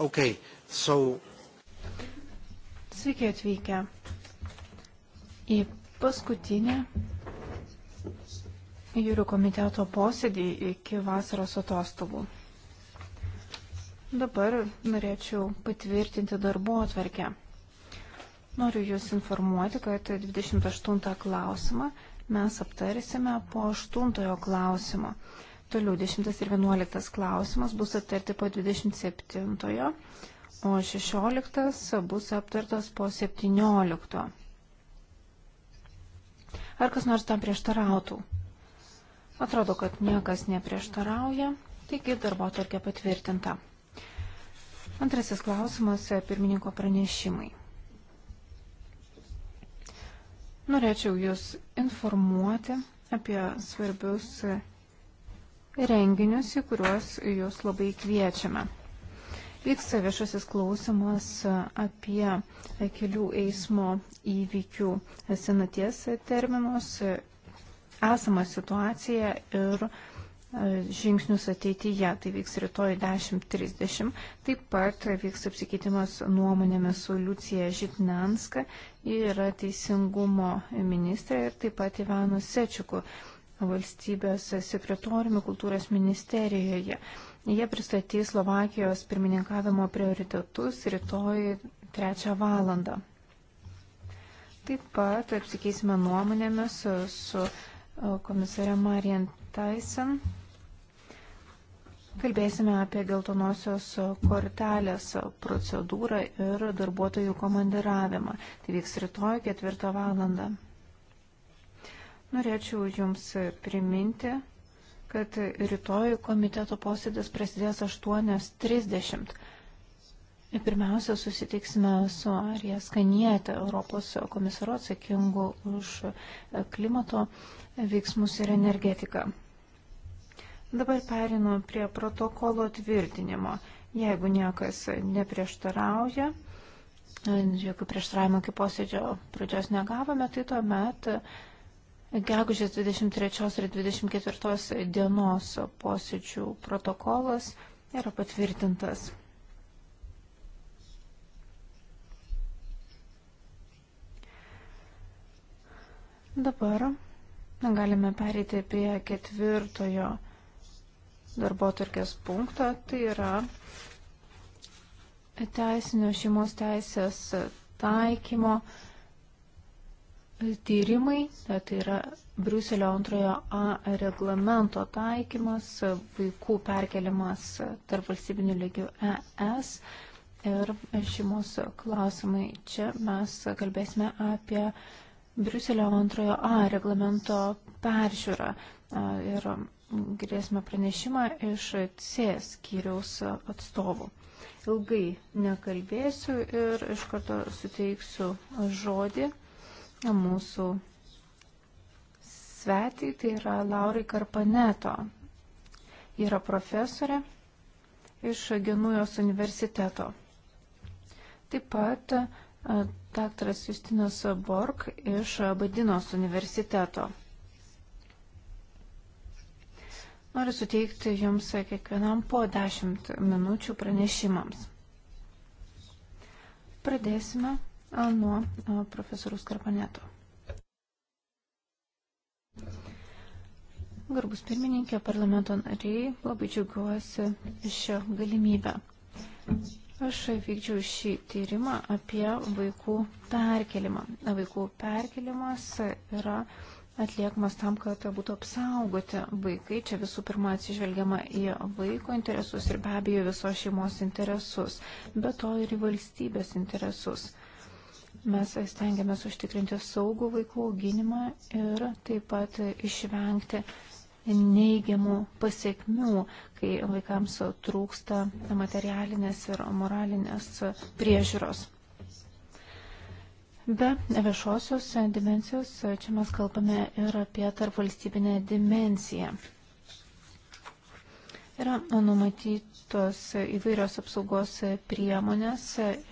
Okay, so... Sveiki atvykę į paskutinę jūrių komiteto posėdį iki vasaros atostogų. Dabar norėčiau patvirtinti darbo atverkę. Noriu Jūs informuoti, kad 28 klausimą mes aptarysime po 8 klausimo. Toliau 10 ir 11 klausimas bus aptarti po 27, o 16 bus aptartas po 17. Ar kas nors tam prieštarautų? Atrodo, kad niekas neprieštarauja, taigi darbo tarkė patvirtinta. Antrasis klausimas - pirmininko pranešimai. Norėčiau Jūs informuoti apie svarbius renginius, į kuriuos jūs labai kviečiame. Vyksta viešasis klausimas apie kelių eismo įvykių senaties terminus, esamą situaciją ir e, žingsnius ateityje. Tai vyks rytoj 10.30. Taip pat vyks apsikeitimas nuomonėmis su Liucija Žitnanska, ji yra teisingumo ministrė ir taip pat Ivanu Sečiuku, valstybės sekretoriumi kultūros ministerijoje. Jie pristatys Slovakijos pirmininkavimo prioritetus rytoj 3 valandą. Taip pat apsikeisime nuomonėmis su e, komisare Marian Tyson. Kalbėsime apie geltonosios kortelės procedūrą ir darbuotojų komandiravimą. Tai vyks rytoj 4 valandą. Norėčiau Jums priminti, kad rytoj komiteto posėdis prasidės 8.30. Pirmiausia, susitiksime su Arija Skanietė, Europos komisaru atsakingu už klimato veiksmus ir energetiką. Dabar perinu prie protokolo tvirtinimo. Jeigu niekas neprieštarauja, jokių prieštaravimų iki posėdžio pradžios negavome, tai tuomet Gegužės 23 ir 24 dienos posėdžių protokolas yra patvirtintas. Dabar galime pereiti prie ketvirtojo darbo turkės punkto, tai yra teisinio šeimos teisės taikymo tyrimai, e, tai yra Briuselio antrojo A reglamento taikymas, vaikų perkelimas tarp valstybinių lygių ES ir šeimos klausimai. Čia mes kalbėsime apie Briuselio antrojo A reglamento peržiūrą e, ir girdėsime pranešimą iš C skyriaus atstovų. Ilgai nekalbėsiu ir iš karto suteiksiu žodį mūsų svetį, tai yra Laurai Karpaneto. Yra profesorė iš Genujos universiteto. Taip pat daktaras Justinas Borg iš Badinos universiteto. Noriu suteikti Jums kiekvienam po 10 minučių pranešimams. Pradėsime nuo profesorius Karpaneto. Garbus pirmininkė, parlamento nariai, labai džiaugiuosi šią galimybę. Aš vykdžiau šį tyrimą apie vaikų perkelimą. Vaikų perkelimas yra atliekamas tam, kad būtų apsaugoti vaikai. Čia visų pirma atsižvelgiama į vaiko interesus ir be abejo visos šeimos interesus, bet to ir į valstybės interesus. Mes stengiamės užtikrinti saugų vaikų auginimą ir taip pat išvengti neigiamų pasiekmių, kai vaikams trūksta materialinės ir moralinės priežiūros. Be viešosios dimensijos čia mes kalbame ir apie tarpvalstybinę dimensiją. Yra numatytos įvairios apsaugos priemonės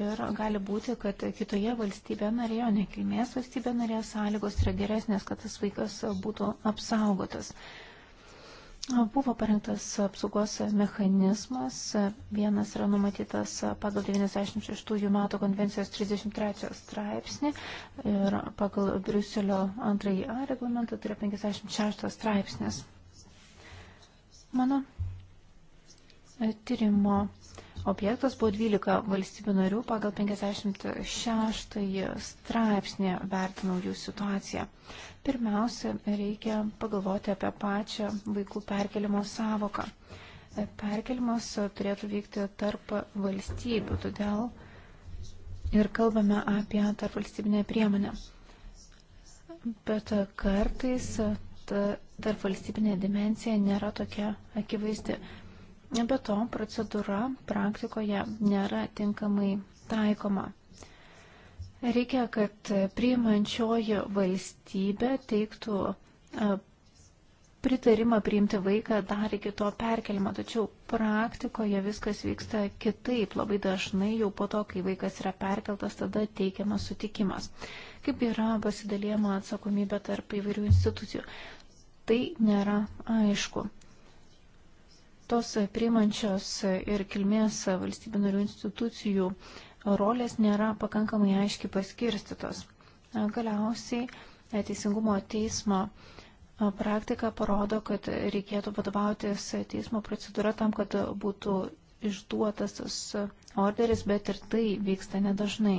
ir gali būti, kad kitoje valstybėje narėje, ne kilmės valstybėje narėje sąlygos yra geresnės, kad tas vaikas būtų apsaugotas. Buvo parengtas apsaugos mechanizmas, vienas yra numatytas pagal 96 metų konvencijos 33 straipsnį ir pagal Briuselio 2A reglamentą tai yra 56 straipsnis. Mano tyrimo objektas buvo 12 valstybių narių pagal 56 straipsnį vertinau jų situaciją. Pirmiausia, reikia pagalvoti apie pačią vaikų perkelimo savoką. Perkelimas turėtų vykti tarp valstybių, todėl ir kalbame apie tarp valstybinę priemonę. Bet kartais ta tarp valstybinė dimencija nėra tokia akivaizdi. Be to, procedūra praktikoje nėra tinkamai taikoma. Reikia, kad priimančioji valstybė teiktų e, pritarimą priimti vaiką dar iki to perkelimo, tačiau praktikoje viskas vyksta kitaip. Labai dažnai jau po to, kai vaikas yra perkeltas, tada teikiamas sutikimas. Kaip yra pasidalėjama atsakomybė tarp įvairių institucijų. Tai nėra aišku tos priimančios ir kilmės valstybių narių institucijų rolės nėra pakankamai aiškiai paskirstytos. Galiausiai e, Teisingumo teismo e, praktika parodo, kad reikėtų vadovautis teismo procedūra tam, kad būtų išduotas tas orderis, bet ir tai vyksta nedažnai.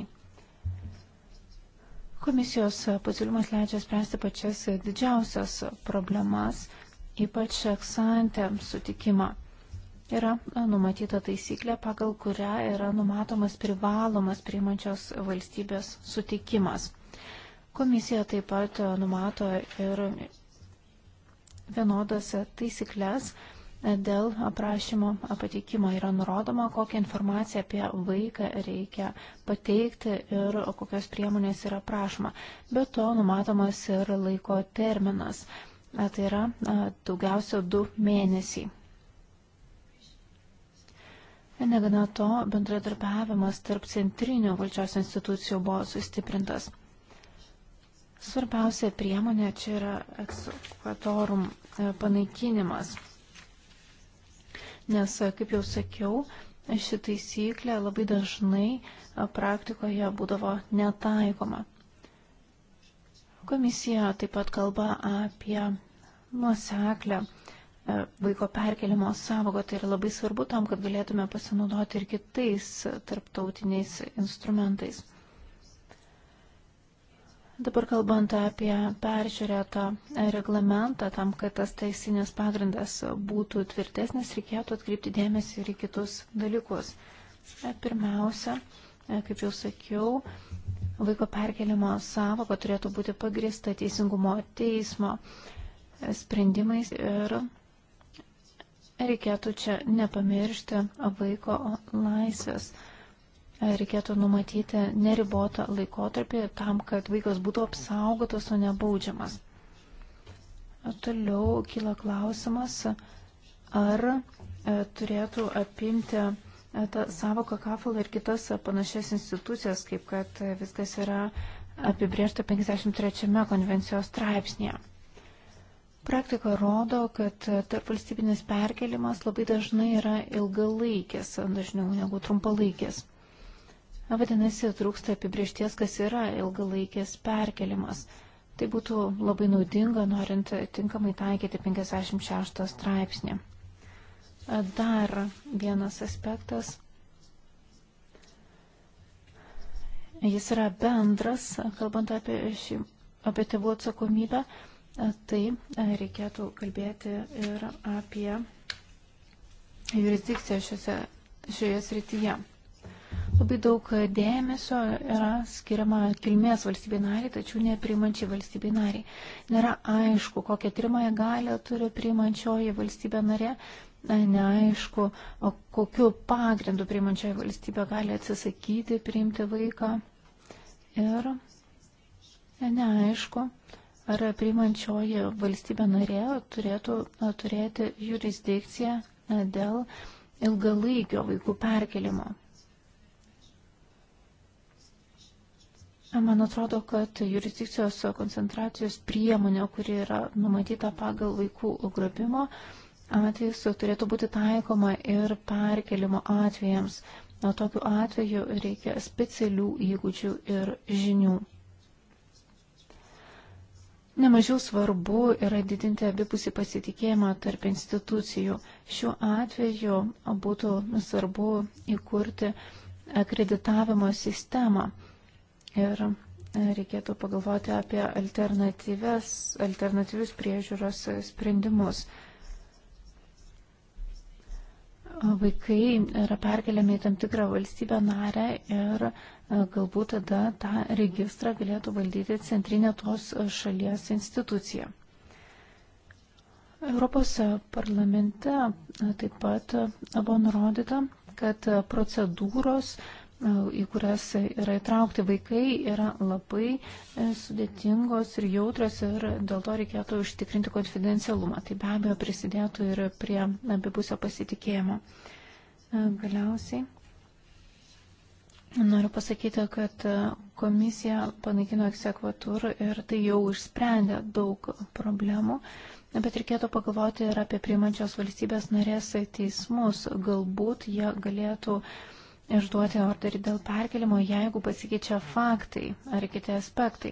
Komisijos pasiūlymas leidžia spręsti pačias didžiausias problemas ypač eksantę sutikimą. Yra numatyta taisyklė, pagal kurią yra numatomas privalomas priimančios valstybės sutikimas. Komisija taip pat e, numato ir vienodas taisyklės e, dėl aprašymo pateikimo. Yra nurodoma, kokią informaciją apie vaiką reikia pateikti ir kokios priemonės yra prašoma. Be to numatomas ir laiko terminas tai yra daugiausia du mėnesiai. Negana to, bendradarbiavimas tarp centrinių valdžios institucijų buvo sustiprintas. Svarbiausia priemonė čia yra eksekvatorum panaikinimas. Nes, kaip jau sakiau, ši taisyklė labai dažnai praktikoje būdavo netaikoma. Komisija taip pat kalba apie nuoseklę e, vaiko perkelimo savoką. Tai yra labai svarbu tam, kad galėtume pasinaudoti ir kitais tarptautiniais instrumentais. Dabar kalbant apie peržiūrėtą reglamentą, tam, kad tas teisinės pagrindas būtų tvirtesnis, reikėtų atkreipti dėmesį ir į kitus dalykus. E, pirmiausia, e, kaip jau sakiau, Vaiko perkelimo savoka turėtų būti pagrista teisingumo teismo sprendimais ir reikėtų čia nepamiršti vaiko laisvės. Reikėtų numatyti neribotą laikotarpį tam, kad vaikas būtų apsaugotas, o nebaudžiamas. Toliau kyla klausimas, ar e, turėtų apimti tą savoką kafalą ir kitas panašias institucijas, kaip kad viskas yra apibriešta 53 konvencijos straipsnėje. Praktika rodo, kad tarp valstybinis perkelimas labai dažnai yra ilgalaikis, dažniau negu trumpalaikis. Vadinasi, trūksta apibriešties, kas yra ilgalaikis perkelimas. Tai būtų labai naudinga, norint tinkamai taikyti 56 straipsnį. Dar vienas aspektas. Jis yra bendras, kalbant apie, šį, apie tėvų atsakomybę, tai reikėtų kalbėti ir apie jurisdikciją šiose, šioje srityje. Labai daug dėmesio yra skiriama kilmės valstybei nariai, tačiau neprimančiai valstybei nariai. Nėra aišku, kokią pirmąją galę turi primančioji valstybė narė neaišku, kokiu pagrindu priimančioji valstybė gali atsisakyti priimti vaiką ir neaišku, ar priimančioji valstybė narė turėtų turėti jurisdikciją dėl ilgalaikio vaikų perkelimo. Man atrodo, kad jurisdikcijos koncentracijos priemonė, kuri yra numatyta pagal vaikų grobimo atvejais turėtų būti taikoma ir perkelimo atvejams. O tokiu atveju reikia specialių įgūdžių ir žinių. Nemažiau svarbu yra didinti abipusį pasitikėjimą tarp institucijų. Šiuo atveju būtų svarbu įkurti akreditavimo sistemą ir reikėtų pagalvoti apie alternatyvius priežiūros sprendimus. Vaikai yra perkeliami į tam tikrą valstybę narę ir e, galbūt tada tą registrą galėtų valdyti centrinė tos šalies institucija. Europos parlamente e, taip pat e, buvo nurodyta, kad procedūros į kurias yra įtraukti vaikai, yra labai e, sudėtingos ir jautrios ir dėl to reikėtų užtikrinti konfidencialumą. Tai be abejo prisidėtų ir prie abipusio pasitikėjimo. E, galiausiai noriu pasakyti, kad e, komisija panaikino eksekvatur ir tai jau išsprendė daug problemų. Bet reikėtų pagalvoti ir apie priimančios valstybės narės teismus. Galbūt jie galėtų uh, išduoti orderį dėl perkelimo, jeigu pasikeičia faktai ar kiti aspektai.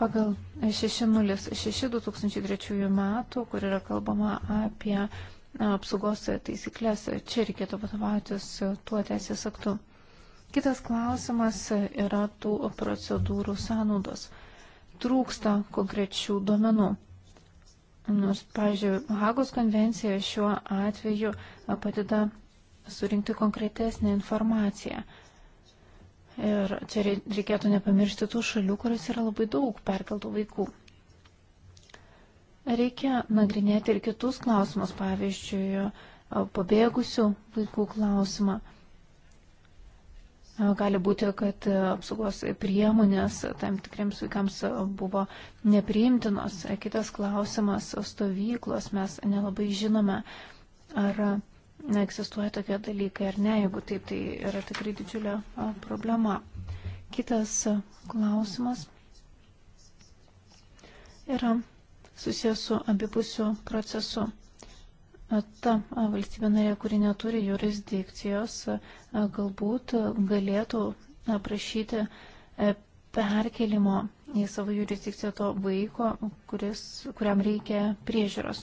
Pagal 606-2003 metų, kur yra kalbama apie apsaugos taisyklės, čia reikėtų vadovautis tuo teisės aktu. Kitas klausimas yra tų procedūrų sąnaudos. Trūksta konkrečių duomenų. Nors, pavyzdžiui, Hagos konvencija šiuo atveju padeda surinkti konkretesnę informaciją. Ir čia reikėtų nepamiršti tų šalių, kurios yra labai daug perkeltų vaikų. Reikia nagrinėti ir kitus klausimus, pavyzdžiui, pabėgusių vaikų klausimą. Gali būti, kad apsaugos priemonės tam tikriems vaikams buvo nepriimtinos. Kitas klausimas - stovyklos. Mes nelabai žinome, ar egzistuoja tokie dalykai ar ne, jeigu taip, tai yra tikrai didžiulė problema. Kitas klausimas yra susijęs su abipusiu procesu. Ta valstybė narė, kuri neturi jurisdikcijos, galbūt galėtų prašyti e, perkelimo į savo jurisdikciją to vaiko, kuris, kuriam reikia priežiūros.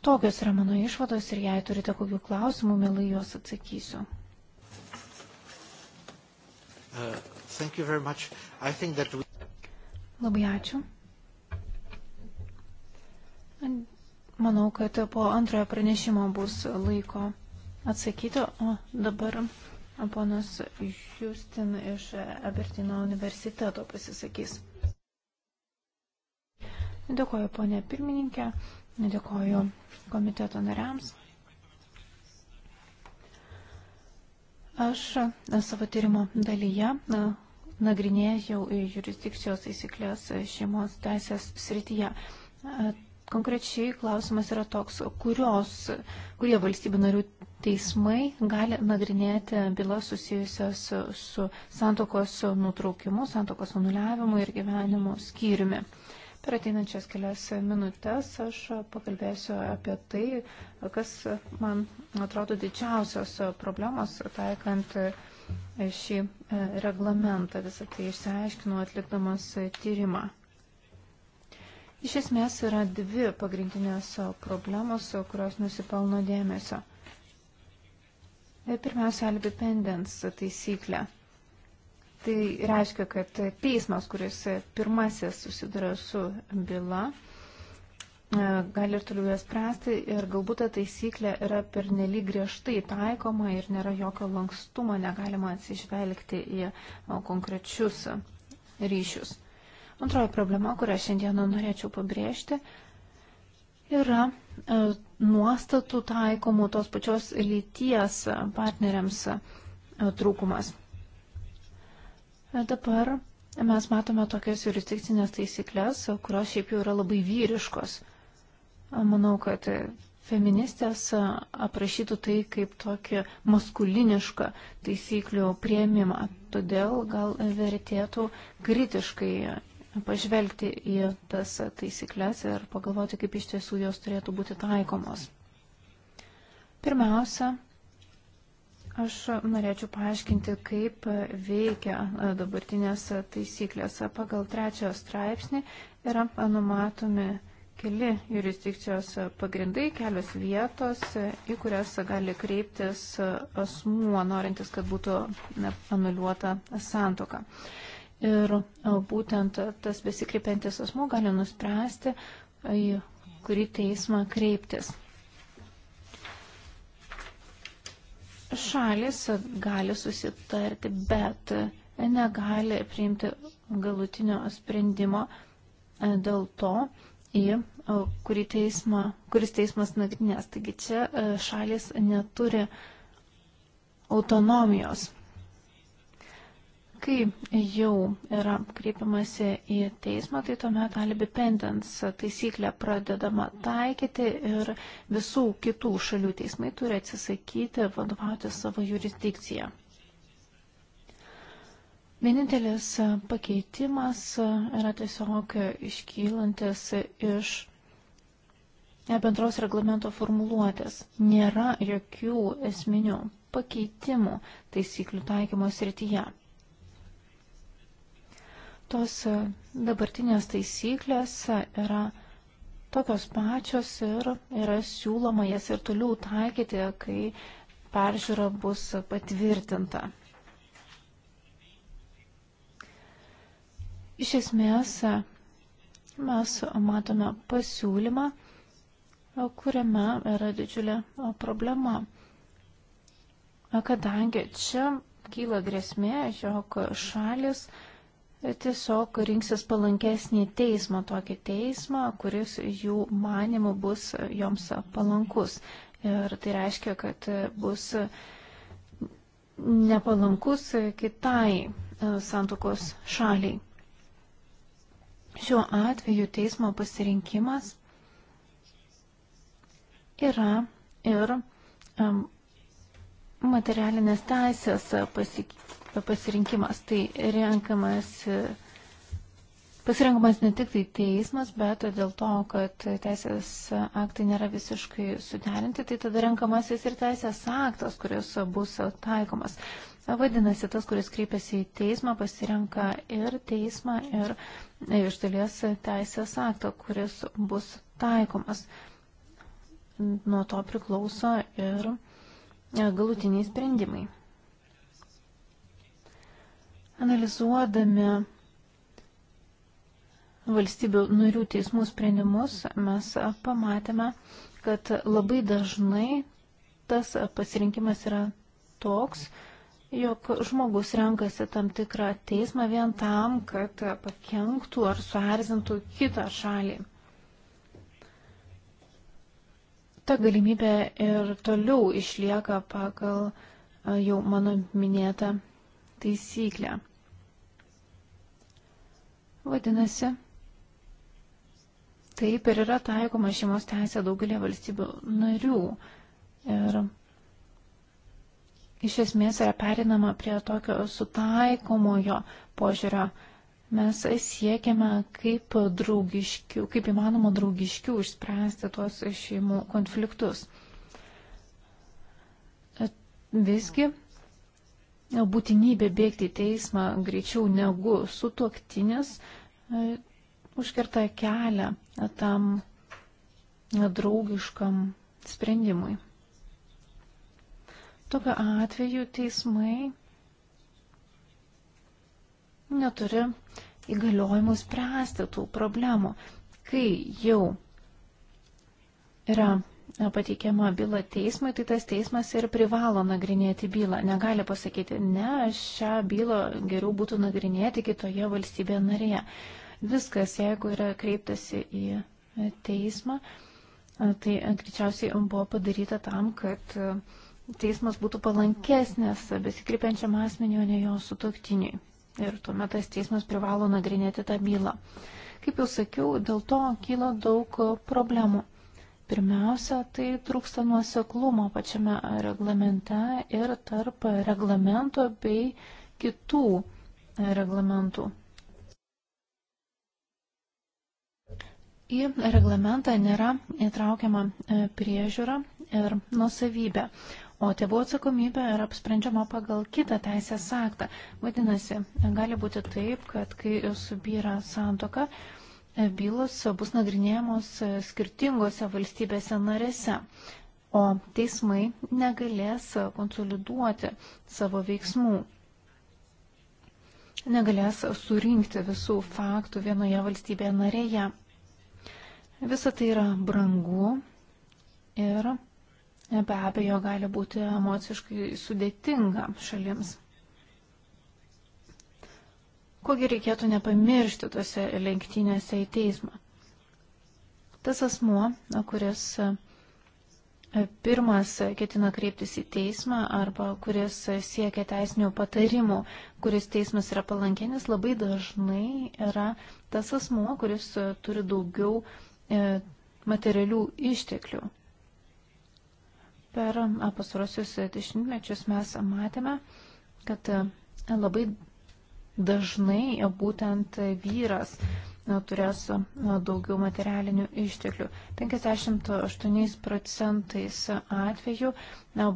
Tokios yra mano išvados ir jei turite kokių klausimų, mielai juos atsakysiu. Uh, we... Labai ačiū. Manau, kad po antrojo pranešimo bus laiko atsakyti, o dabar ponas Justin iš Abertino universiteto pasisakys. Dėkuoju, ponė pirmininkė. Dėkoju komiteto nariams. Aš e, savo tyrimo dalyje e, nagrinėjau jurisdikcijos taisyklės e, šeimos teisės srityje. Konkrečiai klausimas yra toks, kurios, kurie valstybių narių teismai gali nagrinėti bylas susijusias su santokos nutraukimu, santokos anuliavimu ir gyvenimo skyriumi. Per ateinančias kelias minutės aš pakalbėsiu apie tai, kas man atrodo didžiausios problemos taikant šį e, reglamentą. Visą tai išsiaiškinu atlikdamas tyrimą. Iš esmės yra dvi pagrindinės problemos, kurios nusipelno dėmesio. E, pirmiausia, albipendens taisyklė. Tai reiškia, kad teismas, kuris pirmasis susiduria su byla, e, gali ir toliau jas pręsti ir galbūt ta taisyklė yra pernelyg griežtai taikoma ir nėra jokio lankstumo, negalima atsižvelgti į konkrečius ryšius. Antroji problema, kurią šiandieną norėčiau pabrėžti, yra e, nuostatų taikomų tos pačios lyties partneriams e, trūkumas. Dabar mes matome tokias jurisdikcinės taisyklės, kurios šiaip jau yra labai vyriškos. Manau, kad feministės aprašytų tai kaip tokį maskulinišką taisyklių prieimimą. Todėl gal vertėtų kritiškai pažvelgti į tas taisyklės ir pagalvoti, kaip iš tiesų jos turėtų būti taikomos. Pirmiausia, Aš norėčiau paaiškinti, kaip veikia dabartinės taisyklės. Pagal trečią straipsnį yra numatomi keli jurisdikcijos pagrindai, kelios vietos, į kurias gali kreiptis asmuo, norintis, kad būtų anuliuota santoka. Ir būtent tas besikreipiantis asmuo gali nuspręsti, į kurį teismą kreiptis. Šalis gali susitarti, bet negali priimti galutinio sprendimo e, dėl to, į e, kurį teismą, kuris teismas nagrinės. Taigi čia e, šalis neturi autonomijos. Kai jau yra kreipiamasi į teismą, tai tuomet alibi pendens taisyklė pradedama taikyti ir visų kitų šalių teismai turi atsisakyti vadovauti savo jurisdikciją. Vienintelis pakeitimas yra tiesiog iškylantis iš bendros reglamento formuluotės. Nėra jokių esminių pakeitimų taisyklių taikymo srityje. Tos e, dabartinės taisyklės yra tokios pačios ir yra siūloma jas ir toliau taikyti, kai peržiūra bus patvirtinta. Iš esmės mes matome pasiūlymą, kuriame yra didžiulė problema. Kadangi čia kyla grėsmė, jog šalis uh, tiesiog rinksis palankesnį teismą, tokį teismą, kuris jų manimų bus joms palankus. Ir tai reiškia, kad bus nepalankus kitai e, santokos šaliai. Šiuo atveju teismo pasirinkimas yra ir materialinės teisės pasikeitimas pasirinkimas. Tai renkamas, pasirinkamas ne tik tai teismas, bet dėl to, kad teisės aktai nėra visiškai suderinti, tai tada renkamasis ir teisės aktas, kuris bus taikomas. Vadinasi, tas, kuris kreipiasi į teismą, pasirenka ir teismą, ir iš dalies teisės aktą, kuris bus taikomas. Nuo to priklauso ir galutiniai sprendimai. Analizuodami valstybių narių teismų sprendimus, mes pamatėme, kad labai dažnai tas pasirinkimas yra toks, jog žmogus renkasi tam tikrą teismą vien tam, kad pakenktų ar suerzintų kitą šalį. Ta galimybė ir toliau išlieka pagal jau mano minėtą taisyklę. Vadinasi, taip ir yra taikoma šeimos teisė daugelį valstybių narių. Ir iš esmės yra perinama prie tokio sutaikomojo požiūrio. Mes siekiame kaip draugiškių, kaip įmanoma draugiškių išspręsti tuos šeimų konfliktus. Visgi būtinybė bėgti į teismą greičiau negu sutuoktinis e, užkerta kelią tam draugiškam sprendimui. Tokiu atveju teismai neturi įgaliojimų spręsti tų problemų. Kai jau yra pateikiama byla teismui, tai tas teismas ir privalo nagrinėti bylą. Negali pasakyti, ne, šią bylą geriau būtų nagrinėti kitoje valstybėje narėje. Viskas, jeigu yra kreiptasi į teismą, tai greičiausiai buvo padaryta tam, kad teismas būtų palankesnis besikreipiančiam asmeniu, o ne jo sutoktiniui. Ir tuomet tas teismas privalo nagrinėti tą bylą. Kaip jau sakiau, dėl to kyla daug problemų. Pirmiausia, tai trūksta nuoseklumo pačiame reglamente ir tarp reglamento bei kitų reglamentų. Į reglamentą nėra įtraukiama e, priežiūra ir nusavybė, o tėvų atsakomybė yra apsprendžiama pagal kitą teisės aktą. Vadinasi, gali būti taip, kad kai subyra santoka, bylos bus nagrinėjamos skirtingose valstybėse narėse, o teismai negalės konsoliduoti savo veiksmų, negalės surinkti visų faktų vienoje valstybėje narėje. Visa tai yra brangu ir be abejo gali būti emociškai sudėtinga šalims kogi reikėtų nepamiršti tose lenktynėse į teismą. Tas asmuo, kuris e, pirmas ketina kreiptis į teismą arba kuris siekia teisinių patarimų, kuris teismas yra palankinis, labai dažnai yra tas asmuo, kuris turi daugiau e, materialių išteklių. Per pastarosius dešimtmečius mes matėme, kad e, labai dažnai būtent vyras e, turės e, daugiau materialinių išteklių. 58 procentais atveju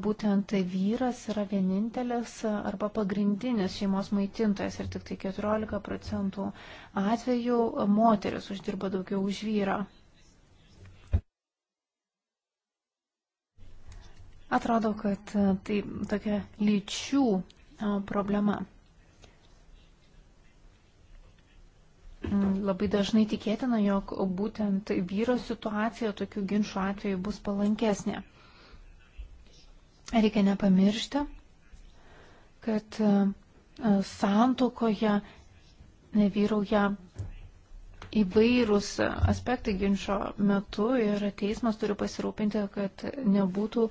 būtent vyras yra vienintelis e, arba pagrindinis šeimos maitintojas ir tik tai 14 procentų atveju moteris uždirba daugiau už vyrą. Atrodo, kad tai tokia lyčių problema. Mm, labai dažnai tikėtina, jog būtent vyro situacija tokių ginčių atveju bus palankesnė. Reikia nepamiršti, kad e, santokoje vyrauja įvairūs aspektai ginčio metu ir teismas turi pasirūpinti, kad nebūtų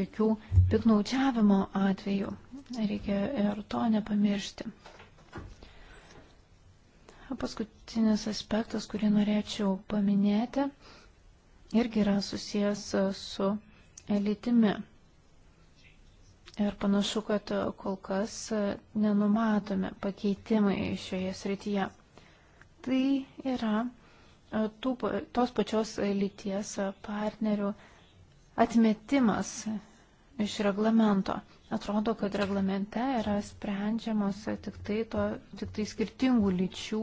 jokių piknaudžiavimo atvejų. Reikia ir to nepamiršti. Paskutinis aspektas, kurį norėčiau paminėti, irgi yra susijęs su lytimi. Ir panašu, kad kol kas nenumatome pakeitimai šioje srityje. Tai yra tų, tos pačios lyties partnerių atmetimas iš reglamento. Atrodo, kad reglamente yra sprendžiamos tik tai, to, tik tai skirtingų lyčių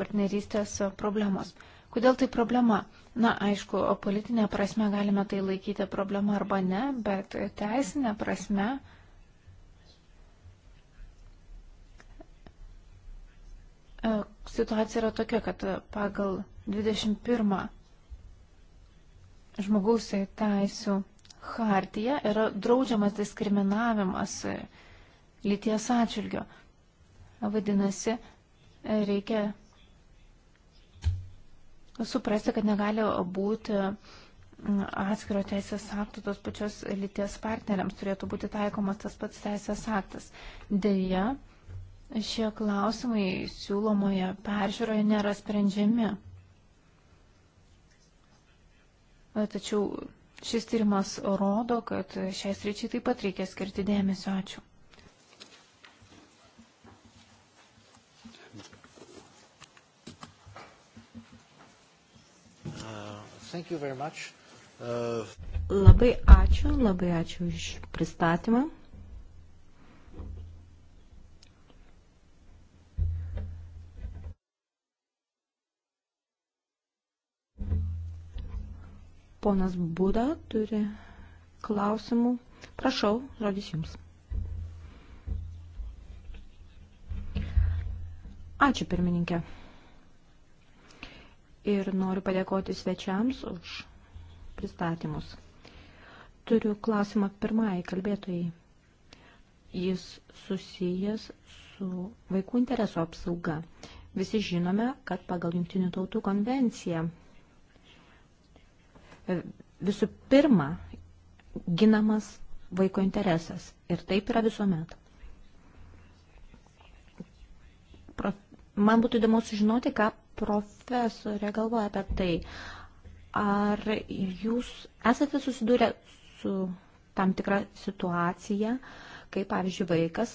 partnerystės problemos. Kodėl tai problema? Na, aišku, politinė prasme galime tai laikyti problema arba ne, bet teisinė prasme situacija yra tokia, kad pagal 21 žmogaus teisų hartija yra draudžiamas diskriminavimas lyties atžvilgio. Vadinasi, reikia suprasti, kad negali būti atskiro teisės aktų tos pačios lyties partneriams turėtų būti taikomas tas pats teisės aktas. Deja, šie klausimai siūlomoje peržiūroje nėra sprendžiami. Tačiau Šis tyrimas rodo, kad šiais ryčiai taip pat reikia skirti dėmesio. Ačiū. Uh, uh... Labai ačiū, labai ačiū už pristatymą. Ponas Būda turi klausimų. Prašau, žodis jums. Ačiū pirmininkė. Ir noriu padėkoti svečiams už pristatymus. Turiu klausimą pirmai kalbėtojai. Jis susijęs su vaikų interesų apsauga. Visi žinome, kad pagal Junktinių tautų konvenciją E, visų pirma ginamas vaiko interesas. Ir taip yra visuomet. Pro, man būtų įdomu sužinoti, ką profesorė galvoja apie tai. Ar jūs esate susidūrę su tam tikra situacija, kai, pavyzdžiui, vaikas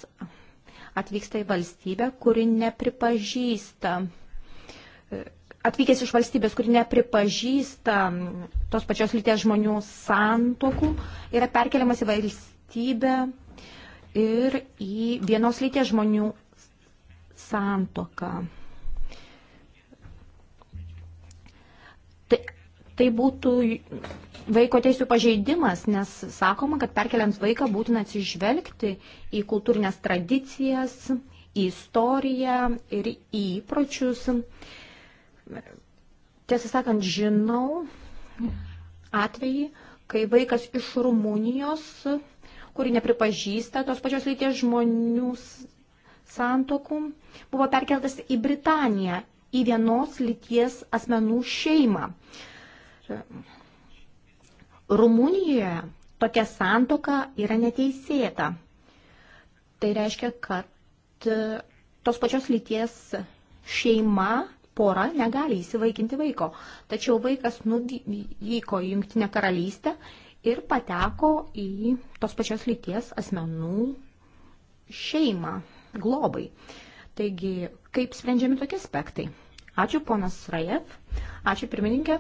atvyksta į valstybę, kuri nepripažįsta e, atvykęs iš valstybės, kuri nepripažįsta tos pačios lyties žmonių santokų, yra perkeliamas į valstybę ir į vienos lyties žmonių santoką. Tai, tai būtų vaiko teisų pažeidimas, nes sakoma, kad perkeliant vaiką būtina atsižvelgti į kultūrinės tradicijas, į istoriją ir į įpročius. Tiesą sakant, žinau atvejį, kai vaikas iš Rumunijos, kuri nepripažįsta tos pačios lyties žmonių santokų, buvo perkeltas į Britaniją, į vienos lyties asmenų šeimą. Rumunijoje tokia santoka yra neteisėta. Tai reiškia, kad e, tos pačios lyties šeima pora negali įsivaikinti vaiko. Tačiau vaikas nuvyko į Junktinę karalystę ir pateko į tos pačios lyties asmenų šeimą, globai. Taigi, kaip sprendžiami tokie aspektai? Ačiū, ponas Rajev. Ačiū, pirmininkė.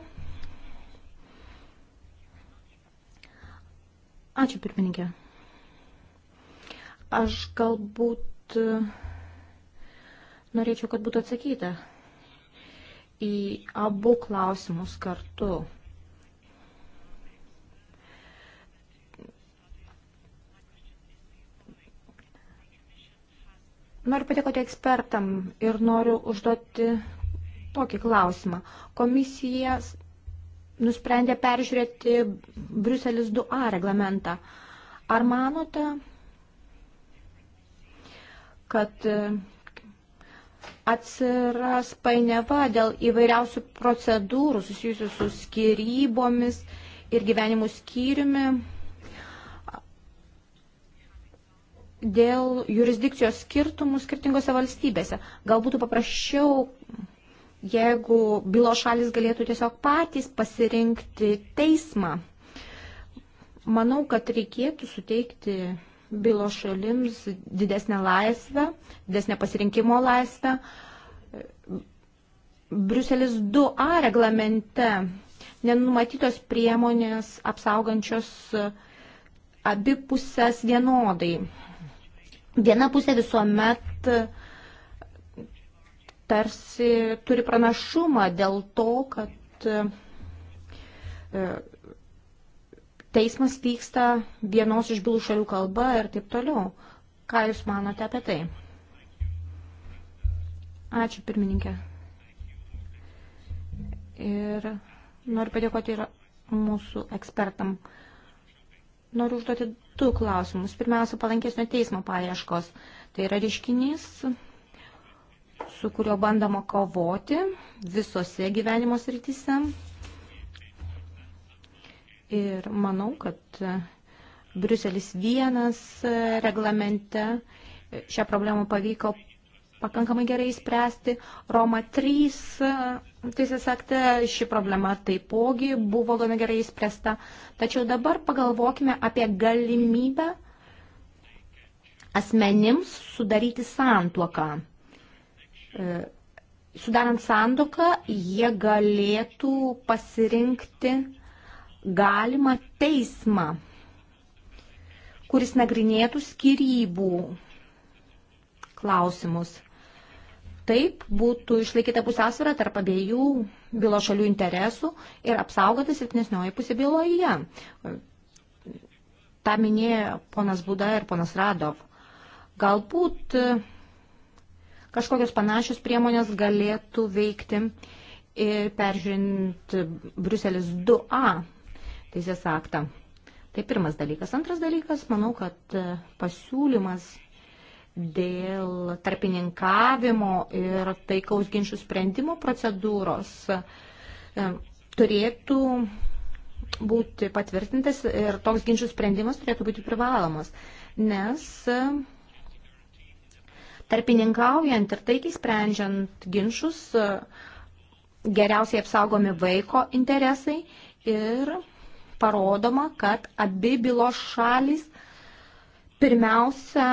Ačiū, pirmininkė. Aš galbūt e, norėčiau, kad būtų atsakyta į abu klausimus kartu. Noriu patikoti ekspertam ir noriu užduoti tokį klausimą. Komisija nusprendė peržiūrėti Bruselis 2A reglamentą. Ar manote, kad atsiras painiava dėl įvairiausių procedūrų susijusių su skirybomis ir gyvenimu skyriumi, dėl jurisdikcijos skirtumų skirtingose valstybėse. Gal būtų paprasčiau, jeigu bylo šalis galėtų tiesiog patys pasirinkti teismą. Manau, kad reikėtų suteikti bylo šalims didesnę laisvę, didesnę pasirinkimo laisvę. Briuselis 2A reglamente nenumatytos priemonės apsaugančios abipusės vienodai. Viena pusė visuomet tarsi turi pranašumą dėl to, kad teismas vyksta vienos iš bylų šalių kalba ir taip toliau. Ką Jūs manote apie tai? Ačiū, pirmininkė. Ir noriu padėkoti ir mūsų ekspertam. Noriu užduoti du klausimus. Pirmiausia, palankesnio teismo paieškos. Tai yra reiškinys, su kurio bandama kovoti visose gyvenimo srityse. Ir manau, kad Briuselis vienas reglamente šią problemą pavyko pakankamai gerai spręsti. Roma 3 teisės akte ši problema taipogi buvo gana gerai spręsta. Tačiau dabar pagalvokime apie galimybę asmenims sudaryti santuoką. E, sudarant santuoką, jie galėtų pasirinkti galimą teismą, kuris nagrinėtų skirybų klausimus. Taip būtų išlaikyta pusiausvėra tarp abiejų bylo šalių interesų ir apsaugota silpnesnioji pusė byloje. Ta minėjo ponas Buda ir ponas Radov. Galbūt e, kažkokios panašios priemonės galėtų veikti ir e, peržiūrint Bruselis 2A teisės aktą. Tai pirmas dalykas. Antras dalykas, manau, kad e, pasiūlymas dėl tarpininkavimo ir taikaus ginčių sprendimo procedūros e, turėtų būti patvirtintas ir toks ginčių sprendimas turėtų būti privalomas, nes e, tarpininkaujant ir taikiai sprendžiant ginčius geriausiai apsaugomi vaiko interesai ir parodoma, kad abi bylos šalis pirmiausia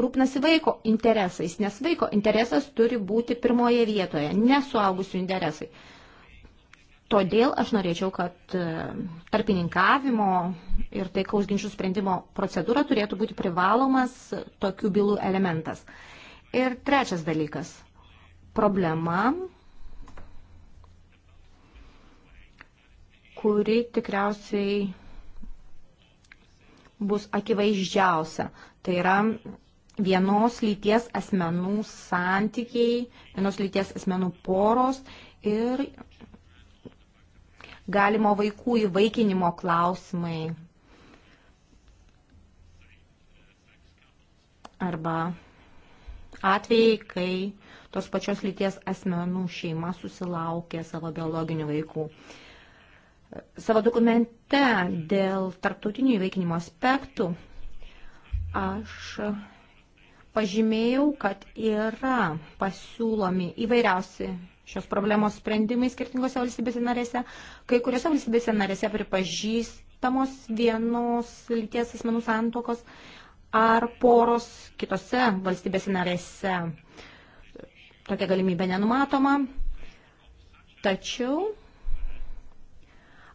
rūpnasi vaiko interesais, nes vaiko interesas turi būti pirmoje vietoje, nesuaugusių interesai. Todėl aš norėčiau, kad e, tarpininkavimo ir taikaus ginčių sprendimo procedūra turėtų būti privalomas tokių bylų elementas. Ir trečias dalykas. Problema kuri tikriausiai bus akivaizdžiausia. Tai yra vienos lyties asmenų santykiai, vienos lyties asmenų poros ir galimo vaikų įvaikinimo klausimai arba atvejai, kai tos pačios lyties asmenų šeima susilaukia savo biologinių vaikų. Uh, Savo dokumente dėl tarptautinių įvaikinimo aspektų aš pažymėjau, kad yra pasiūlomi įvairiausi šios problemos sprendimai skirtingose valstybėse narėse. Kai kuriuose valstybėse narėse pripažįstamos vienos lyties asmenų santokos ar poros kitose valstybėse narėse tokia galimybė nenumatoma. Tačiau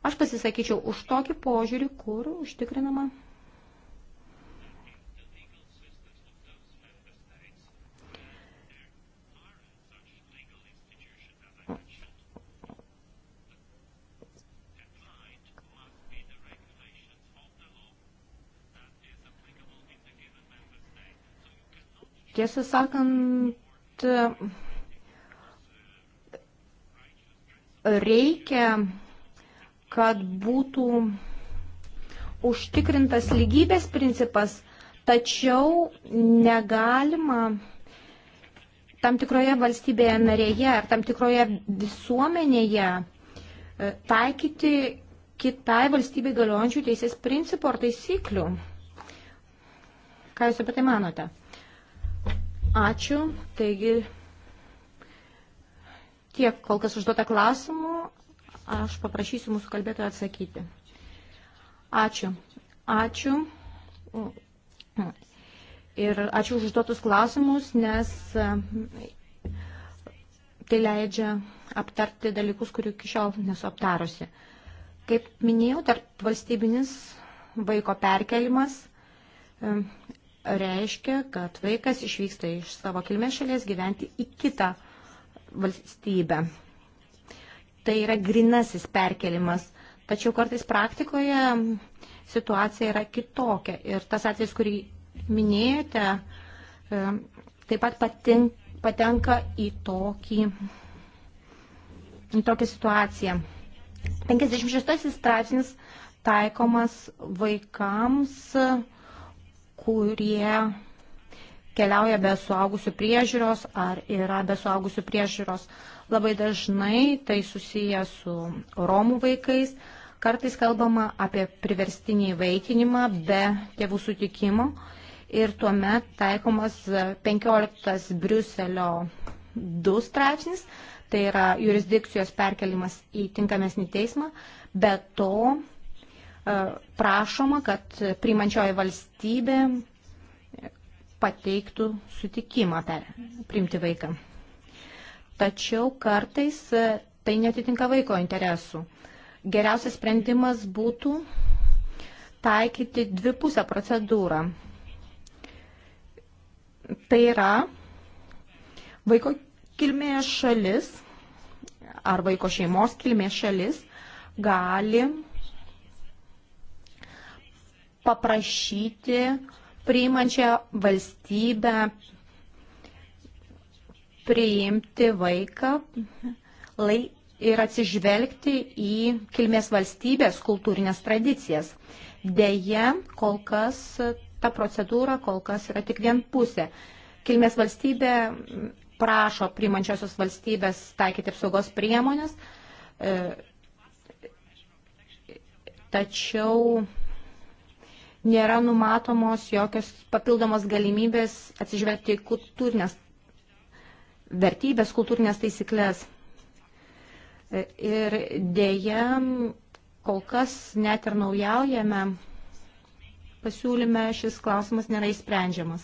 Aš pasisakyčiau už tokį požiūrį, kur užtikrinama tiesą sakant, reikia kad būtų užtikrintas lygybės principas, tačiau negalima tam tikroje valstybėje narėje ar tam tikroje visuomenėje e, taikyti kitai valstybei galiojančių teisės principų ar taisyklių. Ką Jūs apie tai manote? Ačiū. Taigi tiek kol kas užduota klausimų. Aš paprašysiu mūsų kalbėtoją atsakyti. Ačiū. Ačiū. Ir ačiū už užduotus klausimus, nes e, tai leidžia aptarti dalykus, kurių iki šiol nesu aptarusi. Kaip minėjau, tarp valstybinis vaiko perkelimas e, reiškia, kad vaikas išvyksta iš savo kilmės šalies gyventi į kitą valstybę tai yra grinasis perkelimas. Tačiau kartais praktikoje situacija yra kitokia. Ir tas atvejs, kurį minėjote, e, taip pat patink, patenka į, tokį, į tokią situaciją. 56 straipsnis taikomas vaikams, kurie keliauja be suaugusių priežiūros ar yra be suaugusių priežiūros. Labai dažnai tai susiję su romų vaikais. Kartais kalbama apie priverstinį įvaikinimą be tėvų sutikimo ir tuomet taikomas 15 Briuselio 2 straipsnis, tai yra jurisdikcijos perkelimas į tinkamesnį teismą, bet to e, prašoma, kad priimančioji valstybė pateiktų sutikimą per, priimti vaiką. Tačiau kartais e, tai netitinka vaiko interesų. Geriausias sprendimas būtų taikyti dvipusę procedūrą. Tai yra vaiko kilmės šalis ar vaiko šeimos kilmės šalis gali paprašyti uh, priimančią valstybę priimti vaiką lai, ir atsižvelgti į kilmės valstybės kultūrinės tradicijas. Deja, kol kas ta procedūra kol kas yra tik vienpusė. Kilmės valstybė prašo priimančiosios valstybės taikyti apsaugos priemonės, e, tačiau nėra numatomos jokios papildomos galimybės atsižvelgti į kultūrinės vertybės, kultūrinės taisyklės. E, ir dėja, kol kas net ir naujaujame pasiūlyme šis klausimas nėra įsprendžiamas.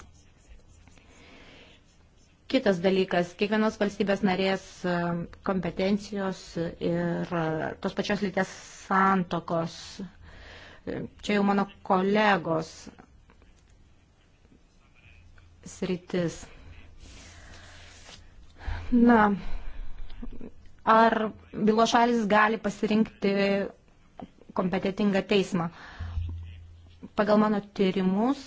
Kitas dalykas, kiekvienos valstybės narės e, kompetencijos ir tos pačios lyties santokos Čia jau mano kolegos sritis. Na, ar bylo šalis gali pasirinkti kompetitingą teismą? Pagal mano tyrimus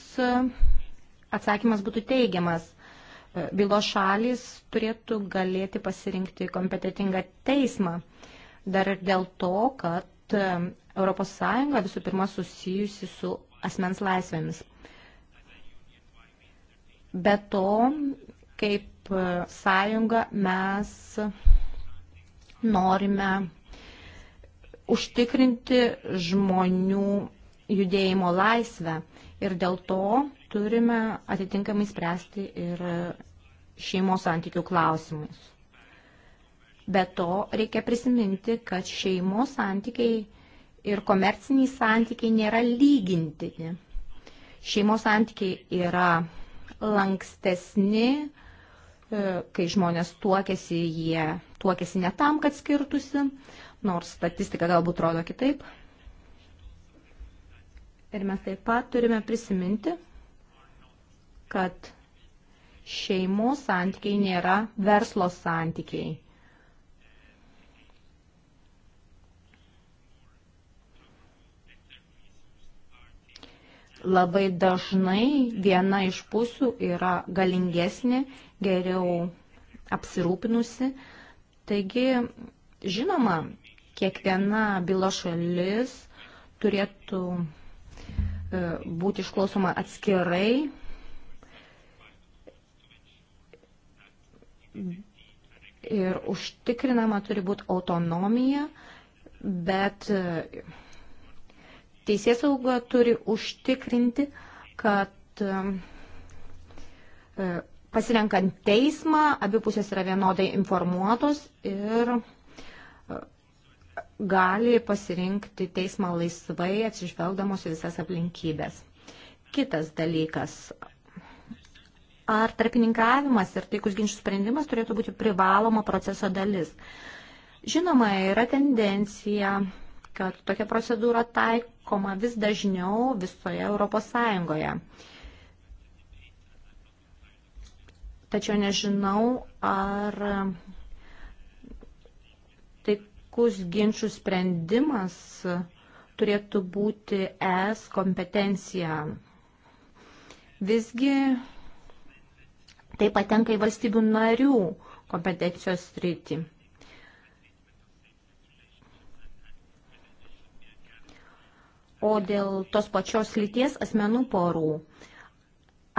atsakymas būtų teigiamas. Bylo šalis turėtų galėti pasirinkti kompetitingą teismą. Dar ir dėl to, kad ES visų pirma susijusi su asmens laisvėmis. Be to, kaip sąjunga mes norime užtikrinti žmonių judėjimo laisvę ir dėl to turime atitinkamai spręsti ir šeimos santykių klausimus. Be to reikia prisiminti, kad šeimos santykiai ir komerciniai santykiai nėra lygintini. Šeimos santykiai yra lankstesni, e, kai žmonės tuokėsi, jie tuokėsi ne tam, kad skirtusi, nors statistika galbūt rodo kitaip. Ir mes taip pat turime prisiminti, kad šeimos santykiai nėra verslo santykiai. labai dažnai viena iš pusių yra galingesnė, geriau apsirūpinusi. Taigi, žinoma, kiekviena byla šalis turėtų e, būti išklausoma atskirai. Ir užtikrinama turi būti autonomija, bet e, Teisės sauga turi užtikrinti, kad um, e, pasirenkant teismą abipusės yra vienodai informuotos ir e, gali pasirinkti teismą laisvai atsižvelgdamos į visas aplinkybės. Kitas dalykas. Ar tarpininkavimas ir taikus ginčių sprendimas turėtų būti privaloma proceso dalis? Žinoma, yra tendencija kad tokia procedūra taikoma vis dažniau visoje Europos Sąjungoje. Tačiau nežinau, ar taikus ginčių sprendimas turėtų būti ES kompetencija. Visgi tai patenka į valstybių narių kompetencijos rytį. O dėl tos pačios lyties asmenų porų,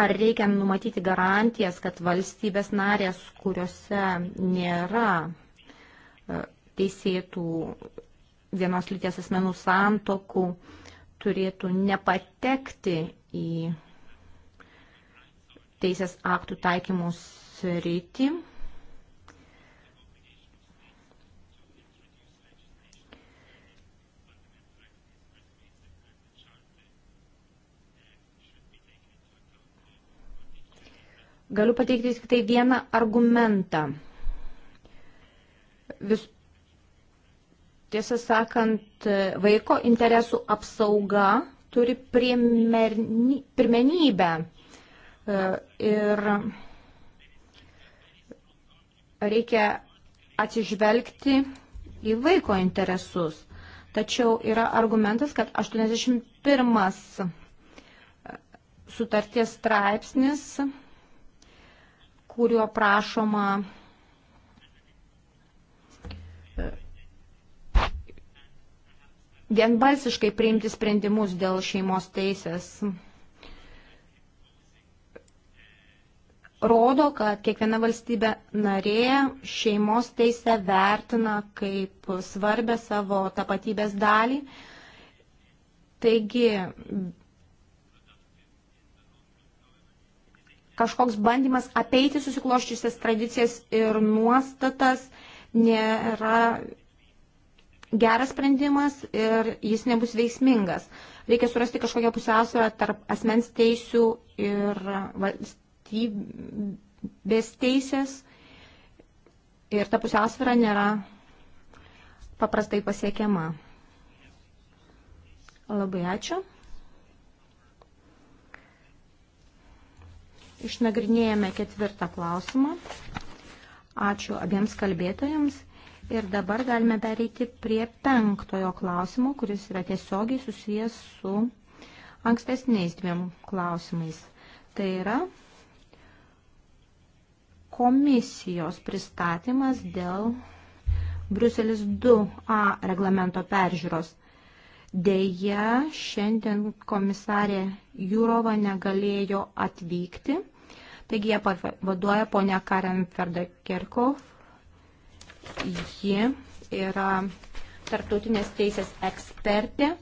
ar reikia numatyti garantijas, kad valstybės narės, kuriuose nėra e, teisėtų vienos lyties asmenų santokų, turėtų nepatekti į teisės aktų taikymus rytį? Galiu pateikti tik tai vieną argumentą. Vis, tiesą sakant, vaiko interesų apsauga turi primerni, pirmenybę. E, ir reikia atsižvelgti į vaiko interesus. Tačiau yra argumentas, kad 81 sutarties straipsnis kuriuo prašoma e, vienbalsiškai priimti sprendimus dėl šeimos teisės. Rodo, kad kiekviena valstybė narė šeimos teisę vertina kaip svarbę savo tapatybės dalį. Taigi kažkoks bandymas apeiti susikloščiusias tradicijas ir nuostatas nėra geras sprendimas ir jis nebus veiksmingas. Reikia surasti kažkokią pusiausvyrą tarp asmens teisių ir valstybės teisės. Ir ta pusiausvyrą nėra paprastai pasiekiama. Labai ačiū. Išnagrinėjame ketvirtą klausimą. Ačiū abiems kalbėtojams. Ir dabar galime pereiti prie penktojo klausimo, kuris yra tiesiogiai susijęs su ankstesniais dviem klausimais. Tai yra komisijos pristatymas dėl Bruselis 2A reglamento peržiūros. Deja, šiandien komisarė Jurova negalėjo atvykti. Taigi jie vaduoja ponia Karen Ferdakerkov. Ji yra tarptautinės teisės ekspertė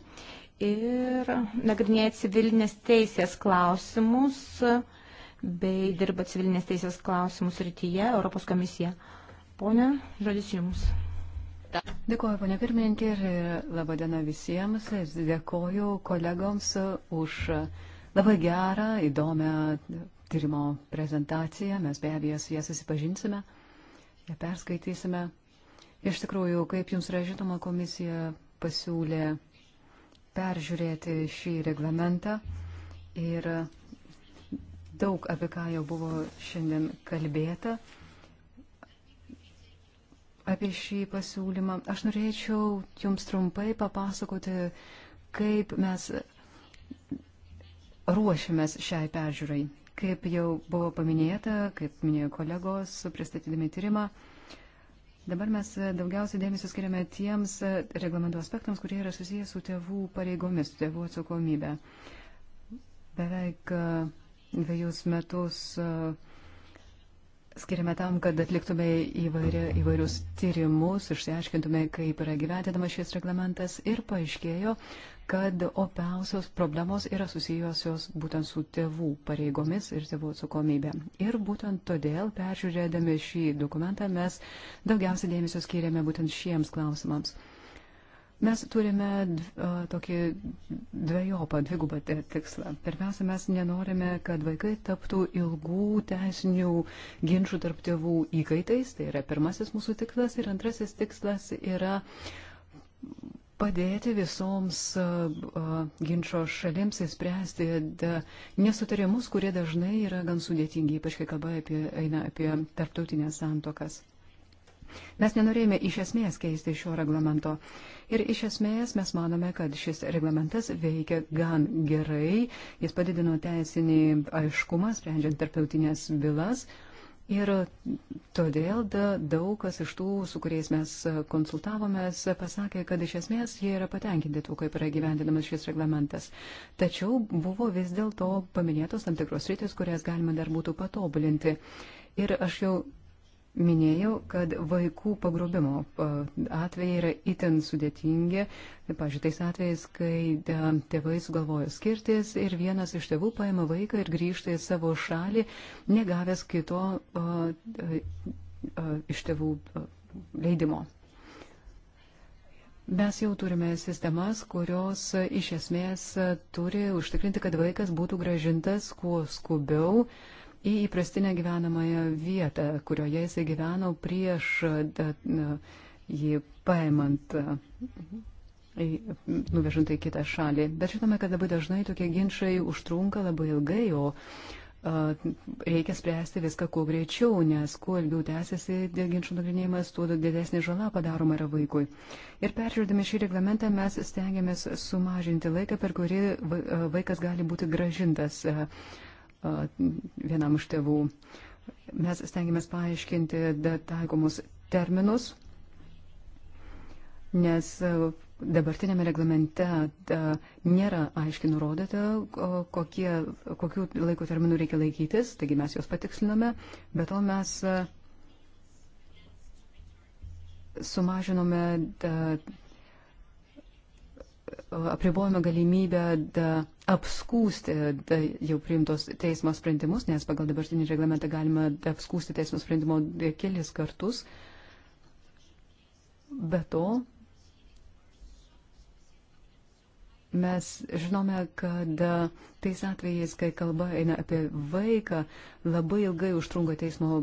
ir nagrinėja civilinės teisės klausimus bei dirba civilinės teisės klausimus rytyje Europos komisija. Pone, žodis jums. Dėkuoju, ponia pirmininkė, ir laba diena visiems. Ir dėkuoju kolegoms už labai gerą, įdomią tyrimo prezentaciją. Mes be abejo su ją susipažinsime, ją perskaitysime. Iš tikrųjų, kaip jums yra žinoma, komisija pasiūlė peržiūrėti šį reglamentą ir daug apie ką jau buvo šiandien kalbėta apie šį pasiūlymą. Aš norėčiau jums trumpai papasakoti, kaip mes ruošiamės šiai peržiūrai. Kaip jau buvo paminėta, kaip minėjo kolegos, pristatydami tyrimą, dabar mes daugiausiai dėmesio skiriame tiems reglamento aspektams, kurie yra susijęs su tėvų pareigomis, su tėvų atsakomybė. Beveik dviejus metus uh, skiriame tam, kad atliktume įvairia, įvairius tyrimus, išsiaiškintume, kaip yra gyventinamas šis reglamentas ir paaiškėjo, kad opiausios problemos yra susijusios būtent su tėvų pareigomis ir tėvų atsakomybė. Ir būtent todėl, peržiūrėdami šį dokumentą, mes daugiausia dėmesio skiriame būtent šiems klausimams. Mes turime tokį dviejopą, dvigubą tikslą. Pirmiausia, mes nenorime, kad vaikai taptų ilgų teisinių ginčių tarp tėvų įkaitais. Tai yra pirmasis mūsų tikslas. Ir antrasis tikslas yra padėti visoms ginčio šalims įspręsti nesutarimus, kurie dažnai yra gan sudėtingi, ypač kai kalba apie, eina apie tarptautinės santokas. Mes nenorėjome iš esmės keisti šio reglamento. Ir iš esmės mes manome, kad šis reglamentas veikia gan gerai. Jis padidino teisinį aiškumą, sprendžiant tarptautinės bylas. Ir todėl da, daug kas iš tų, su kuriais mes konsultavomės, pasakė, kad iš esmės jie yra patenkinti tuo, kaip yra gyvendinamas šis reglamentas. Tačiau buvo vis dėlto paminėtos tam tikros rytis, kurias galima dar būtų patobulinti. Ir aš jau minėjau, kad vaikų pagrobimo atvejai yra itin sudėtingi. Pavyzdžiui, tais atvejais, kai tėvai sugalvojo skirtis ir vienas iš tėvų paima vaiką ir grįžta į savo šalį, negavęs kito iš tėvų leidimo. Mes jau turime sistemas, kurios iš esmės turi užtikrinti, kad vaikas būtų gražintas kuo skubiau. Uh, į įprastinę gyvenamąją vietą, kurioje jisai gyveno prieš jį paimant, nuvežant į kitą šalį. Bet žinome, kad labai dažnai tokie ginčiai užtrunka labai ilgai, o reikia spręsti viską kuo greičiau, nes kuo ilgiau tęsiasi ginčių nagrinėjimas, tuo didesnė žala padaroma yra vaikui. Ir peržiūrėdami šį reglamentą mes stengiamės sumažinti laiką, per kurį vaikas gali būti gražintas vienam iš tėvų. Mes stengiamės paaiškinti taikomus terminus, nes dabartinėme reglamente nėra aiškiai nurodyta, kokie, kokių laiko terminų reikia laikytis, taigi mes juos patikslinome, bet to mes sumažinome apribojame galimybę da, apskūsti da, jau priimtos teismo sprendimus, nes pagal dabartinį reglamentą galima da, apskūsti teismo sprendimo kelis kartus. Be to, Mes žinome, kad tais atvejais, kai kalba eina apie vaiką, labai ilgai užtrunka teismo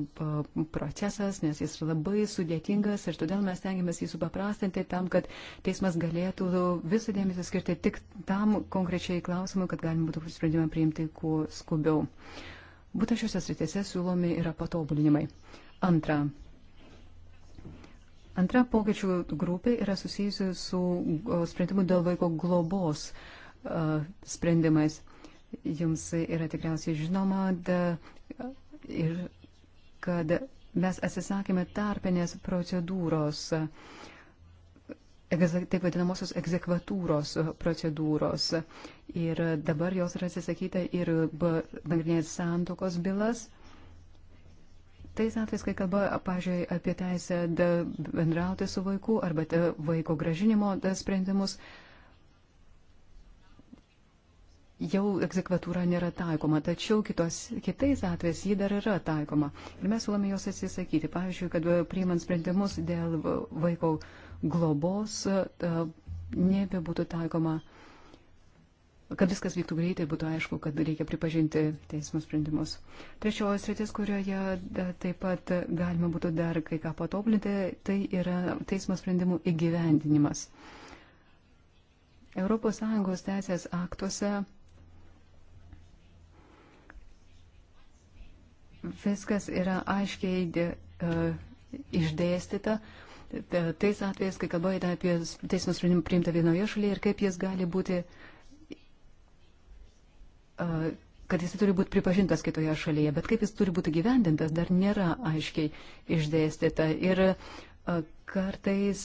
procesas, nes jis labai sudėtingas ir todėl mes tengiamės jį supaprastinti tam, kad teismas galėtų visą dėmesį skirti tik tam konkrečiai klausimui, kad galima būtų sprendimą priimti kuo skubiau. Būtent šiuose sritėse siūlomi yra patobulinimai. Antra, Antra pokyčių grupė yra susijusi su sprendimu dėl vaiko globos sprendimais. Jums yra tikriausiai žinoma da, ir kad mes atsisakėme tarpinės procedūros, taip vadinamosios egzekvatūros procedūros. Ir dabar jos yra atsisakyta ir nagrinėjant santokos bylas. Tais atvejais, kai kalba, pažiūrėjau, apie teisę bendrauti su vaiku arba vaiko gražinimo sprendimus, jau egzekvatūra nėra taikoma, tačiau kitos, kitais atvejais ji dar yra taikoma. Ir mes siūlome jos atsisakyti. Pavyzdžiui, kad e, priimant sprendimus dėl vaiko globos e, nebebūtų taikoma kad viskas vyktų greitai, būtų aišku, kad reikia pripažinti teismo sprendimus. Trečioji sritis, kurioje e, taip pat galima būtų dar kai ką patoblinti, tai yra teismo sprendimų įgyvendinimas. ES teisės aktuose viskas yra aiškiai e, išdėstyta. Tais atvejais, kai kalba yra apie teismo sprendimą priimtą vienoje šalyje ir kaip jis gali būti uh, kad jis turi būti pripažintas kitoje šalyje, bet kaip jis turi būti gyvendintas, dar nėra aiškiai išdėstyta. Ir kartais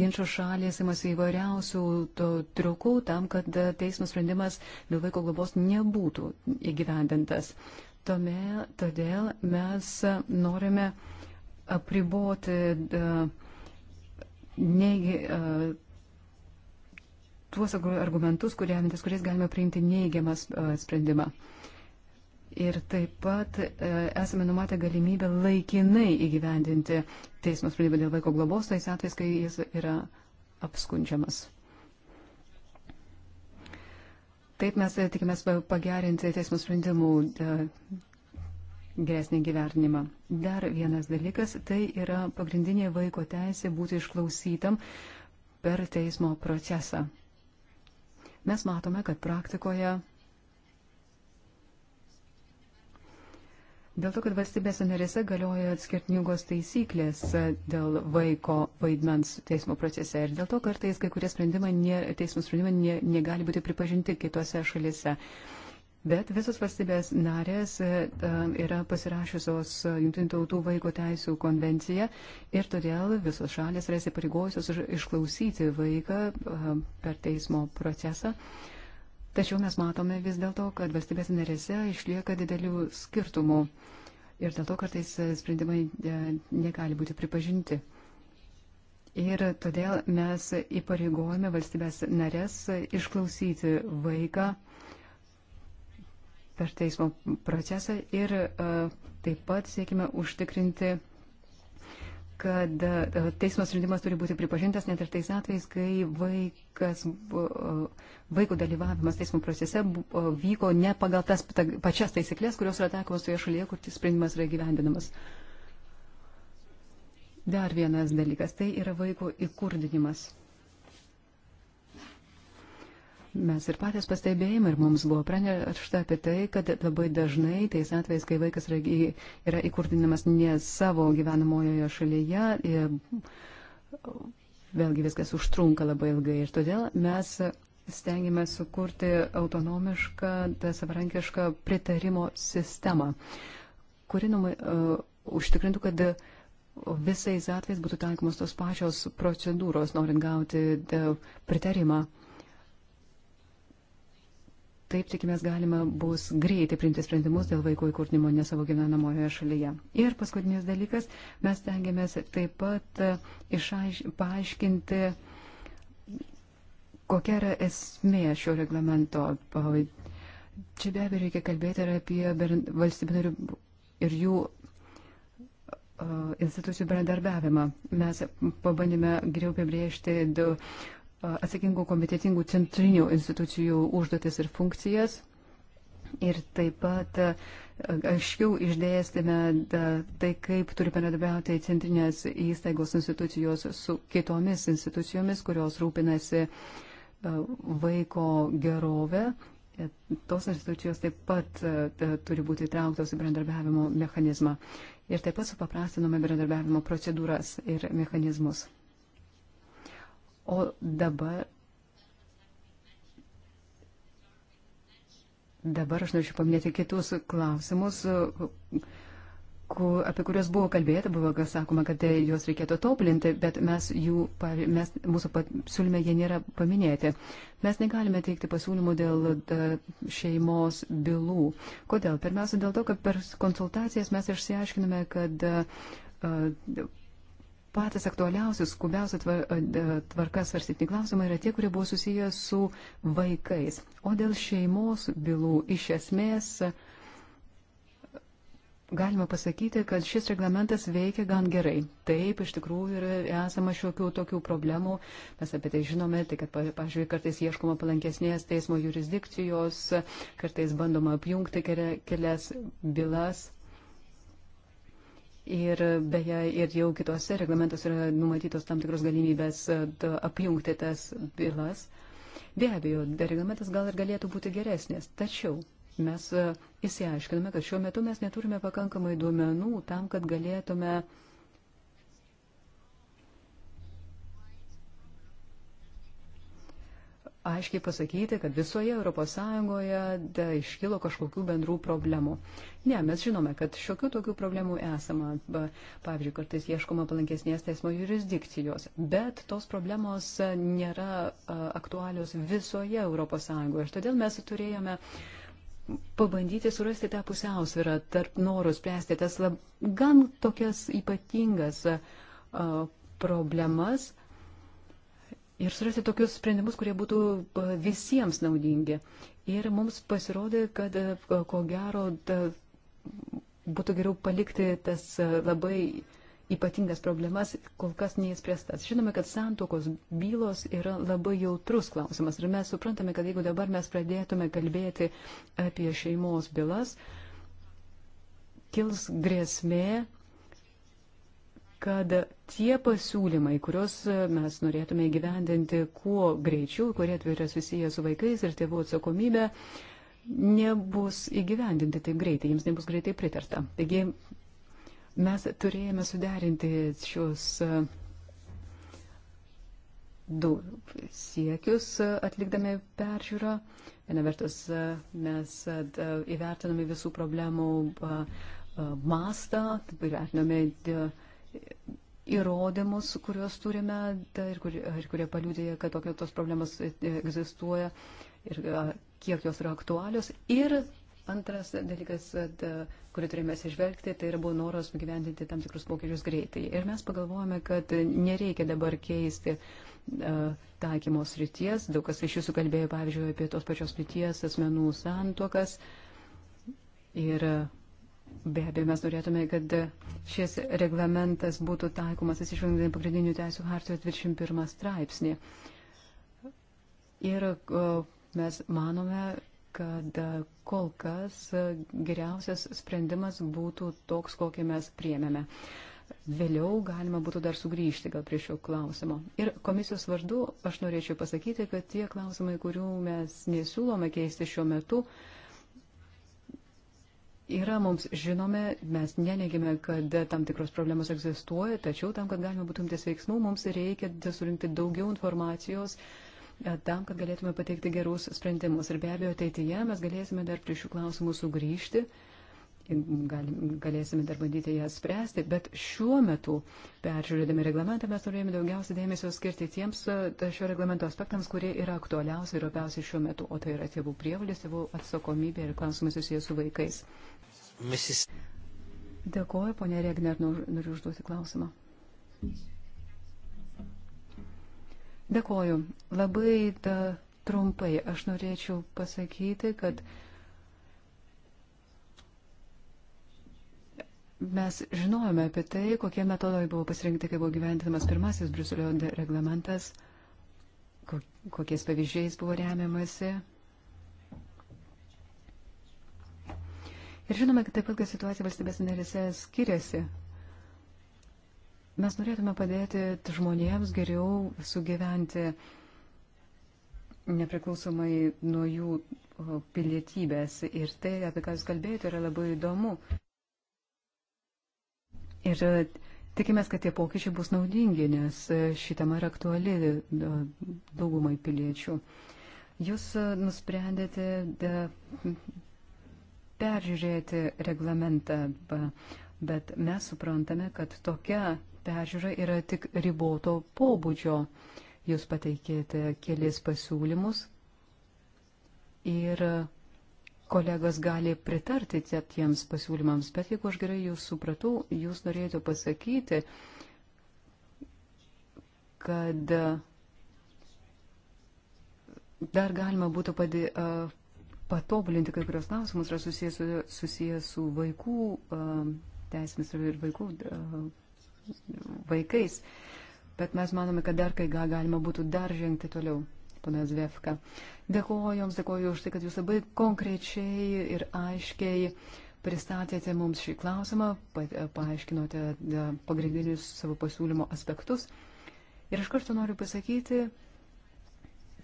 ginčio šalės imasi įvairiausių triukų tam, kad teismo sprendimas dėl vaiko globos nebūtų įgyvendintas. Tome, todėl mes norime apriboti negi tuos argumentus, kuriamintis, kuriais galime priimti neįgiamą sprendimą. Ir taip pat e, esame numatę galimybę laikinai įgyvendinti teismo sprendimą dėl vaiko globos tais atvejais, kai jis yra apskundžiamas. Taip mes e, tikimės pagerinti teismo sprendimų e, geresnį gyvenimą. Dar vienas dalykas - tai yra pagrindinė vaiko teisė būti išklausytam per teismo procesą mes matome, kad praktikoje Dėl to, kad valstybėse narėse galioja atskirtingos taisyklės dėl vaiko vaidmens teismo procese ir dėl to kartais kai kurie sprendimai, ne, teismo sprendimai ne, negali būti pripažinti kitose šalise. Bet visos valstybės narės e, e, yra pasirašiusios e, Junktinių tautų vaiko teisų konvenciją ir todėl visos šalės yra įsipareigojusios išklausyti vaiką per teismo procesą. Tačiau mes matome vis dėlto, kad valstybės narėse išlieka didelių skirtumų ir dėl to kartais sprendimai negali būti pripažinti. Ir todėl mes įpareigojame valstybės narės išklausyti vaiką per teismo procesą ir e, taip pat siekime užtikrinti, kad e, teismo sprendimas turi būti pripažintas net ir tais atvejais, kai vaikas, e, vaiko dalyvavimas teismo procese vyko ne pagal tas pačias taisyklės, kurios yra taikomos toje šalyje, kur sprendimas yra gyvendinamas. Dar vienas dalykas - tai yra vaiko įkurdinimas. Mes ir patys pastebėjome ir mums buvo pranešta apie tai, kad labai dažnai tais atvejais, kai vaikas yra, yra įkurdinamas ne savo gyvenamojoje šalyje, vėlgi viskas užtrunka labai ilgai ir todėl mes stengiame sukurti autonomišką, savarankišką pritarimo sistemą, kuri numai, uh, e, užtikrintų, kad visais atvejais būtų taikomos tos pačios procedūros, norint gauti e, pritarimą. Uh, Taip, tikimės, galima bus greitai priimti sprendimus dėl vaiko įkurdinimo ne savo gyvenamojoje šalyje. Ir paskutinis dalykas, mes tengiamės taip pat e, išaiš, paaiškinti, kokia yra esmė šio reglamento. Čia be abejo reikia kalbėti ir apie valstybių narių ir jų e, institucijų bendradarbiavimą. Mes pabandėme geriau apibriežti du. Uh, atsakingų kompetitingų centrinių institucijų užduotis ir funkcijas. Ir taip pat e, aiškiau išdėstėme tai, kaip turi bendradarbiauti centrinės įstaigos institucijos su kitomis institucijomis, kurios rūpinasi e, vaiko gerovę. E, tos institucijos taip pat turi būti įtrauktos į bendradarbiavimo mechanizmą. Ir taip pat supaprastinome bendradarbiavimo procedūras ir mechanizmus. O dabar. Dabar aš norėčiau paminėti kitus klausimus, apie kuriuos buvo kalbėta, buvo sakoma, kad tai juos reikėtų tobulinti, bet mes jų, mes, mūsų pasiūlyme jie nėra paminėti. Mes negalime teikti pasiūlymų dėl šeimos bylų. Kodėl? Pirmiausia, dėl to, kad per konsultacijas mes išsiaiškiname, kad patys aktualiausios, skubiausia tvarkas svarstytini klausimai yra tie, kurie buvo susiję su vaikais. O dėl šeimos bylų iš esmės galima pasakyti, kad šis reglamentas veikia gan gerai. Taip, iš tikrųjų yra esama šiokių tokių problemų. Mes apie tai žinome, tai kad, pažiūrėjau, kartais ieškoma palankesnės teismo jurisdikcijos, kartais bandoma apjungti kelias bylas. Ir beje, ir jau kitose reglamentuose yra numatytos tam tikros galimybės e, apjungti tas bylas. Be abejo, reglamentas gal ir galėtų būti geresnis, tačiau mes e, įsiaiškiname, kad šiuo metu mes neturime pakankamai duomenų tam, kad galėtume uh, aiškiai pasakyti, kad visoje ES da, iškilo kažkokių bendrų problemų. Ne, mes žinome, kad šiokių tokių problemų esama. Pavyzdžiui, kartais ieškoma palankesnės teismo jurisdikcijos, bet tos problemos nėra aktualios visoje ES. Ir todėl mes turėjome pabandyti surasti tą pusiausvyrą tarp norų spręsti tas lab, gan tokias ypatingas problemas ir surasti tokius sprendimus, kurie būtų e, visiems naudingi. Ir mums pasirodė, kad e, ko gero ta, būtų geriau palikti tas e, labai ypatingas problemas kol kas neįspręstas. Žinome, kad santokos bylos yra labai jautrus klausimas ir mes suprantame, kad jeigu dabar mes pradėtume kalbėti apie šeimos bylas, kils grėsmė kad tie pasiūlymai, kuriuos mes norėtume gyvendinti kuo greičiau, kurie yra susiję su vaikais ir tėvų atsakomybė, nebus įgyvendinti taip greitai, jiems nebus greitai pritarta. Taigi mes turėjome suderinti šios e, du siekius atlikdami peržiūrą. Viena vertus e, mes e, įvertiname visų problemų mastą, įvertiname įrodymus, kuriuos turime da, ir, kur, ir kurie paliūdėja, kad tokios tos problemos egzistuoja ir a, kiek jos yra aktualios. Ir antras dalykas, da, kurį turime sižvelgti, tai yra buvo noras gyventinti tam tikrus pokyčius greitai. Ir mes pagalvojame, kad nereikia dabar keisti taikymos ryties. Daug kas iš jūsų kalbėjo, pavyzdžiui, apie tos pačios lyties asmenų santokas. Ir a, Be abejo, mes norėtume, kad šis reglamentas būtų taikomas atsižvelgiant pagrindinių teisų hartijos 21 straipsnį. Ir mes manome, kad kol kas geriausias sprendimas būtų toks, kokį mes priemėme. Vėliau galima būtų dar sugrįžti gal prie šio klausimo. Ir komisijos vardu aš norėčiau pasakyti, kad tie klausimai, kurių mes nesiūlome keisti šiuo metu, uh, yra mums žinome, mes nenegime, kad tam tikros problemos egzistuoja, tačiau tam, kad galime būtų imtis veiksmų, mums reikia surinkti daugiau informacijos e, tam, kad galėtume pateikti gerus sprendimus. Ir be abejo, ateityje mes galėsime dar prie šių klausimų sugrįžti. Uh, galėsime dar bandyti ją spręsti, bet šiuo metu, peržiūrėdami reglamentą, mes norėjome daugiausia dėmesio skirti tiems e, šio reglamento aspektams, kurie yra aktualiausi ir opiausi šiuo metu, o tai yra tėvų prievalės, tėvų atsakomybė ir klausimai susijęs su vaikais. Mrs. Dėkuoju, ponė Regner, noriu užduoti klausimą. Dėkuoju. Labai da, trumpai aš norėčiau pasakyti, kad uh, mes žinojome apie tai, kokie metodai buvo pasirinkti, kai buvo gyventinamas pirmasis Bruselio reglamentas, kokiais pavyzdžiais buvo remiamasi. Ir žinome, kad taip pat, kad situacija valstybės narėse skiriasi. Mes norėtume padėti žmonėms geriau sugyventi nepriklausomai nuo jų pilietybės. Ir tai, apie ką jūs kalbėjote, yra labai įdomu. Ir e, tikimės, kad tie pokyčiai bus naudingi, nes e, ši tema yra aktuali e, daugumai piliečių. Jūs nusprendėte peržiūrėti reglamentą, bet mes suprantame, kad tokia peržiūra yra tik riboto pobūdžio. Jūs pateikėte kelis pasiūlymus ir kolegos gali pritarti tiems pasiūlymams, bet jeigu aš gerai jūs supratau, jūs norėjote pasakyti, kad e, dar galima būtų padė, e, patobulinti kai kurios klausimus, yra susijęs su, susijęs su vaikų e, teisėmis ir vaikų vaikais, bet mes manome, kad dar kai ką galima būtų dar žengti toliau ponas Vefka. Dėkuoju Jums, dėkuoju už tai, kad Jūs labai konkrečiai ir aiškiai pristatėte mums šį klausimą, paaiškinote pagrindinius savo pasiūlymo aspektus. Ir aš kartu noriu pasakyti,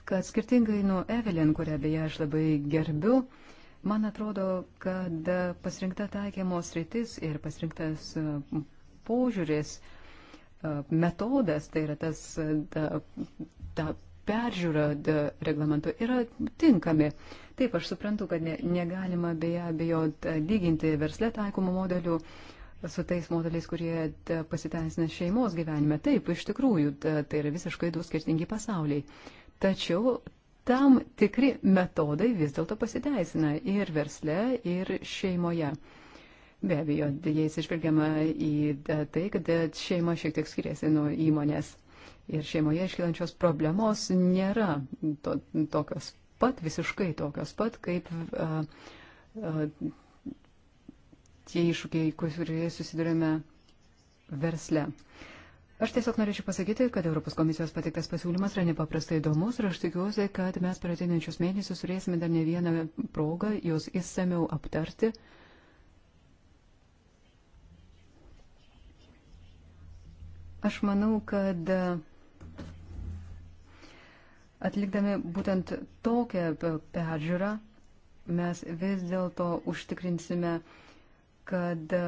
kad skirtingai nuo Evelyn, kurią beje aš labai gerbiu, man atrodo, kad pasirinkta taikymos rytis ir pasirinktas požiūris, metodas, tai yra tas ta, ta peržiūra reglamento yra tinkami. Taip, aš suprantu, kad ne, negalima beje abejo e, lyginti verslę taikomų modelių su tais modeliais, kurie e, pasiteisina šeimos gyvenime. Taip, iš tikrųjų, tai yra visiškai du skirtingi pasauliai. Tačiau tam tikri metodai vis dėlto pasiteisina ir versle, ir šeimoje. Be abejo, jais išvelgiama į e, tai, kad šeima šiek tiek skiriasi nuo įmonės ir šeimoje iškilančios problemos nėra to, tokios pat, visiškai tokios pat, kaip a, a, tie iššūkiai, kuriais susidurime versle. Aš tiesiog norėčiau pasakyti, kad Europos komisijos pateiktas pasiūlymas yra nepaprastai įdomus ir aš tikiuosi, kad mes per ateinančius mėnesius turėsime dar ne vieną progą jos įsamiau aptarti. Aš manau, kad Atlikdami būtent tokią peržiūrą, mes vis dėlto užtikrinsime, kad e,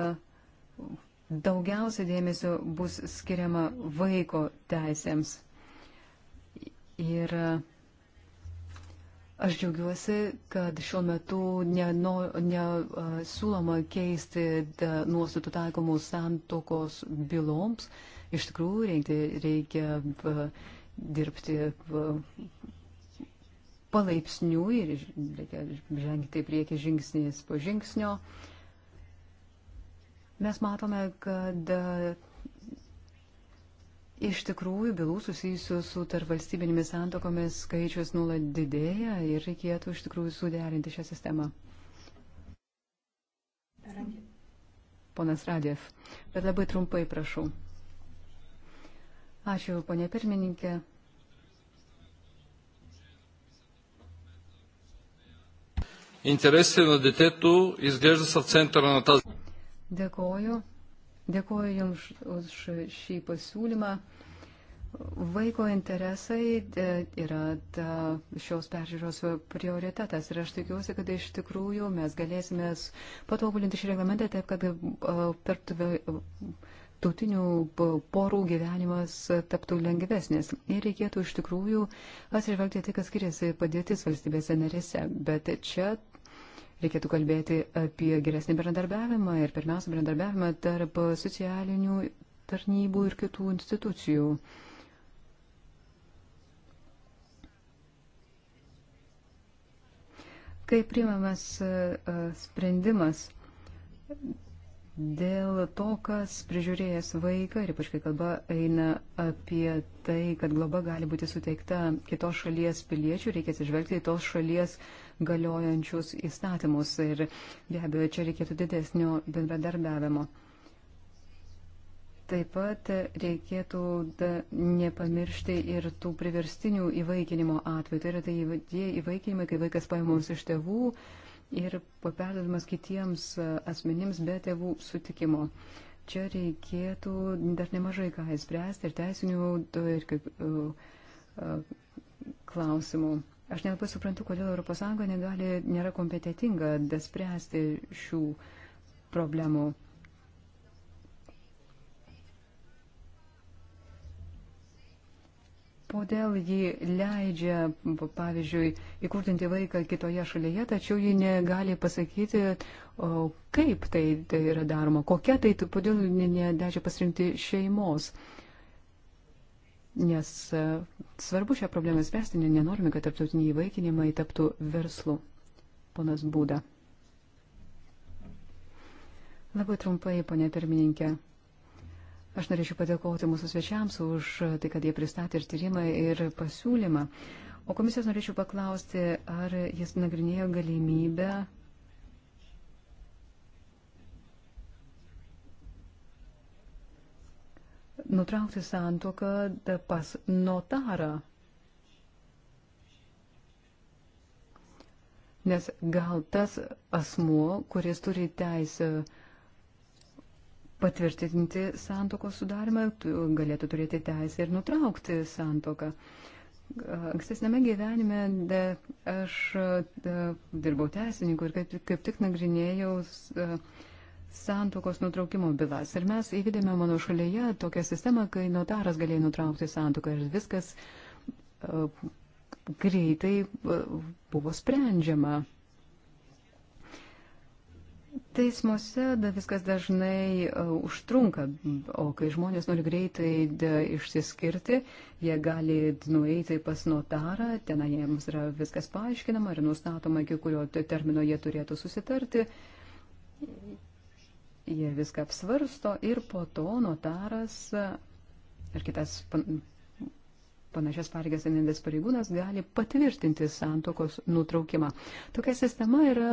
daugiausia dėmesio bus skiriama vaiko teisėms. Ir e, aš džiaugiuosi, kad šiuo metu nesiūloma ne, ne, e, keisti nuostatų taikomų santokos byloms. Iš tikrųjų, reikia, reikia dirbti palaipsniui ir reikia žengti prieki žingsnis po žingsnio. Mes matome, kad Iš tikrųjų, bylų susijusių su tarvalstybinėmis santokomis skaičius nuolat didėja ir reikėtų iš tikrųjų suderinti šią sistemą. Ponas Radėv, bet labai trumpai prašau. Ačiū, ponė pirmininkė. Интересите на детето изглежда са в центъра на тази. Дėkoju. Dėkoju Jums už šį pasiūlymą. Vaiko interesai e, yra šios peržiūros prioritetas ir aš tikiuosi, kad iš tikrųjų mes galėsime patobulinti šį reglamentą taip, kad e, per tautinių porų gyvenimas taptų lengvesnis. Ir reikėtų iš tikrųjų atsižvelgti tai, kas skiriasi padėtis valstybėse narėse. Bet čia reikėtų kalbėti apie geresnį bendradarbiavimą ir pirmiausia bendradarbiavimą tarp socialinių tarnybų ir kitų institucijų. Kai priimamas sprendimas, dėl to, kas prižiūrėjęs vaiką, ir ypač kai kalba eina apie tai, kad globa gali būti suteikta kitos šalies piliečių, reikia atsižvelgti į tos šalies galiojančius įstatymus ir be abejo čia reikėtų didesnio bendradarbiavimo. Taip pat reikėtų da, nepamiršti ir tų priverstinių įvaikinimo atvejų. Tai yra tai tie įvaikinimai, kai vaikas paimamos iš tėvų, uh, ir perdodamas kitiems e, asmenims be tėvų sutikimo. Čia reikėtų dar nemažai ką įspręsti ir teisinių e, ir kaip, e, klausimų. Aš nelabai suprantu, kodėl ES negali, nėra kompetitinga spręsti šių problemų. kodėl ji leidžia, pavyzdžiui, įkurtinti vaiką kitoje šalyje, tačiau ji negali pasakyti, o, kaip tai, tai yra daroma, kokia tai, kodėl neleidžia pasirinkti šeimos. Nes e, svarbu šią problemą spręsti, nenorime, kad tarptautiniai įvaikinimai taptų verslu. Ponas Būda. Labai trumpai, ponė pirmininkė. Aš norėčiau padėkoti mūsų svečiams už tai, kad jie pristatė ir tyrimą, ir pasiūlymą. O komisijos norėčiau paklausti, ar jis nagrinėjo galimybę nutraukti santoką pas notarą. Nes gal tas asmuo, kuris turi teisę uh, patvirtinti santokos sudarimą, galėtų turėti teisę ir nutraukti santoką. Ankstesnėme gyvenime de, aš de, dirbau teisininku ir kaip, kaip tik nagrinėjau santokos nutraukimo bylas. Ir mes įvedėme mano šalyje tokią sistemą, kai notaras galėjo nutraukti santoką ir viskas greitai buvo sprendžiama. Teismuose da, viskas dažnai uh, užtrunka, o kai žmonės nori greitai da, išsiskirti, jie gali nueiti pas notarą, ten jiems yra viskas paaiškinama ir nustatoma, iki kurio termino jie turėtų susitarti. Jie viską apsvarsto ir po to notaras ar e, kitas pan, panašias pareigas einantis pareigūnas gali patvirtinti santokos nutraukimą. Tokia sistema yra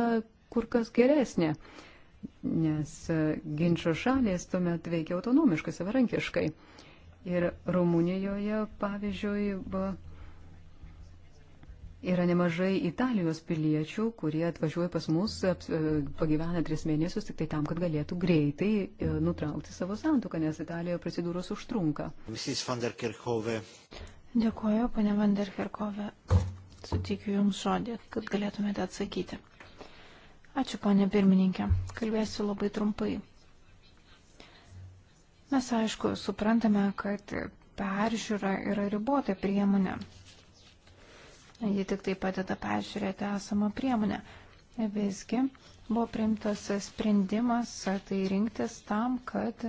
kur kas geresnė nes e, ginčio šalės tuomet veikia autonomiškai, savarankiškai. Ir Rumunijoje, pavyzdžiui, yra nemažai Italijos piliečių, kurie atvažiuoja pas mus, e, pagyvena tris mėnesius tik tai tam, kad galėtų greitai e, nutraukti savo santuką, nes Italijoje procedūros užtrunka. Dėkuoju, ponė Vanderherkove. Sutikiu Jums žodį, kad galėtumėte atsakyti. Ačiū, ponė pirmininkė. Kalbėsiu labai trumpai. Mes, aišku, suprantame, kad peržiūra yra ribota priemonė. Ji tik tai padeda peržiūrėti esamą priemonę. Visgi buvo priimtas sprendimas tai rinktis tam, kad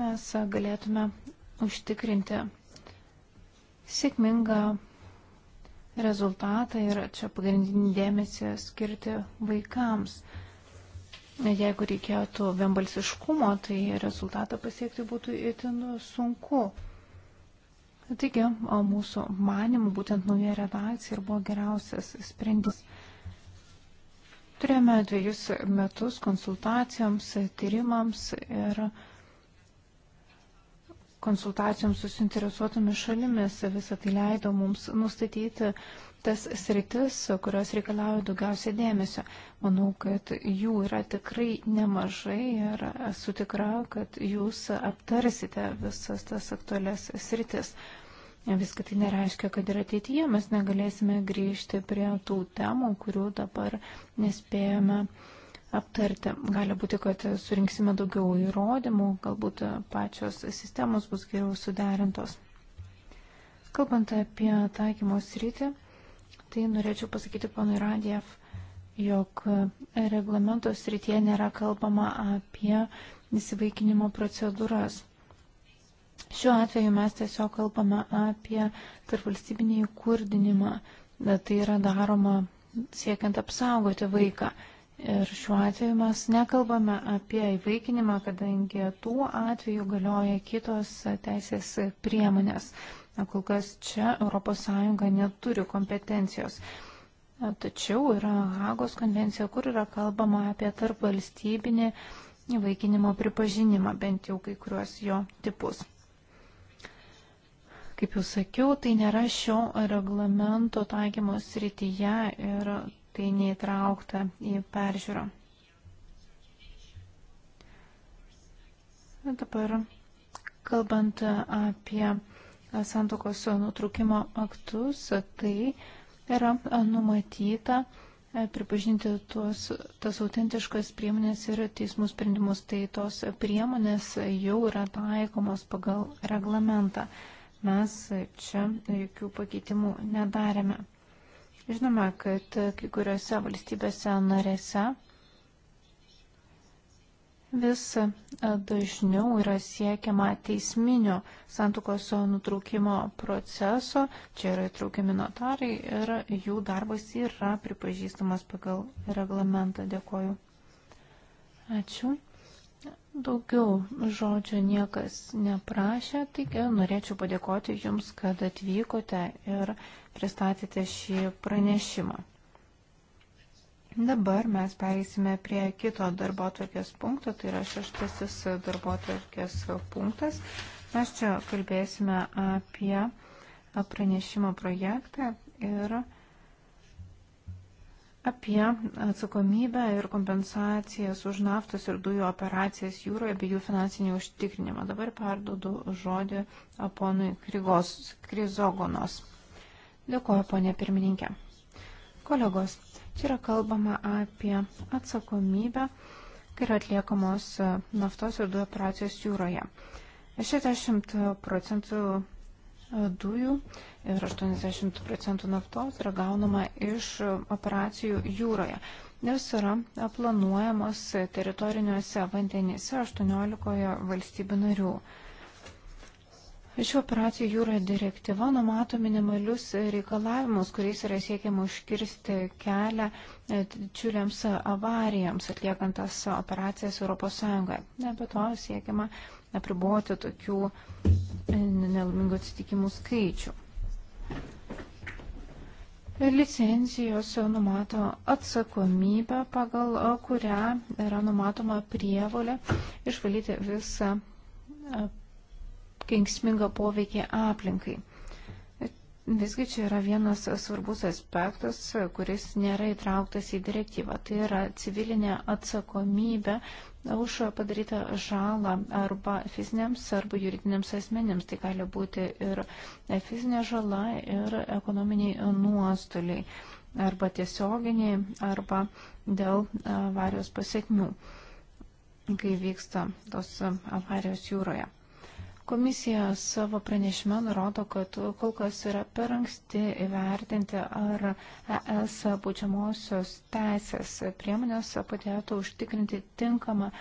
mes galėtume užtikrinti sėkmingą rezultatą ir čia pagrindinį dėmesį skirti vaikams. Jeigu reikėtų vienbalsiškumo, tai rezultatą pasiekti būtų itin sunku. Taigi, mūsų manimų būtent nauja redakcija ir buvo geriausias sprendimas. Turėjome dviejus metus konsultacijoms, tyrimams ir tyrimams konsultacijoms su suinteresuotomis šalimis. Visą tai leido mums nustatyti tas sritis, kurios reikalauja daugiausia dėmesio. Manau, kad jų yra tikrai nemažai ir esu tikra, kad jūs aptarsite visas tas aktualias sritis. Viską tai nereiškia, kad ir ateityje mes negalėsime grįžti prie tų temų, kurių dabar nespėjome aptarti aptarti. Gali būti, kad surinksime daugiau įrodymų, galbūt pačios sistemos bus geriau suderintos. Kalbant apie taikymo sritį, tai norėčiau pasakyti ponui Radiev, jog reglamento srityje nėra kalbama apie įsivaikinimo procedūras. Šiuo atveju mes tiesiog kalbame apie tarpvalstybinį įkurdinimą. Tai yra daroma siekiant apsaugoti vaiką. Ir šiuo atveju mes nekalbame apie įvaikinimą, kadangi tų atvejų galioja kitos teisės priemonės. Na, kol kas čia ES neturi kompetencijos. Tačiau yra Hagos konvencija, kur yra kalbama apie tarp valstybinį įvaikinimo pripažinimą, bent jau kai kuriuos jo tipus. Kaip jau sakiau, tai nėra šio reglamento taikymos rytyje ir tai neįtraukta į peržiūrą. Dabar, kalbant apie santokos nutraukimo aktus, tai yra numatyta pripažinti tuos, tas autentiškas priemonės ir teismų sprendimus. Tai tos priemonės jau yra taikomos pagal reglamentą. Mes čia jokių pakeitimų nedarėme. Žinoma, kad kai kuriuose valstybėse narėse vis dažniau yra siekiama teisminio santukos nutraukimo proceso, čia yra įtraukiami notarai ir jų darbas yra pripažįstamas pagal reglamentą. Dėkoju. Ačiū. Daugiau žodžio niekas neprašė, taigi norėčiau padėkoti Jums, kad atvykote ir pristatėte šį pranešimą. Dabar mes pereisime prie kito darbo atvarkės punkto, tai yra šeštasis darbo atvarkės punktas. Mes čia kalbėsime apie pranešimo projektą ir pranešimą apie atsakomybę ir kompensacijas už naftos ir dujų operacijas jūroje bei jų finansinį užtikrinimą. Dabar perdodu žodį ponui Krigos Krizogonos. Dėkuoju, ponė pirmininkė. Kolegos, čia yra kalbama apie atsakomybę, kai yra atliekamos naftos ir dujų operacijos jūroje. 60 procentų dujų ir 80 procentų naftos yra gaunama iš operacijų jūroje. Nes yra planuojamos teritoriniuose vandenyse 18 valstybių narių. Šių operacijų jūroje direktyva numato minimalius reikalavimus, kuriais yra siekiama užkirsti kelią didžiuliams avarijams atliekant tas operacijas ES. Be to siekiama apriboti tokių e, nelaimingų atsitikimų skaičių. Licencijos numato atsakomybę, pagal e, kurią yra numatoma prievolė išvalyti visą e, kenksmingą poveikį aplinkai. Visgi čia yra vienas svarbus aspektas, kuris nėra įtrauktas į direktyvą. Tai yra civilinė atsakomybė už padarytą žalą arba fiziniams, arba juridiniams asmenims. Tai gali būti ir fizinė žala, ir ekonominiai nuostoliai, arba tiesioginiai, arba dėl avarijos pasiekmių, kai vyksta tos avarijos jūroje. Komisija savo pranešime nurodo, kad kol kas yra per anksti įvertinti, ar ES būdžiamosios teisės priemonės padėtų užtikrinti tinkamą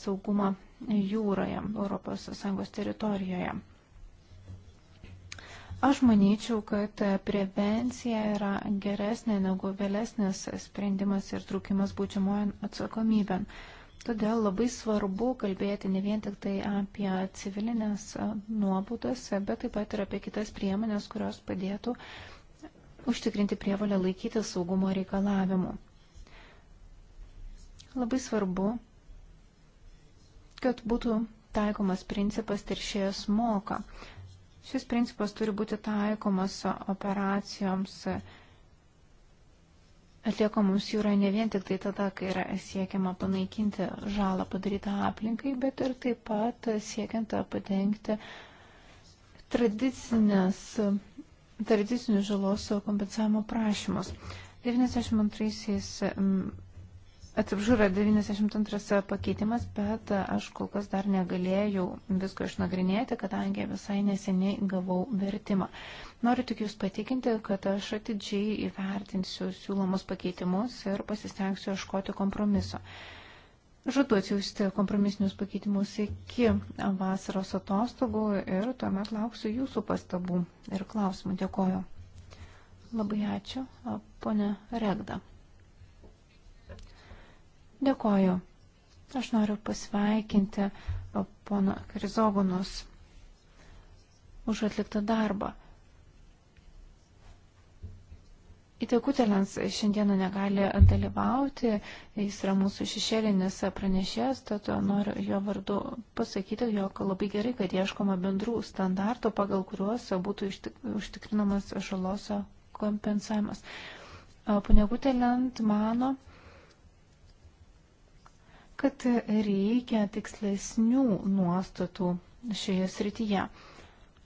saugumą jūroje, ES teritorijoje. Aš manyčiau, kad prevencija yra geresnė negu vėlesnis sprendimas ir trūkimas būdžiamojan atsakomybėn. Todėl labai svarbu kalbėti ne vien tik tai apie civilinės nuobaudas, bet taip pat ir apie kitas priemonės, kurios padėtų užtikrinti prievalę laikyti saugumo reikalavimų. Labai svarbu, kad būtų taikomas principas teršėjas moka. Šis principas turi būti taikomas operacijoms atliekamus jų yra ne vien tik tai tada, kai yra siekiama panaikinti žalą padarytą aplinkai, bet ir taip pat siekiant padengti tradicinės, tradicinius žalos kompensavimo prašymus. 92 Atsiprašau, yra 92 pakeitimas, bet aš kol kas dar negalėjau visko išnagrinėti, kadangi visai neseniai gavau vertimą. Noriu tik Jūs patikinti, kad aš atidžiai įvertinsiu siūlomus pakeitimus ir pasistengsiu ieškoti kompromiso. Žadu atsiųsti kompromisinius pakeitimus iki vasaros atostogų ir tuomet lauksiu Jūsų pastabų ir klausimų. Dėkoju. Labai ačiū, ponė Regda. Dėkoju. Aš noriu pasveikinti pono Krizogonus už atliktą darbą. Įtekutelens šiandieną negali dalyvauti, jis yra mūsų šešėlinis pranešėjas, tad noriu jo vardu pasakyti, jog labai gerai, kad ieškoma bendrų standartų, pagal kuriuos būtų užtikrinamas žalos kompensavimas. Pane Gutelent mano, kad reikia tikslesnių nuostatų šioje srityje.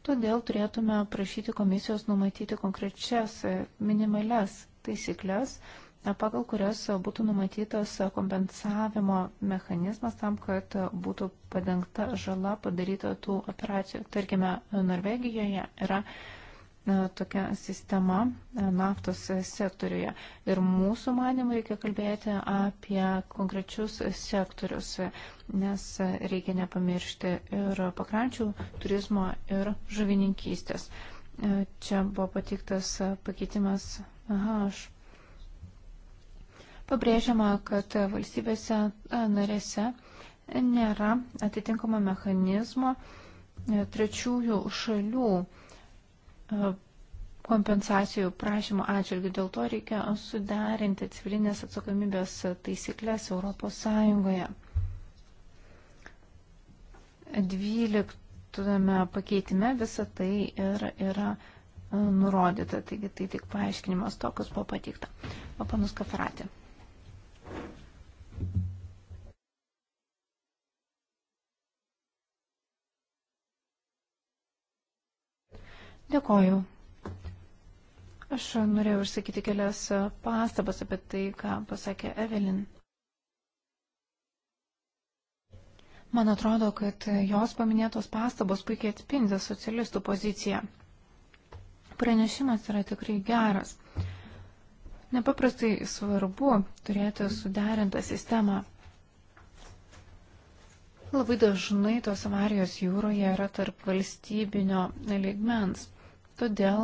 Todėl turėtume prašyti komisijos numatyti konkrečias e, minimales taisyklės, e, pagal kurias būtų numatytas kompensavimo mechanizmas tam, kad būtų padengta žala padaryta tų operacijų. Tarkime, Norvegijoje yra E, tokia sistema e, naftos sektoriuje. Ir mūsų manimų reikia kalbėti apie konkrečius sektorius, nes reikia nepamiršti ir pakrančių turizmo ir žuvininkystės. E, čia buvo patiktas pakeitimas H. Pabrėžiama, kad valstybėse narėse nėra atitinkamo mechanizmo trečiųjų šalių kompensacijų prašymo atžvilgių. Dėl to reikia suderinti civilinės atsakomybės taisyklės Europos Sąjungoje. 12 pakeitime visą tai ir yra e, nurodyta, taigi tai tik paaiškinimas to, kas buvo pateikta. O panus Kaferatė. Dėkoju. Aš norėjau išsakyti kelias pastabas apie tai, ką pasakė Evelin. Man atrodo, kad jos paminėtos pastabos puikiai atspindi socialistų poziciją. Pranešimas yra tikrai geras. Nepaprastai svarbu turėti suderintą sistemą. Labai dažnai tos avarijos jūroje yra tarp valstybinio ligmens. Todėl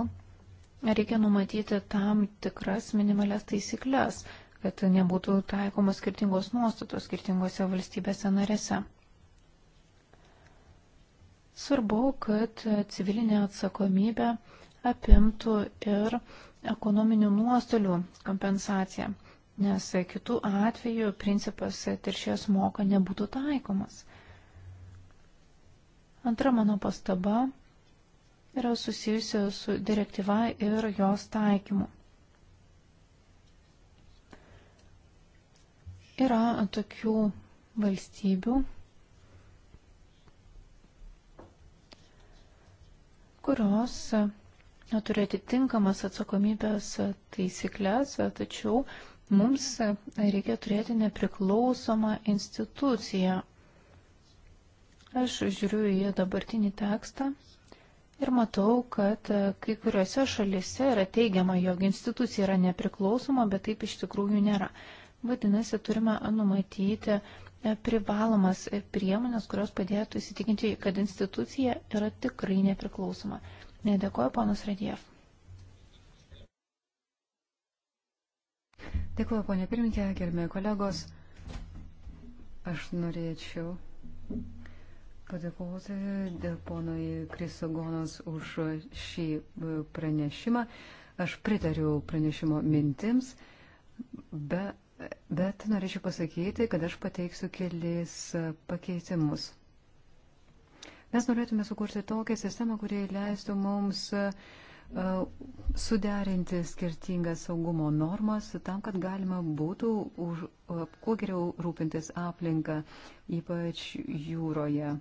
reikia numatyti tam tikras minimalias taisyklės, kad nebūtų taikomos skirtingos nuostatos skirtingose valstybėse narėse. Svarbu, kad civilinė atsakomybė apimtų ir ekonominių nuostolių kompensaciją, nes kitų atvejų principas teršės moka nebūtų taikomas. Antra mano pastaba yra susijusi su direktyva ir jos taikymu. Yra tokių valstybių, kurios turi atitinkamas atsakomybės taisyklės, tačiau mums reikia turėti nepriklausomą instituciją. Aš žiūriu į dabartinį tekstą Ir matau, kad e, kai kuriuose šalise yra teigiama, jog institucija yra nepriklausoma, bet taip iš tikrųjų nėra. Vadinasi, turime numatyti e, privalomas e, priemonės, kurios padėtų įsitikinti, kad institucija yra tikrai nepriklausoma. Nedėkoju, ponas Radiev. Dėkuoju, ponė pirmininkė, gerbėjai kolegos. Aš norėčiau padėkoti ponui Krisogonas už šį e, pranešimą. Aš pritariu pranešimo mintims, be, bet norėčiau pasakyti, kad aš pateiksiu kelis pakeitimus. Mes norėtume sukurti tokią sistemą, kurie leistų mums e, suderinti skirtingas saugumo normas tam, kad galima būtų už, kuo geriau rūpintis aplinką, ypač jūroje.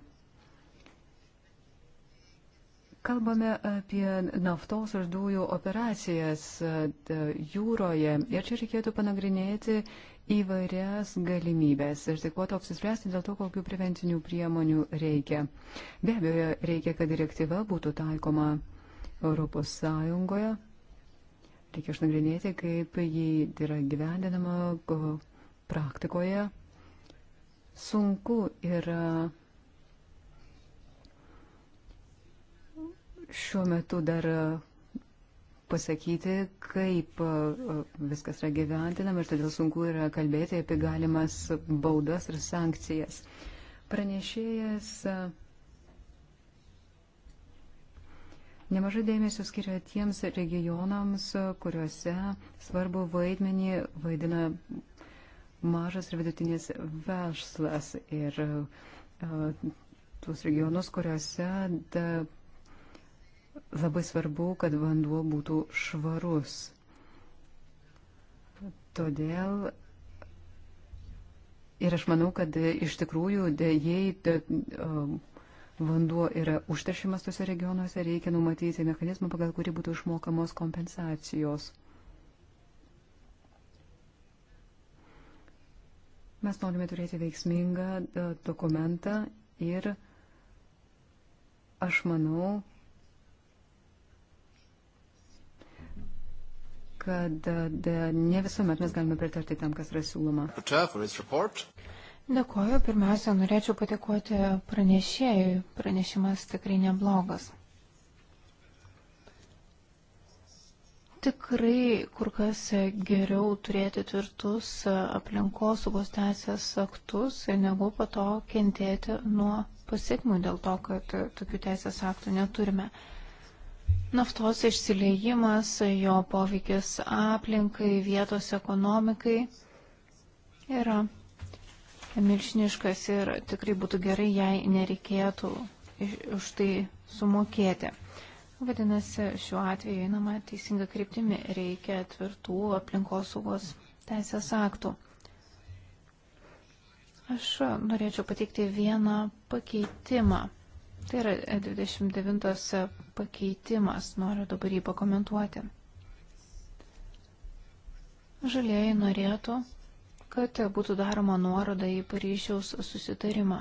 Kalbame apie naftos ir dujų operacijas e, jūroje ir čia reikėtų panagrinėti įvairias galimybės ir tik po to apsispręsti dėl to, kokiu preventinių priemonių reikia. Be abejo, reikia, kad direktyva būtų taikoma Europos Sąjungoje. Reikia išnagrinėti, kaip jį yra gyvendinama praktikoje. Sunku yra. Ir šiuo metu dar e, pasakyti, kaip e, e, viskas yra gyventinama ir todėl sunku yra kalbėti apie galimas baudas ir sankcijas. Pranešėjas nemažai dėmesio skiria tiems regionams, kuriuose svarbu vaidmenį vaidina mažas ir vidutinės verslas ir uh, tuos regionus, kuriuose da, Labai svarbu, kad vanduo būtų švarus. Todėl ir aš manau, kad iš tikrųjų, jei um, vanduo yra užteršimas tose regionuose, reikia numatyti mechanizmą, pagal kurį būtų išmokamos kompensacijos. Mes norime turėti veiksmingą uh, dokumentą ir aš manau, kad e, ne visuomet mes galime pritarti tam, kas yra siūloma. Dėkuoju. Pirmiausia, norėčiau patikoti pranešėjui. Pranešimas tikrai neblogas. Tikrai kur kas geriau turėti tvirtus aplinkosaugos teisės aktus, negu po to kentėti nuo pasiekmių dėl to, kad tokių teisės aktų neturime. Uh, Naftos išsileimas, jo poveikis aplinkai, vietos ekonomikai yra milžiniškas ir tikrai būtų gerai, jei nereikėtų už tai sumokėti. Vadinasi, šiuo atveju einama teisinga kryptimi, reikia tvirtų aplinkosaugos teisės aktų. Aš norėčiau pateikti vieną pakeitimą. Tai yra 29 pakeitimas, noriu dabar jį pakomentuoti. Žalieji norėtų, kad būtų daroma nuoroda į Paryžiaus susitarimą.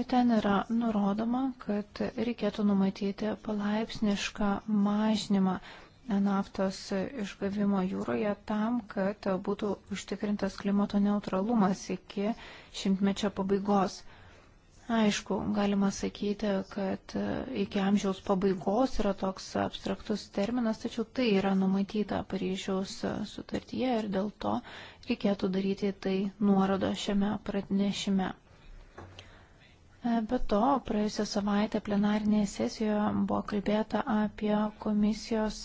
Ir ten yra nurodoma, kad reikėtų numatyti palaipsnišką mažinimą naftos išgavimo jūroje tam, kad būtų užtikrintas klimato neutralumas iki šimtmečio pabaigos. Aišku, galima sakyti, kad e, iki amžiaus pabaigos yra toks abstraktus terminas, tačiau tai yra numatyta Paryžiaus e, sutartyje ir dėl to reikėtų daryti tai nuorodo šiame pranešime. E, be to, praėjusią savaitę plenarinėje sesijoje buvo kalbėta apie komisijos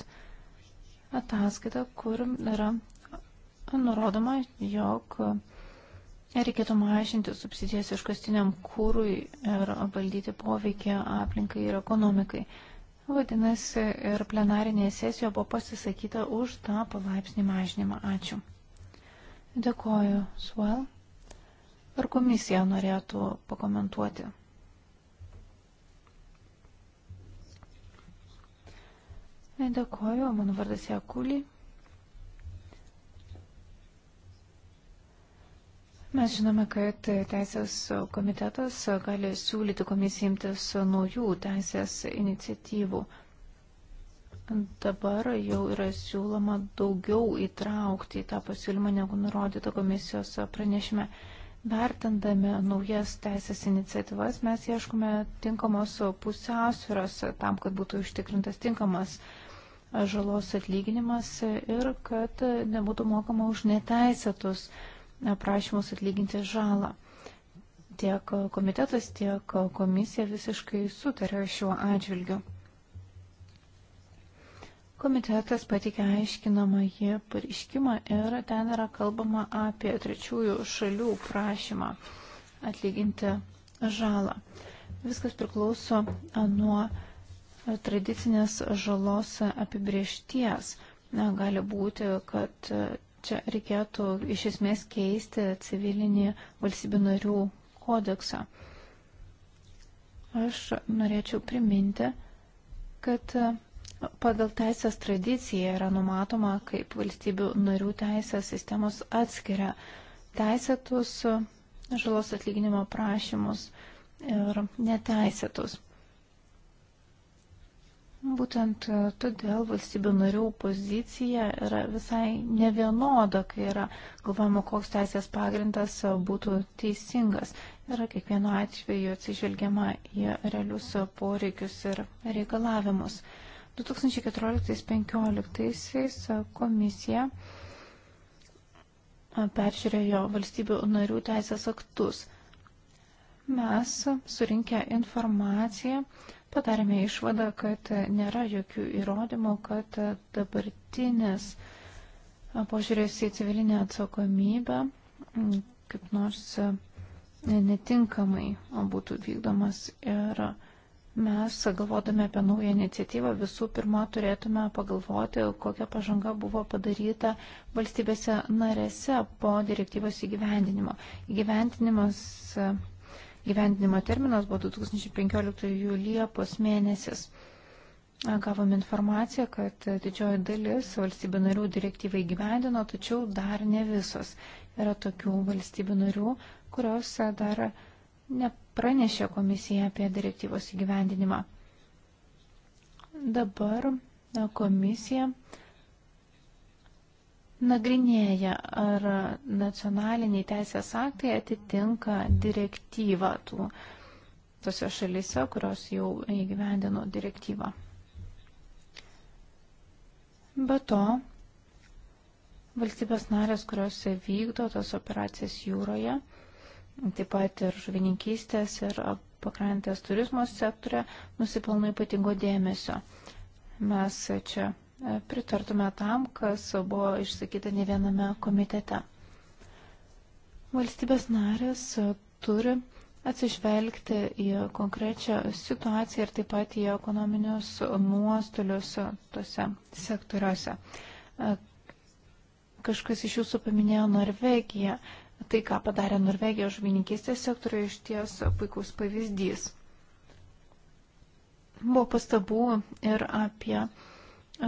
ataskaitą, kur yra nurodoma, jog Reikėtų mažinti subsidijas iškastiniam kūrui ir valdyti poveikį aplinkai ir ekonomikai. Vadinasi, ir plenarinėje sesijoje buvo pasisakyta už tą palaipsnį mažinimą. Ačiū. Dėkoju, Suel. Ar komisija norėtų pakomentuoti? Dėkoju, mano vardas Jakulį. Mes žinome, kad Teisės komitetas gali siūlyti komisijai imtis naujų teisės iniciatyvų. Dabar jau yra siūloma daugiau įtraukti į tą pasiūlymą, negu nurodyta komisijos pranešime. Vertindami naujas teisės iniciatyvas, mes ieškome tinkamos pusiausvėros tam, kad būtų užtikrintas tinkamas žalos atlyginimas ir kad nebūtų mokama už neteisėtus prašymus atlyginti žalą. Tiek komitetas, tiek komisija visiškai sutarė šiuo atžvilgiu. Komitetas patikė aiškinamąjį pareiškimą ir ten yra kalbama apie trečiųjų šalių prašymą atlyginti žalą. Viskas priklauso nuo tradicinės žalos apibriešties. Na, gali būti, kad Čia reikėtų iš esmės keisti civilinį valstybių narių kodeksą. Aš norėčiau priminti, kad pagal teisės tradiciją yra numatoma, kaip valstybių narių teisės sistemos atskiria teisėtus žalos atlyginimo prašymus ir neteisėtus. Būtent e, todėl valstybių narių pozicija yra visai nevienoda, kai yra galvojama, koks teisės pagrindas e, būtų teisingas. Yra kiekvienu atveju atsižvelgiama į realius poreikius ir reikalavimus. 2014-2015 e, komisija peržiūrėjo valstybių narių teisės aktus. Mes surinkę informaciją padarėme išvadą, kad nėra jokių įrodymų, kad dabartinis požiūrės į civilinę atsakomybę kaip nors e, netinkamai būtų vykdomas ir mes, galvodami apie naują iniciatyvą, visų pirma turėtume pagalvoti, kokia pažanga buvo padaryta valstybėse narėse po direktyvos įgyvendinimo. Įgyvendinimas Gyvendinimo terminas buvo 2015 liepos mėnesis. Gavom informaciją, kad didžioji dalis valstybių narių direktyvai gyvendino, tačiau dar ne visos. Yra tokių valstybių narių, kurios dar nepranešė komisija apie direktyvos įgyvendinimą. Dabar komisija uh, nagrinėja, ar nacionaliniai teisės aktai atitinka direktyvą tų tose šalise, kurios jau įgyvendino direktyvą. Be to, valstybės narės, kurios vykdo tas operacijas jūroje, taip pat ir žuvininkystės ir pakrantės turizmo sektorė, nusipelno ypatingo dėmesio. Mes čia pritartume tam, kas buvo išsakyta ne viename komitete. Valstybės narės turi atsižvelgti į konkrečią situaciją ir taip pat į ekonominius nuostolius tose sektoriuose. Kažkas iš jūsų paminėjo Norvegiją. Tai, ką padarė Norvegija žuvininkystės sektoriuje, iš ties puikus pavyzdys. Buvo pastabų ir apie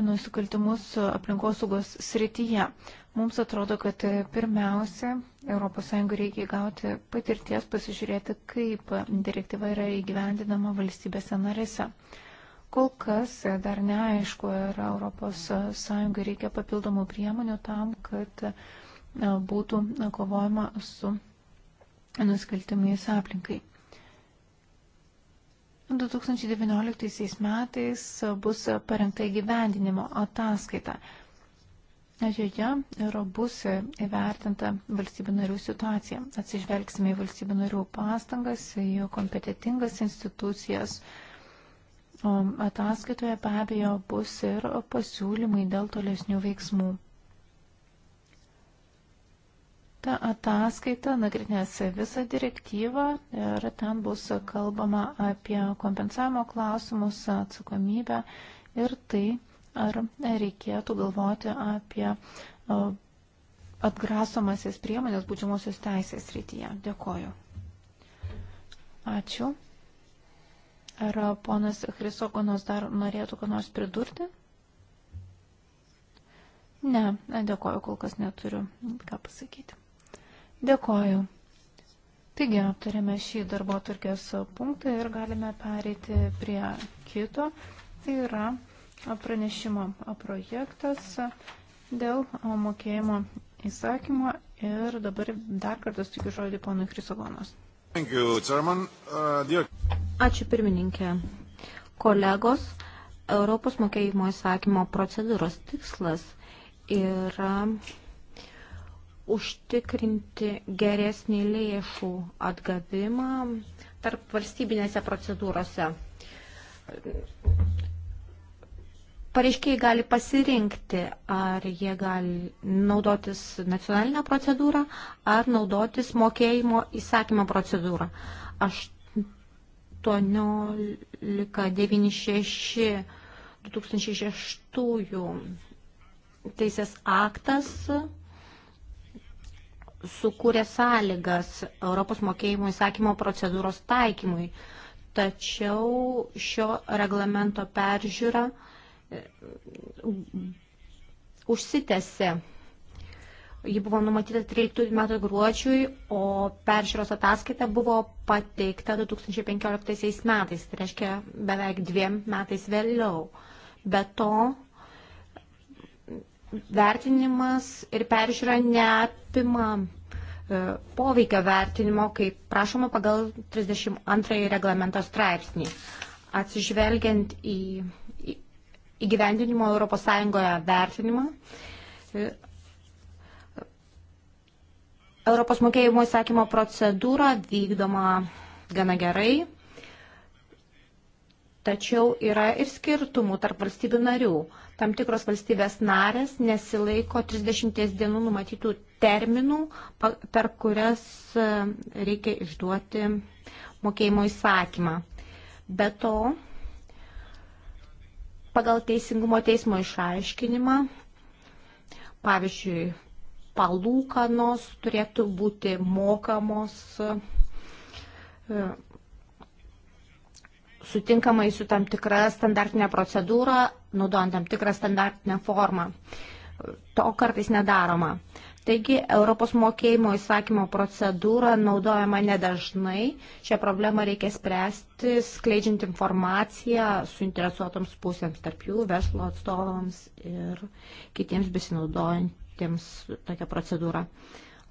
nusikaltimus aplinkosaugos srityje. Mums atrodo, kad pirmiausia, ES reikia gauti patirties pasižiūrėti, kaip direktyva yra įgyvendinama valstybėse narėse. Kol kas dar neaišku, ar ES reikia papildomų priemonių tam, kad būtų kovojama su nusikaltimais aplinkai. 2019 metais bus parengta įgyvendinimo ataskaita. Joje ir bus įvertinta valstybių narių situacija. Atsižvelgsime į valstybių narių pastangas, į kompetitingas institucijas. O ataskaitoje be abejo bus ir pasiūlymai dėl tolesnių veiksmų. Ta ataskaita nagrinės visą direktyvą ir ten bus kalbama apie kompensavimo klausimus, atsakomybę ir tai, ar reikėtų galvoti apie atgrasomasis priemonės būdžiamosios teisės rytyje. Dėkoju. Ačiū. Ar ponas Chrisokonas dar norėtų ką nors pridurti? Ne, dėkoju, kol kas neturiu ką pasakyti. Dėkoju. Taigi aptarėme šį darbo turkės punktą ir galime pereiti prie kito. Tai yra pranešimo projektas dėl mokėjimo įsakymo ir dabar dar kartą tikiu žodį ponui Krisogonas. Uh, Ačiū pirmininkė. Kolegos, Europos mokėjimo įsakymo procedūros tikslas yra. Ir užtikrinti geresnį lėšų atgavimą tarp valstybinėse procedūrose. Pareiškiai gali pasirinkti, ar jie gali naudotis nacionalinę procedūrą, ar naudotis mokėjimo įsakymo procedūrą. 1896 2006 teisės aktas sukūrė sąlygas Europos mokėjimų įsakymo procedūros taikymui, tačiau šio reglamento peržiūra e, užsitęsė. Ji buvo numatyta 13 metų gruodžiui, o peržiūros ataskaita buvo pateikta 2015 metais, tai reiškia beveik dviem metais vėliau. Be to, vertinimas ir peržiūra neapima e, poveikio vertinimo, kaip prašoma pagal 32 reglamento straipsnį. Atsižvelgiant į įgyvendinimo ES vertinimą, e, Europos mokėjimo įsakymo procedūra vykdoma gana gerai. Tačiau yra ir skirtumų tarp valstybių narių. Tam tikros valstybės narės nesilaiko 30 dienų numatytų terminų, per kurias e, reikia išduoti mokėjimo įsakymą. Be to, pagal teisingumo teismo išaiškinimą, pavyzdžiui, palūkanos turėtų būti mokamos e, sutinkamai su tam tikra standartinė procedūra, naudojant tam tikrą standartinę formą. To kartais nedaroma. Taigi Europos mokėjimo įsakymo procedūra naudojama nedažnai. Šią problemą reikia spręsti, skleidžiant informaciją suinteresuotoms pusėms, tarp jų verslo atstovams ir kitiems besinaudojantiems tokią procedūrą.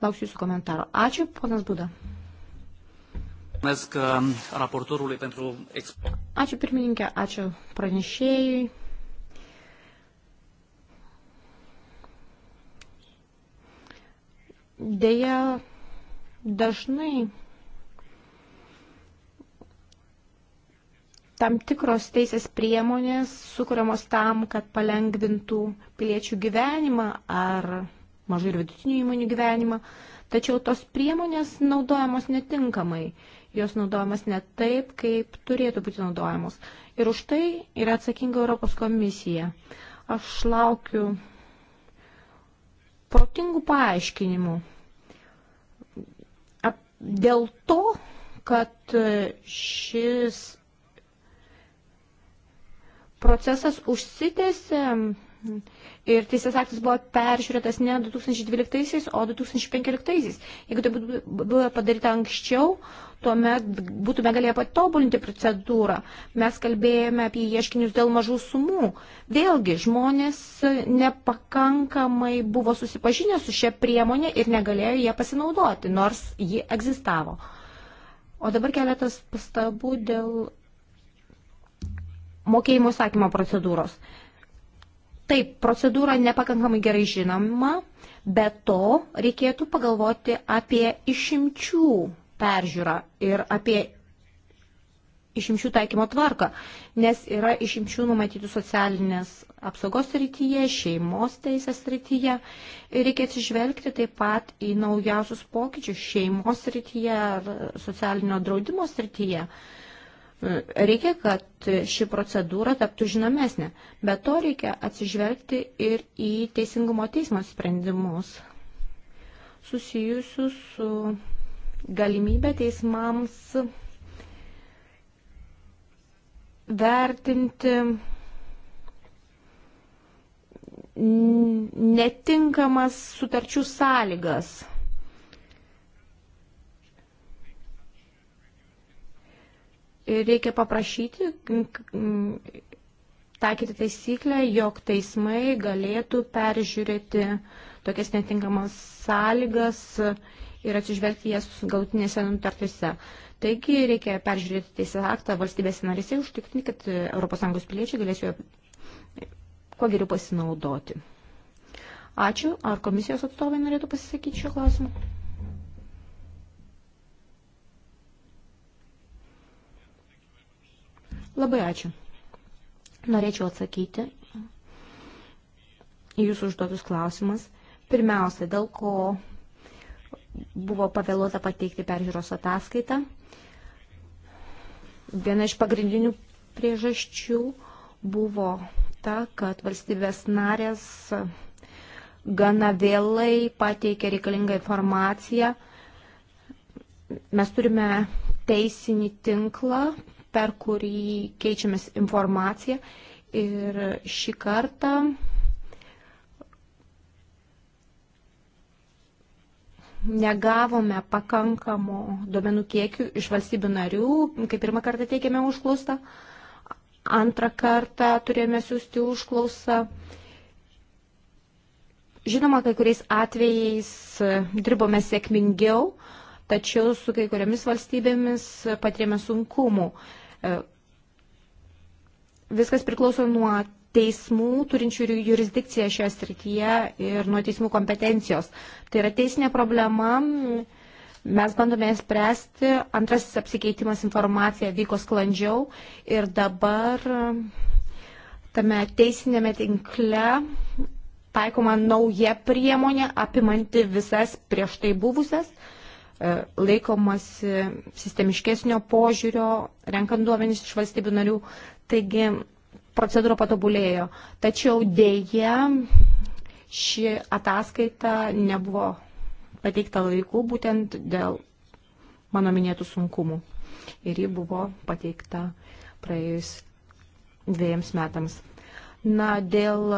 Lauksiu jūsų komentaro. Ačiū, ponas Būda. Mesk uh, raportorului pentru eksportą. Ačiū pirmininkė, ačiū pranešėjai. Deja, dažnai tam tikros teisės priemonės sukūriamos tam, kad palengvintų piliečių gyvenimą ar mažai ir vidutinių įmonių gyvenimą, tačiau tos priemonės naudojamos netinkamai jos naudojamas ne taip, kaip turėtų būti naudojamos. Ir už tai yra atsakinga Europos komisija. Aš laukiu protingų paaiškinimų dėl to, kad e, šis procesas užsitėsi ir teisės aktas buvo peržiūrėtas ne 2012, o 2015. Jeigu tai būtų padaryta anksčiau, tuomet būtume galėję patobulinti procedūrą. Mes kalbėjome apie ieškinius dėl mažų sumų. Vėlgi, žmonės nepakankamai buvo susipažinę su šia priemonė ir negalėjo ją pasinaudoti, nors ji egzistavo. O dabar keletas pastabų dėl mokėjimo sakymo procedūros. Taip, procedūra nepakankamai gerai žinoma, bet to reikėtų pagalvoti apie išimčių peržiūrą ir apie išimčių taikymo tvarką, nes yra išimčių numatyti socialinės apsaugos srityje, šeimos teisės srityje. Reikia atsižvelgti taip pat į naujausius pokyčius šeimos srityje ar socialinio draudimo srityje. Reikia, kad ši procedūra taptų žinomesnė, bet to reikia atsižvelgti ir į Teisingumo teismo sprendimus susijusius su galimybę teismams vertinti netinkamas sutarčių sąlygas. Ir reikia paprašyti, taikyti taisyklę, jog teismai galėtų peržiūrėti tokias netinkamas sąlygas ir atsižvelgti jas galutinėse nutartyse. Taigi reikia peržiūrėti teisės aktą valstybės narėse ir užtikrinti, kad ES piliečiai galės jo kuo geriau pasinaudoti. Ačiū. Ar komisijos atstovai norėtų pasisakyti šio klausimu? Labai ačiū. Norėčiau atsakyti į jūsų užduotus klausimas. Pirmiausia, dėl ko buvo pavėluota pateikti peržiūros ataskaitą. Viena iš pagrindinių priežasčių buvo ta, kad valstybės narės gana vėlai pateikė reikalingą informaciją. Mes turime teisinį tinklą, per kurį keičiamės informaciją ir šį kartą negavome pakankamų duomenų kiekių iš valstybių narių, kai pirmą kartą teikėme užklausą, antrą kartą turėjome siūsti užklausą. Žinoma, kai kuriais atvejais dirbome sėkmingiau, tačiau su kai kuriamis valstybėmis patirėme sunkumų. Viskas priklauso nuo teismų turinčių jurisdikciją šioje srityje ir nuo teismų kompetencijos. Tai yra teisinė problema. Mes bandome ją spręsti. Antrasis apsikeitimas informacija vyko sklandžiau ir dabar tame teisinėme tinkle taikoma nauja priemonė apimanti visas prieš tai buvusias e, laikomasi sistemiškesnio požiūrio, renkant duomenys iš valstybių narių. Taigi procedūra patobulėjo. Tačiau dėje ši ataskaita nebuvo pateikta laiku būtent dėl mano minėtų sunkumų. Ir ji buvo pateikta praėjus dviejams metams. Na, dėl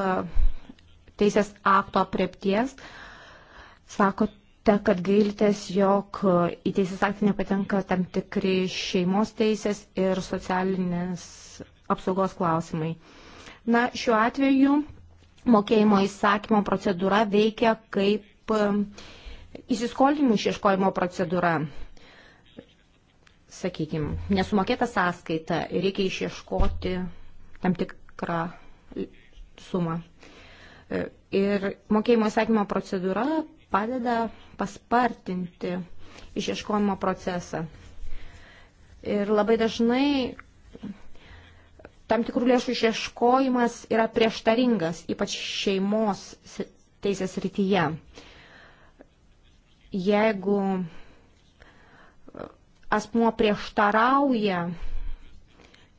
teisės akto apriepties, sakote, kad gailtės, jog į teisės aktą nepatenka tam tikri šeimos teisės ir socialinės apsaugos klausimai. Na, šiuo atveju mokėjimo įsakymo procedūra veikia kaip um, įsiskolinimų išieškojimo procedūra. Sakykime, nesumokėta sąskaita, reikia išieškoti tam tikrą sumą. E, ir mokėjimo įsakymo procedūra padeda paspartinti išieškojimo procesą. Ir labai dažnai tam tikrų lėšų išieškojimas yra prieštaringas, ypač šeimos teisės rytyje. Jeigu e, asmuo prieštarauja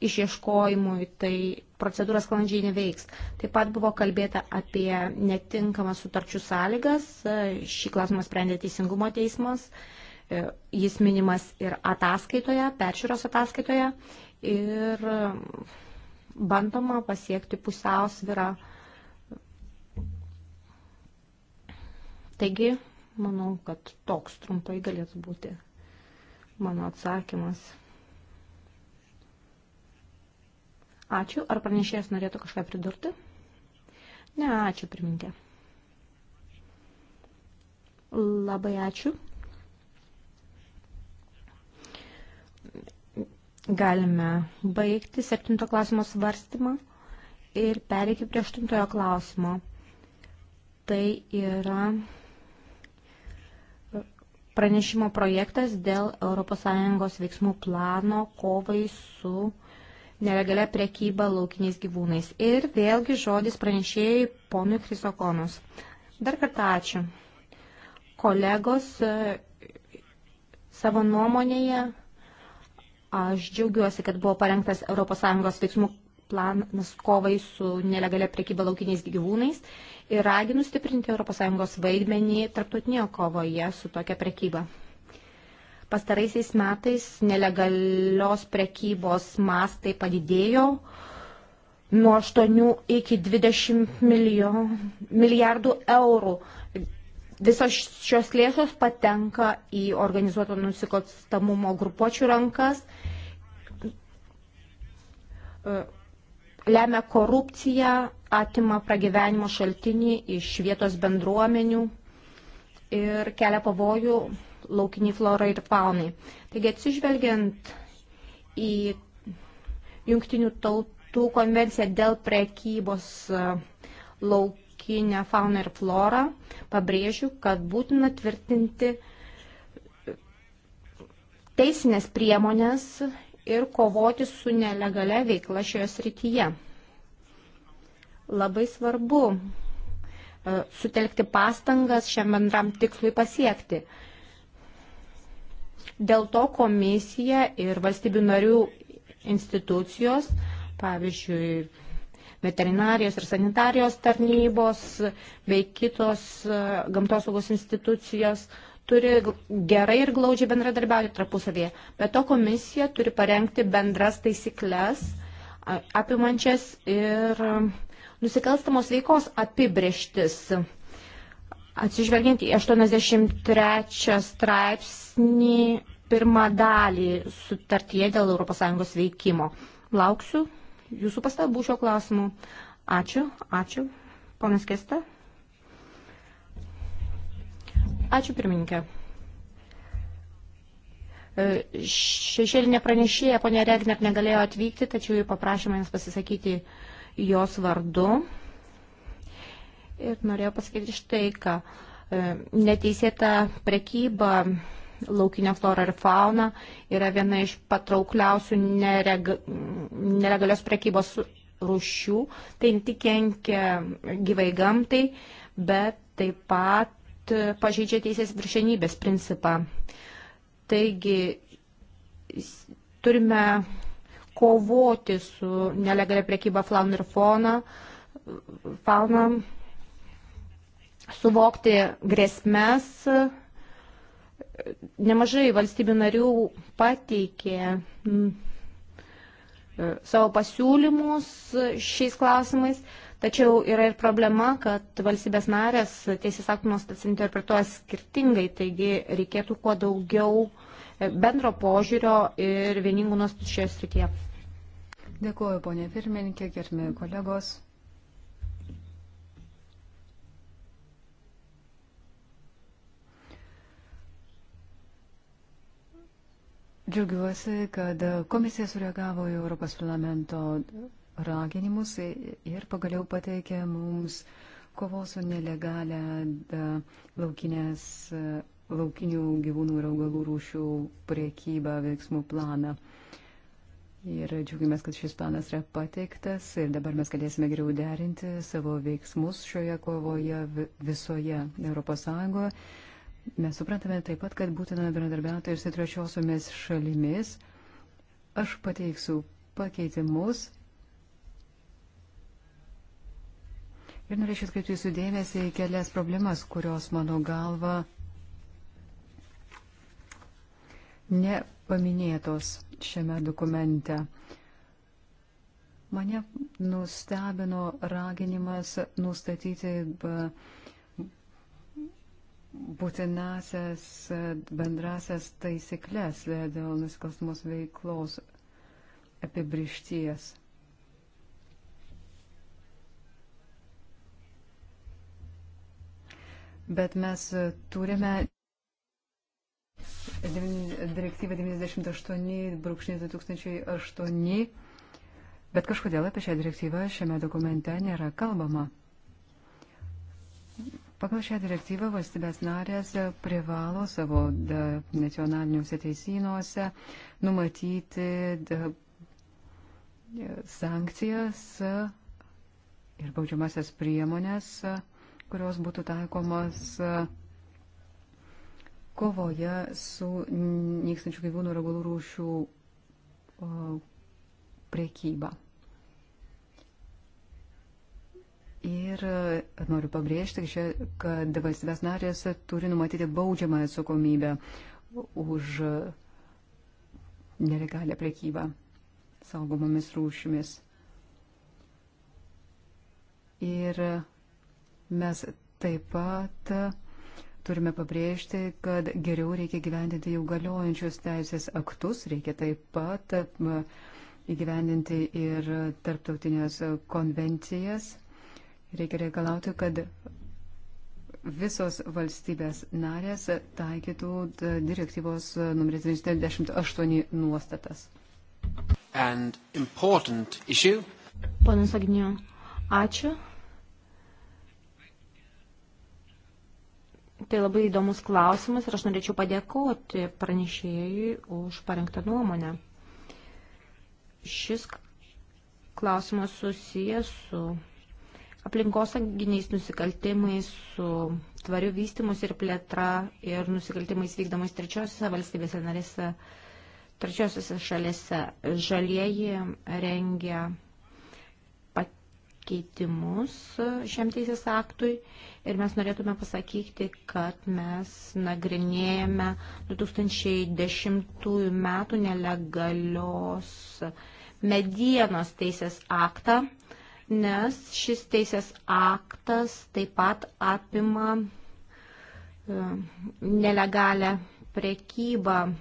išieškojimui, tai procedūra sklandžiai neveiks. Taip pat buvo kalbėta apie netinkamas sutarčių sąlygas. E, šį klausimą sprendė Teisingumo teismas. E, jis minimas ir ataskaitoje, peržiūros ataskaitoje. Ir bandoma pasiekti pusiausvirą. Taigi, manau, kad toks trumpai galėtų būti mano atsakymas. Ačiū. Ar pranešėjas norėtų kažką pridurti? Ne, ačiū, pirmintė. Labai ačiū. Galime baigti septinto klausimo svarstymą ir pereiti prie aštuntojo klausimo. Tai yra pranešimo projektas dėl ES veiksmų plano kovai su nelegalia prekyba laukiniais gyvūnais. Ir vėlgi žodis pranešėjai ponui Krisokonus. Dar kartą ačiū. Kolegos savo nuomonėje Aš džiaugiuosi, kad buvo parengtas ES veiksmų planas kovai su nelegalia priekyba laukiniais gyvūnais ir raginu stiprinti ES vaidmenį tarptautinėje kovoje su tokia priekyba. Pastaraisiais metais nelegalios priekybos mastai padidėjo nuo 8 iki 20 milijon, milijardų eurų Visos šios lėšos patenka į organizuoto nusikostamumo grupuočių rankas, lemia korupciją, atima pragyvenimo šaltinį iš vietos bendruomenių ir kelia pavojų laukiniai florai ir faunai. Taigi atsižvelgiant į jungtinių tautų konvenciją dėl prekybos e, lauk laukinę fauną ir florą, pabrėžiu, kad būtina tvirtinti teisinės priemonės ir kovoti su nelegalia veikla šioje srityje. Labai svarbu e, sutelkti pastangas šiam bendram tikslui pasiekti. Dėl to komisija ir valstybių narių institucijos, pavyzdžiui, veterinarijos ir sanitarijos tarnybos bei kitos e, gamtosaugos institucijos turi gerai ir glaudžiai bendradarbiauti tarpusavėje. Bet to komisija turi parengti bendras taisyklės apimančias ir e, nusikalstamos veikos apibrieštis. Atsižvelgiant į 83 straipsnį pirmą dalį sutartyje dėl ES veikimo. Lauksiu jūsų pastabų šio klausimu. Ačiū, ačiū, ponas Kesta. Ačiū, pirmininkė. E, šešėlinė pranešėja, ponė Regner, negalėjo atvykti, tačiau jį paprašėme jums pasisakyti jos vardu. Ir norėjau pasakyti štai, ką e, neteisėta prekyba laukinė flora ir fauna yra viena iš patraukliausių nereg nelegalios prekybos rūšių. Tai ne tik kenkia gyvai gamtai, bet taip pat pažeidžia teisės viršenybės principą. Taigi turime kovoti su nelegalia prekyba fauna ir fauna, fauna suvokti grėsmes nemažai valstybių narių pateikė mm, e, savo pasiūlymus šiais klausimais, tačiau yra ir problema, kad valstybės narės teisės aktų nuostas interpretuoja skirtingai, taigi reikėtų kuo daugiau e, bendro požiūrio ir vieningų nuostatų šioje srityje. Dėkuoju, ponė pirmininkė, gerbimi kolegos. Džiaugiuosi, kad komisija sureagavo į Europos parlamento raginimus ir pagaliau pateikė mums kovos su nelegalia laukinės, laukinių gyvūnų ir augalų rūšių priekybą veiksmų planą. Ir džiaugiamės, kad šis planas yra pateiktas ir dabar mes galėsime geriau derinti savo veiksmus šioje kovoje visoje ES. Mes suprantame taip pat, kad būtina bendradarbiauti ir su trečiosiomis šalimis. Aš pateiksiu pakeitimus. Ir norėčiau atkreipti jūsų dėmesį į kelias problemas, kurios mano galva nepaminėtos šiame dokumente. Mane nustebino raginimas nustatyti. Be, būtinasias e, bendrasias taisyklės e, dėl nusikalstamos veiklos apibriešties. Bet mes turime direktyvą 98-2008, bet kažkodėl apie šią direktyvą šiame dokumente nėra kalbama. Pagal šią direktyvą valstybės narės privalo savo nacionaliniuose teisynuose numatyti sankcijas ir baudžiamasias priemonės, kurios būtų taikomas kovoje su nykstančių gyvūnų ir augalų rūšių prekyba. Ir e, noriu pabrėžti, kad valstybės narės turi numatyti baudžiamą atsakomybę už e, nelegalią prekybą saugomomis rūšimis. Ir e, mes taip pat turime pabrėžti, kad geriau reikia gyvendinti jau galiojančius teisės aktus, reikia taip pat įgyvendinti ir tarptautinės konvencijas. Reikia reikalauti, kad visos valstybės narės taikytų e, direktyvos e, numeris 98 nuostatas. Ponas Agniu, ačiū. Tai labai įdomus klausimas ir aš norėčiau padėkoti pranešėjui už parengtą nuomonę. Šis klausimas susijęs su aplinkosauginiais nusikaltimais, su tvariu vystimus ir plėtra ir nusikaltimais vykdomais trečiosiose valstybėse narėse, trečiosiose šalėse. Žalieji rengia pakeitimus šiam teisės aktui ir mes norėtume pasakyti, kad mes nagrinėjame 2010 metų nelegalios medienos teisės aktą nes šis teisės aktas taip pat apima e, nelegalę prekybą.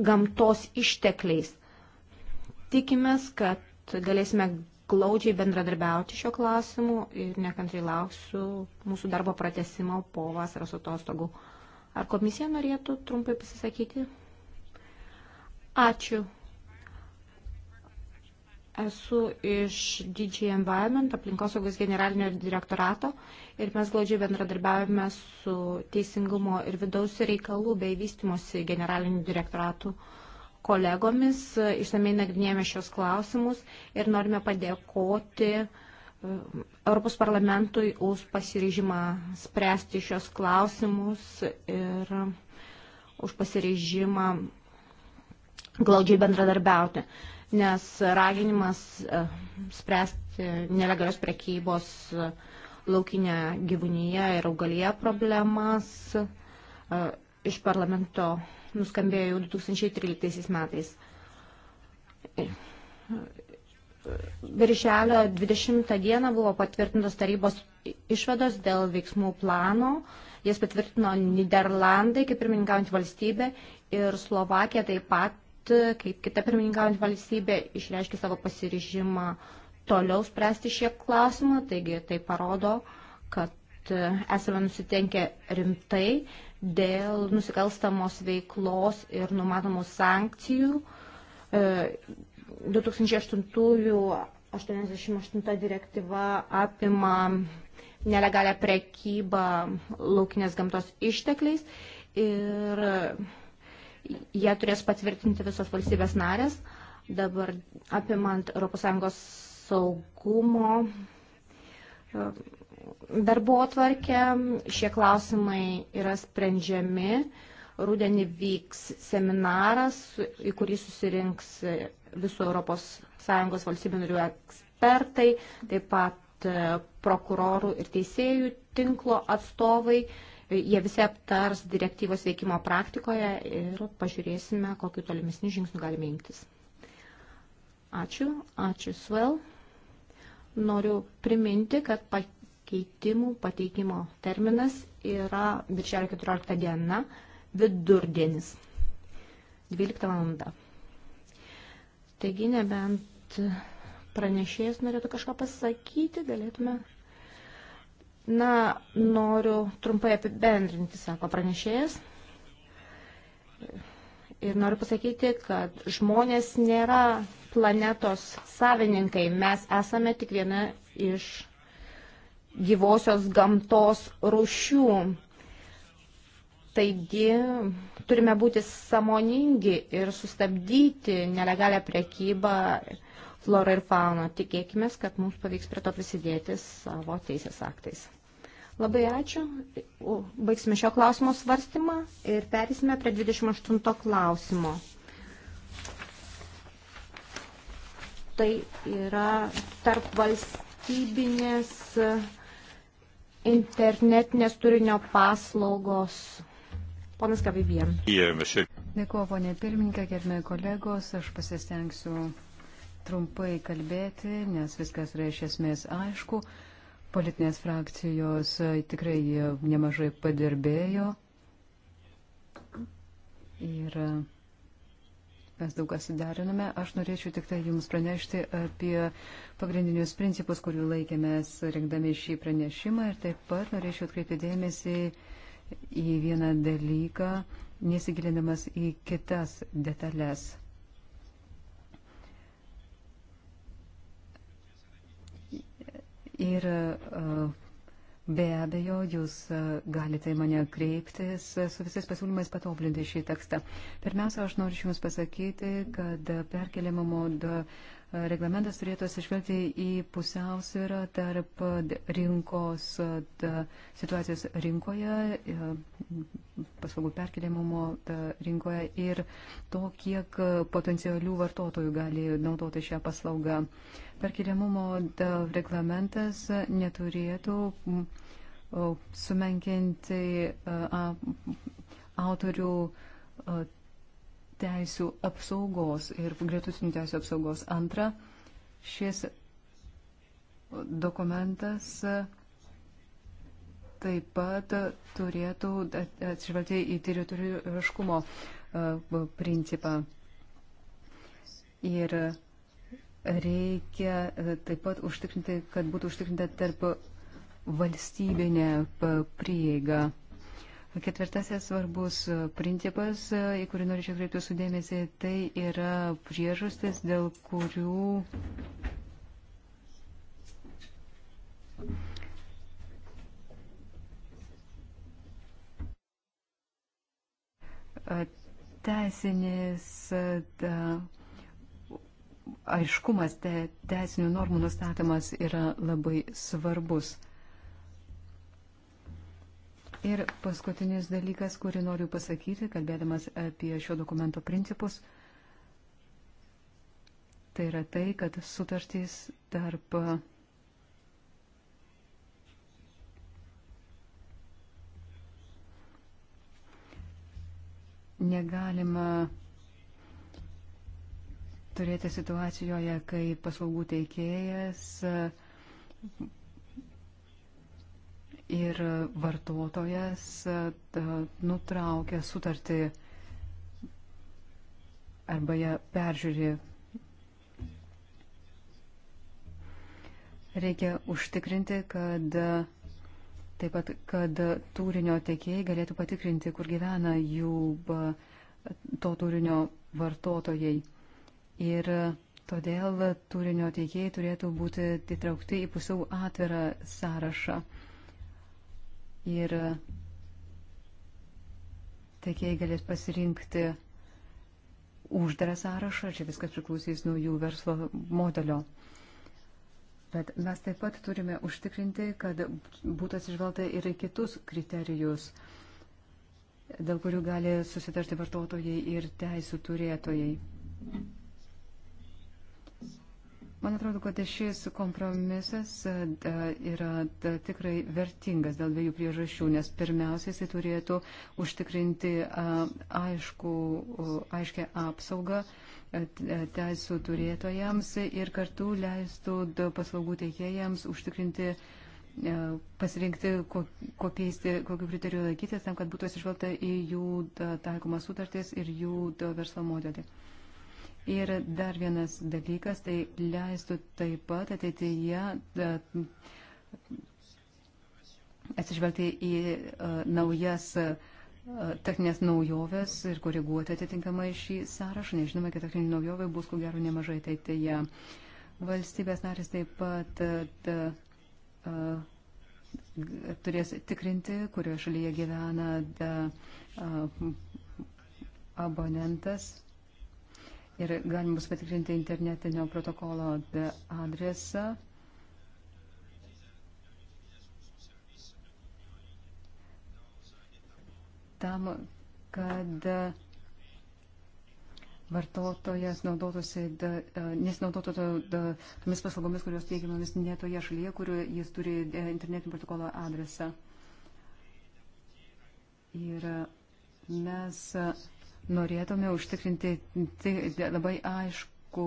gamtos ištekliais. Tikimės, kad galėsime glaudžiai bendradarbiauti šio klausimu ir nekantrai lauksiu mūsų darbo pratesimo po vasaros atostogų. Ar komisija norėtų trumpai pasisakyti? Ačiū. Esu iš DG Environment, aplinkosaugos generalinio direktorato ir mes glaudžiai bendradarbiavime su Teisingumo ir vidaus reikalų bei vystimosi generaliniu direktoratu kolegomis. Išsamei nagrinėjame šios klausimus ir norime padėkoti e, Europos parlamentui už pasiryžimą spręsti šios klausimus ir už pasiryžimą glaudžiai bendradarbiauti, nes raginimas e, spręsti nelegalios prekybos e, laukinę gyvūnyje ir augalyje problemas e, iš parlamento nuskambėjo jau 2013 metais. Birželio 20 dieną buvo patvirtintos tarybos išvados dėl veiksmų plano. Jas patvirtino Niderlandai kaip pirmininkaujant valstybė ir Slovakija taip pat kaip kita pirmininkaujant valstybė išreiškė savo pasirižimą toliau spręsti šie klausimą, taigi tai parodo, kad esame nusitenkę rimtai dėl nusikalstamos veiklos ir numatomų sankcijų. 2008-88 e, direktyva apima nelegalią prekybą laukinės gamtos ištekliais ir Jie turės patvirtinti visos valstybės narės, dabar apimant ES saugumo e, darbo atvarkę. Šie klausimai yra sprendžiami. Rūdienį vyks seminaras, į kurį susirinks visų ES valstybių narių ekspertai, taip pat e, prokurorų ir teisėjų tinklo atstovai. Uh, Jie visi aptars direktyvos veikimo praktikoje ir pažiūrėsime, kokiu tolimesniu žingsniu galime imtis. Ačiū, ačiū Svel. Noriu priminti, kad pakeitimų pateikimo terminas yra birželio 14 diena, vidurdienis, 12 valanda. Taigi, nebent pranešėjas norėtų kažką pasakyti, galėtume Na, noriu trumpai apibendrinti, sako pranešėjas. Ir noriu pasakyti, kad žmonės nėra planetos savininkai. Mes esame tik viena iš gyvosios gamtos rūšių. Taigi turime būti samoningi ir sustabdyti nelegalę prekybą florą ir fauną. Tikėkime, kad mums pavyks prie to prisidėti savo teisės aktais. Labai ačiū. Baigsime šio klausimo svarstymą ir perėsime prie 28 klausimo. Tai yra tarp valstybinės internetinės turinio paslaugos. Ponas Kavivien. Dėkuoju, ponė pirmininkė, gerbėjai kolegos, aš pasistengsiu trumpai kalbėti, nes viskas yra iš esmės aišku. Politinės frakcijos e, tikrai nemažai padirbėjo. Ir e, mes daug ką sudariname. Aš norėčiau tik tai Jums pranešti apie pagrindinius principus, kurių laikėmės rinkdami šį pranešimą. Ir taip pat norėčiau atkreipti dėmesį į vieną dalyką, nesigilindamas į kitas detalės. Ir e, be abejo, jūs e, galite į mane kreiptis su visais pasiūlymais patoblinti šį tekstą. Pirmiausia, aš noriu Jums pasakyti, kad perkeliamamo reglamentas turėtų atsižvelgti į pusiausvyrą tarp rinkos situacijos rinkoje, e, paslaugų perkeliamumo rinkoje ir to, kiek potencialių vartotojų gali naudoti šią paslaugą. Perkeliamumo reglamentas neturėtų sumenkinti e, autorių e, teisų apsaugos ir gretutinių teisų apsaugos. Antra, šis dokumentas taip pat turėtų atsižvelgti į teritoriškumo e, principą. Ir reikia e, taip pat užtikrinti, kad būtų užtikrinta tarp valstybinė e, prieiga. Ketvirtasis svarbus principas, į kurį norėčiau kreipti sudėmėsi, tai yra priežastis, dėl kurių teisinis da, aiškumas, te, teisinių normų nustatymas yra labai svarbus. Ir paskutinis dalykas, kurį noriu pasakyti, kalbėdamas apie šio dokumento principus, tai yra tai, kad sutartys tarp negalima turėti situacijoje, kai paslaugų teikėjas ir vartotojas e, nutraukia sutartį arba ją peržiūri. Reikia užtikrinti, kad taip pat, kad turinio tiekėjai galėtų patikrinti, kur gyvena jų to turinio vartotojai. Ir todėl turinio tiekėjai turėtų būti įtraukti į pusiau atvirą sąrašą ir tiekėjai galės pasirinkti uždarą sąrašą, čia viskas priklausys nuo jų verslo modelio. Bet mes taip pat turime užtikrinti, kad būtų atsižvelgta ir į kitus kriterijus, dėl kurių gali susitarti vartotojai ir teisų turėtojai. Man atrodo, kad šis kompromisas e, yra tikrai vertingas dėl dviejų priežasčių, nes pirmiausiai jisai turėtų užtikrinti aišku, aiškę apsaugą e, teisų turėtojams ir kartu leistų paslaugų teikėjams užtikrinti e, pasirinkti, kokiais, kokiu kriteriju laikytis, tam, kad būtų atsižvelgta į jų taikomas sutartis ir jų verslo modelį. Uh, Ir dar vienas dalykas, tai leistų taip pat ateityje atsižvelgti į uh, naujas uh, techninės naujoves ir koreguoti atitinkamai šį sąrašą. Nežinome, kad techninių naujovių bus ko gero nemažai ateityje. Valstybės narės taip pat uh, turės tikrinti, kurioje šalyje gyvena abonentas ir galima bus patikrinti internetinio protokolo adresą. Tam, kad vartotojas naudotųsi, e, nesinaudotų tomis paslaugomis, kurios teikiamomis ne toje šalyje, kur jis turi e, internetinio protokolo adresą. Ir mes norėtume užtikrinti tai labai aišku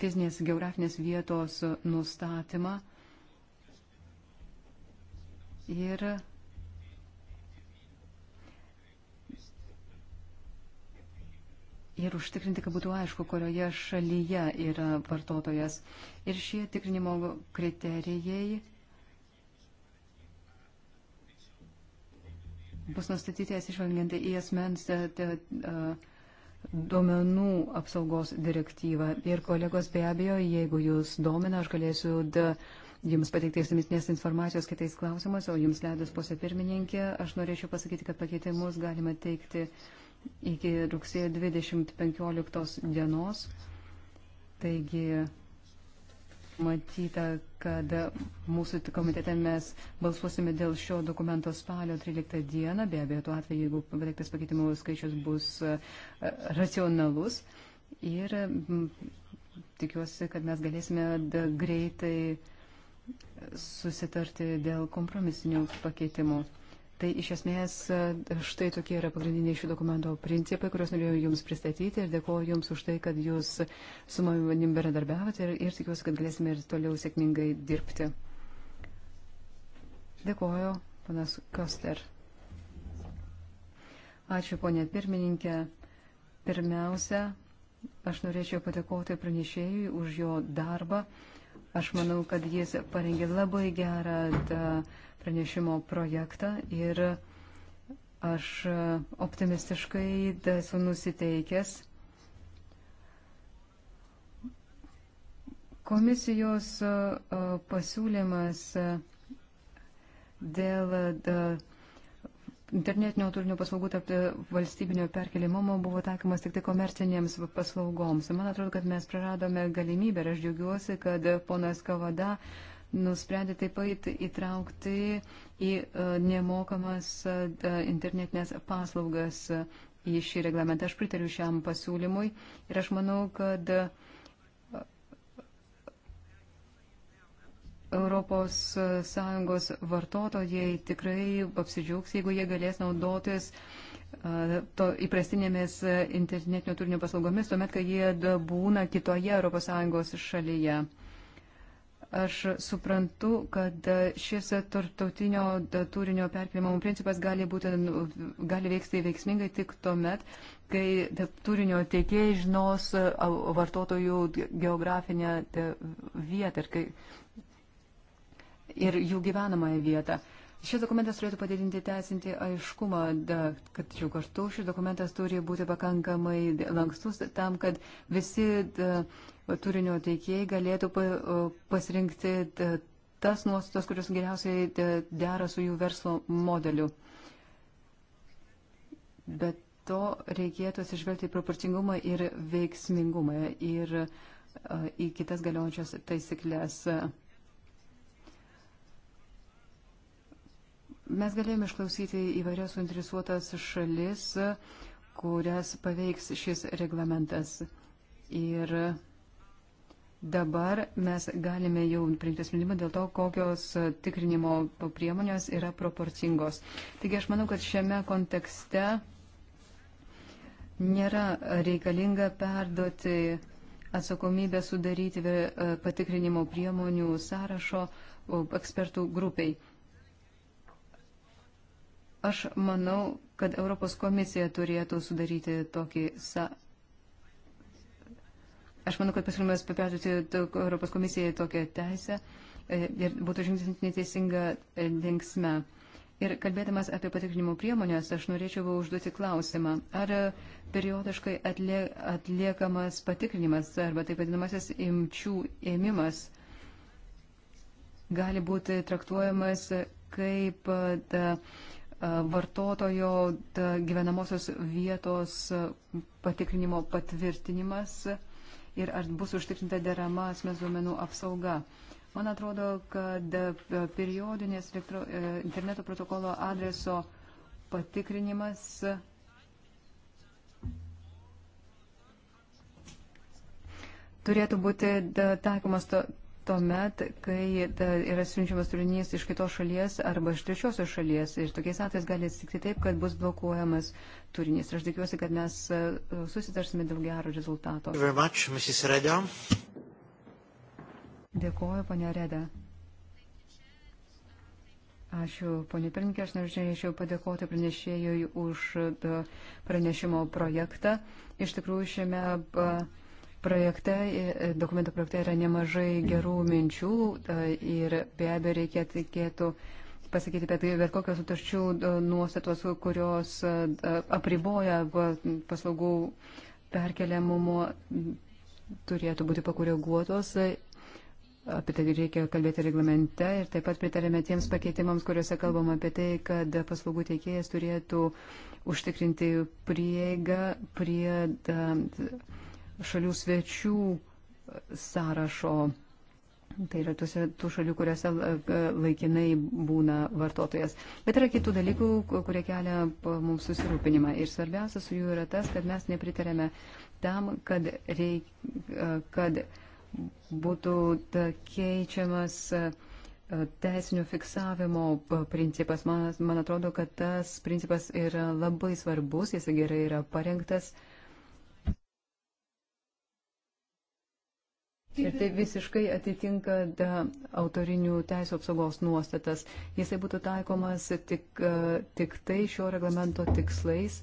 fizinės geografinės vietos nustatymą. Ir ir užtikrinti, kad būtų aišku, kurioje šalyje yra vartotojas. Ir šie tikrinimo kriterijai bus nustatyti atsižvelgiant į asmens e, e, duomenų apsaugos direktyvą. Ir kolegos, be abejo, jeigu jūs domina, aš galėsiu da, jums pateikti išsamesnės informacijos kitais klausimais, o jums leidus posė pirmininkė, aš norėčiau pasakyti, kad pakeitimus galima teikti iki rugsėjo 2015 dienos. Taigi matyta, kad mūsų komitete mes balsuosime dėl šio dokumento spalio 13 dieną, be abejo, tuo atveju, jeigu pateiktas pakeitimų skaičius bus e, racionalus. Ir tikiuosi, kad mes galėsime greitai susitarti dėl kompromisinių pakeitimų. Tai iš esmės e, štai tokie yra pagrindiniai šių dokumento principai, kuriuos norėjau Jums pristatyti ir dėkuoju Jums už tai, kad Jūs su manim bendradarbiavote ir, ir tikiuosi, kad galėsime ir toliau sėkmingai dirbti. Dėkuoju, panas Koster. Ačiū, ponė pirmininkė. Pirmiausia, aš norėčiau padėkoti pranešėjui už jo darbą. Aš manau, kad jis parengė labai gerą pranešimo projektą ir aš optimistiškai esu nusiteikęs. Komisijos pasiūlymas dėl internetinio turinio paslaugų tapti valstybinio perkelimumo buvo taikomas tik tai komercinėms paslaugoms. Man atrodo, kad mes praradome galimybę ir aš džiaugiuosi, kad ponas Kavada nusprendė taip pat įtraukti į e, nemokamas e, internetinės paslaugas į šį reglamentą. Aš pritariu šiam pasiūlymui ir aš manau, kad uh, ES vartotojai tikrai apsidžiaugs, jeigu jie galės naudotis to įprastinėmis internetinio turinio paslaugomis, tuomet, kai jie būna kitoje ES šalyje. Aš suprantu, kad šis tarptautinio turinio perkėlimo principas gali, būti, gali veikti veiksmingai tik tuomet, kai turinio tiekėjai žinos vartotojų geografinę vietą ir kai ir jų gyvenamąją vietą. Šis dokumentas turėtų padidinti teisinti aiškumą, da, kad jau kartu šis dokumentas turi būti pakankamai lankstus tam, kad visi da, turinio teikėjai galėtų pa, pasirinkti da, tas nuostatas, kurios geriausiai da, dera su jų verslo modeliu. Bet to reikėtų atsižvelgti į proporcingumą ir veiksmingumą ir a, į kitas galiojančias taisyklės. A, Mes galėjome išklausyti įvairias suinteresuotas šalis, kurias paveiks šis reglamentas. Ir dabar mes galime jau priimti sprendimą dėl to, kokios tikrinimo priemonės yra proporcingos. Taigi aš manau, kad šiame kontekste nėra reikalinga perduoti atsakomybę sudaryti e, patikrinimo priemonių sąrašo ekspertų grupiai. Aš manau, kad Europos komisija turėtų sudaryti tokį sa... Aš manau, kad pasiūlymas papėtuti Europos komisijai tokią teisę e, ir būtų žingsnis neteisinga e, linksme. Ir kalbėdamas apie patikrinimo priemonės, aš norėčiau užduoti klausimą, ar periodiškai atlie, atliekamas patikrinimas arba taip vadinamasis imčių ėmimas gali būti traktuojamas kaip ta, e, uh, vartotojo gyvenamosios vietos patikrinimo patvirtinimas ir ar bus užtikrinta derama asmens duomenų apsauga. Man atrodo, kad periodinės elektro, e, interneto protokolo adreso patikrinimas turėtų būti taikomas to, tuomet, kai yra siunčiamas turinys iš kitos šalies arba iš trečiosios šalies. Ir tokiais atvejais gali atsitikti taip, kad bus blokuojamas turinys. Ir aš tikiuosi, kad mes e, susitarsime dėl gero rezultato. Much, Dėkuoju, ponia Reda. Ačiū, ponė Pirinkė, aš norėčiau padėkoti pranešėjui už e, pranešimo projektą. Iš tikrųjų, šiame. Uh, projekte, dokumento projekte yra nemažai gerų minčių e, ir be abejo reikėtų pasakyti, bet, tai, bet kokios sutarčių e, nuostatos, kurios e, apriboja paslaugų perkeliamumo, turėtų būti pakoreguotos Apie tai reikia kalbėti reglamente ir taip pat pritarėme tiems pakeitimams, kuriuose kalbama apie tai, kad paslaugų teikėjas turėtų užtikrinti prieigą prie šalių svečių e, sąrašo. Tai yra tuose, tų šalių, kuriuose e, e, laikinai būna vartotojas. Bet yra kitų dalykų, kurie kelia mums susirūpinimą. Ir svarbiausia su jų yra tas, kad mes nepritarėme tam, kad, reik, kad būtų keičiamas teisinio fiksavimo principas. Man, man atrodo, kad tas principas yra labai svarbus, jis gerai yra parengtas. Ir tai visiškai atitinka autorinių teisų apsaugos nuostatas. Jisai būtų taikomas tik, tik tai šio reglamento tikslais.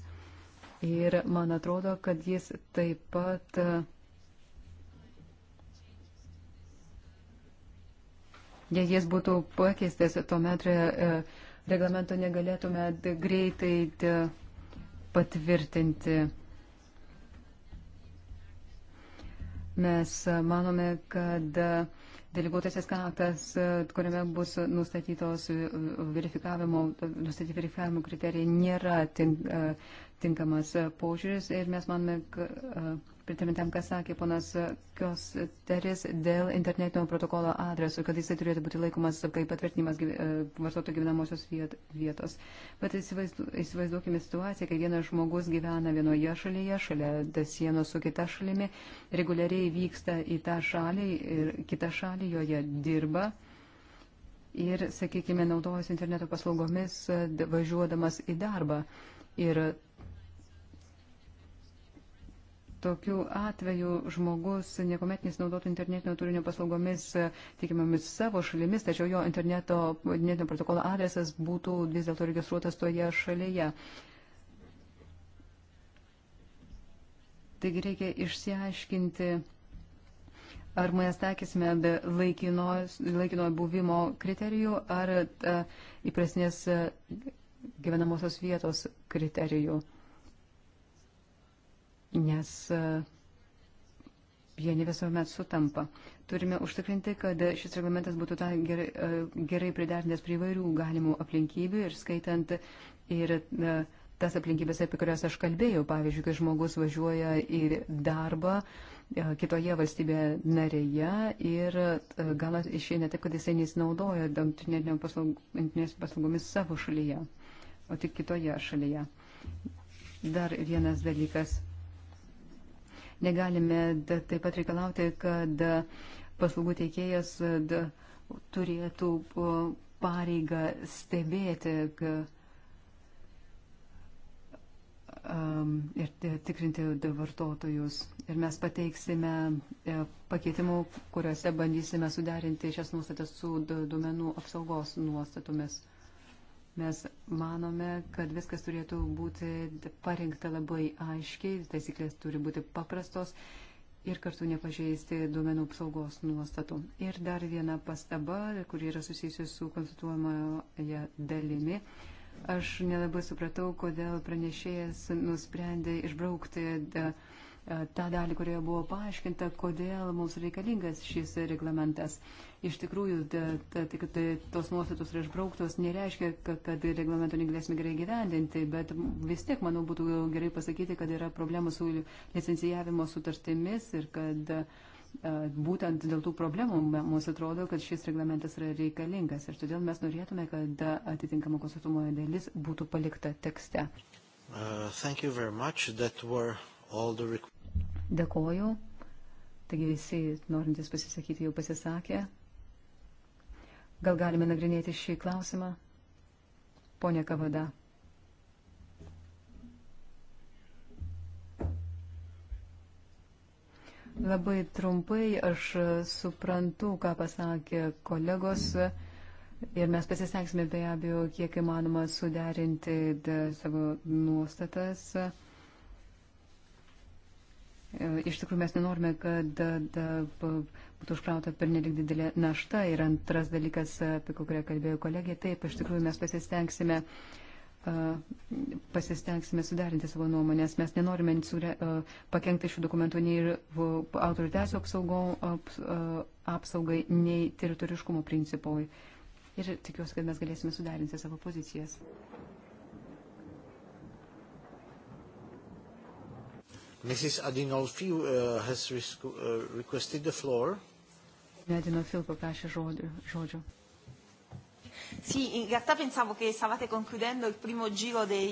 Ir man atrodo, kad jis taip pat. Jei jis būtų pakeistas, tuomet reglamento negalėtume greitai patvirtinti. Mes manome, kad deleguotasis aktas, kuriame bus nustatytos e, verifikavimo, nustatyti verifikavimo kriterijai, nėra tink, e, tinkamas požiūris ir mes manome, kad e, pritamintam, ką sakė ponas Kiosteris dėl internetinio protokolo adreso, kad jisai turėtų būti laikomas kaip patvirtinimas e, vartotojų gyvenamosios vietos. Bet įsivaizduokime situaciją, kai vienas žmogus gyvena vienoje šalyje, šalia sienos su kita šalimi, reguliariai vyksta į tą šalį ir kitą šalį joje dirba. Ir, sakykime, naudojasi interneto paslaugomis važiuodamas į darbą. Ir Tokiu atveju žmogus niekuomet nesinaudotų internetinio turinio paslaugomis e, tikimomis savo šalimis, tačiau jo interneto, internetinio protokolo adresas būtų vis dėlto registruotas toje šalyje. Taigi reikia išsiaiškinti, ar mes takysime laikinojo buvimo kriterijų ar e, įprasnės e, gyvenamosios vietos kriterijų nes e, jie ne visuomet sutampa. Turime užtikrinti, kad šis reglamentas būtų gerai, e, gerai pridarnęs prie įvairių galimų aplinkybių ir skaitant ir e, tas aplinkybės, apie kurias aš kalbėjau, pavyzdžiui, kai žmogus važiuoja į darbą kitoje valstybėje narėje ir gal išeina taip, kad jisai nesinaudoja internetinėmis paslaugomis savo šalyje, o tik kitoje šalyje. Dar vienas dalykas. Negalime taip pat reikalauti, kad paslaugų teikėjas turėtų pareigą stebėti ir e, tikrinti vartotojus. Ir mes pateiksime e, pakeitimų, kuriuose bandysime suderinti šias nuostatas su duomenų apsaugos nuostatomis. Mes manome, kad viskas turėtų būti parinkta labai aiškiai, taisyklės turi būti paprastos ir kartu nepažeisti duomenų apsaugos nuostatų. Ir dar viena pastaba, kuri yra susijusi su konstatuojamoje dalimi. Aš nelabai supratau, kodėl pranešėjas nusprendė išbraukti. Da, de E, tą dalį, kurioje buvo paaiškinta, kodėl mums reikalingas šis reglamentas. Iš tikrųjų, tik tai tos nuostatos yra išbrauktos, nereiškia, kad, kad reglamento negalėsime gerai gyvendinti, bet vis tiek, manau, būtų gerai pasakyti, kad yra problemų su licencijavimo sutartimis ir kad e, būtent dėl tų problemų mums atrodo, kad šis reglamentas yra reikalingas ir todėl mes norėtume, kad atitinkama konsultuojamoji dalis būtų palikta tekste. Uh, Dėkoju. Taigi visi norintys pasisakyti jau pasisakė. Gal galime nagrinėti šį klausimą? Pone Kavada. Labai trumpai aš suprantu, ką pasakė kolegos ir mes pasistengsime be abejo, kiek įmanoma suderinti savo nuostatas. Iš tikrųjų, mes nenorime, kad da, da, būtų užkrauta per nelik didelė našta. Ir antras dalykas, apie kurį kalbėjo kolegė, taip, iš tikrųjų, mes pasistengsime, pasistengsime sudarinti savo nuomonės. Mes nenorime sure, pakengti šių dokumentų nei autorių teisų apsaugai, nei teritoriškumo principui. Ir tikiuosi, kad mes galėsime sudarinti savo pozicijas. Mrs. Adinolfi uh, has uh, requested the floor. Adinolfi paprašė žodžio. Sì, in realtà pensavo che stavate concludendo il primo giro dei...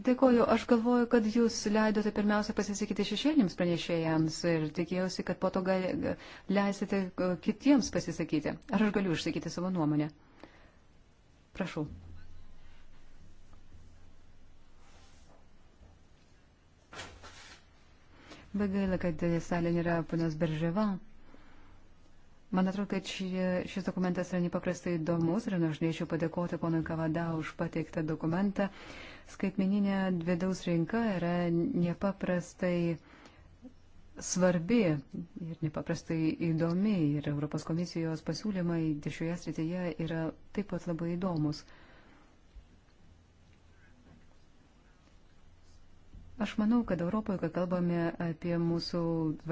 Dėkoju, aš galvoju, kad jūs leidote pirmiausia pasisakyti šešėlėms pranešėjams ir tikėjausi, kad po to gal, leisite uh, kitiems pasisakyti. Ar aš galiu išsakyti savo nuomonę? Prašau. Be gaila, kad salė nėra ponios Berževa. Man atrodo, kad ši, šis dokumentas yra nepaprastai įdomus ir aš norėčiau padėkoti ponui Kavada už pateiktą dokumentą. Skaitmeninė vidaus rinka yra nepaprastai svarbi ir nepaprastai įdomi ir Europos komisijos pasiūlymai šioje srityje yra taip pat labai įdomus. Aš manau, kad Europoje, kai kalbame apie mūsų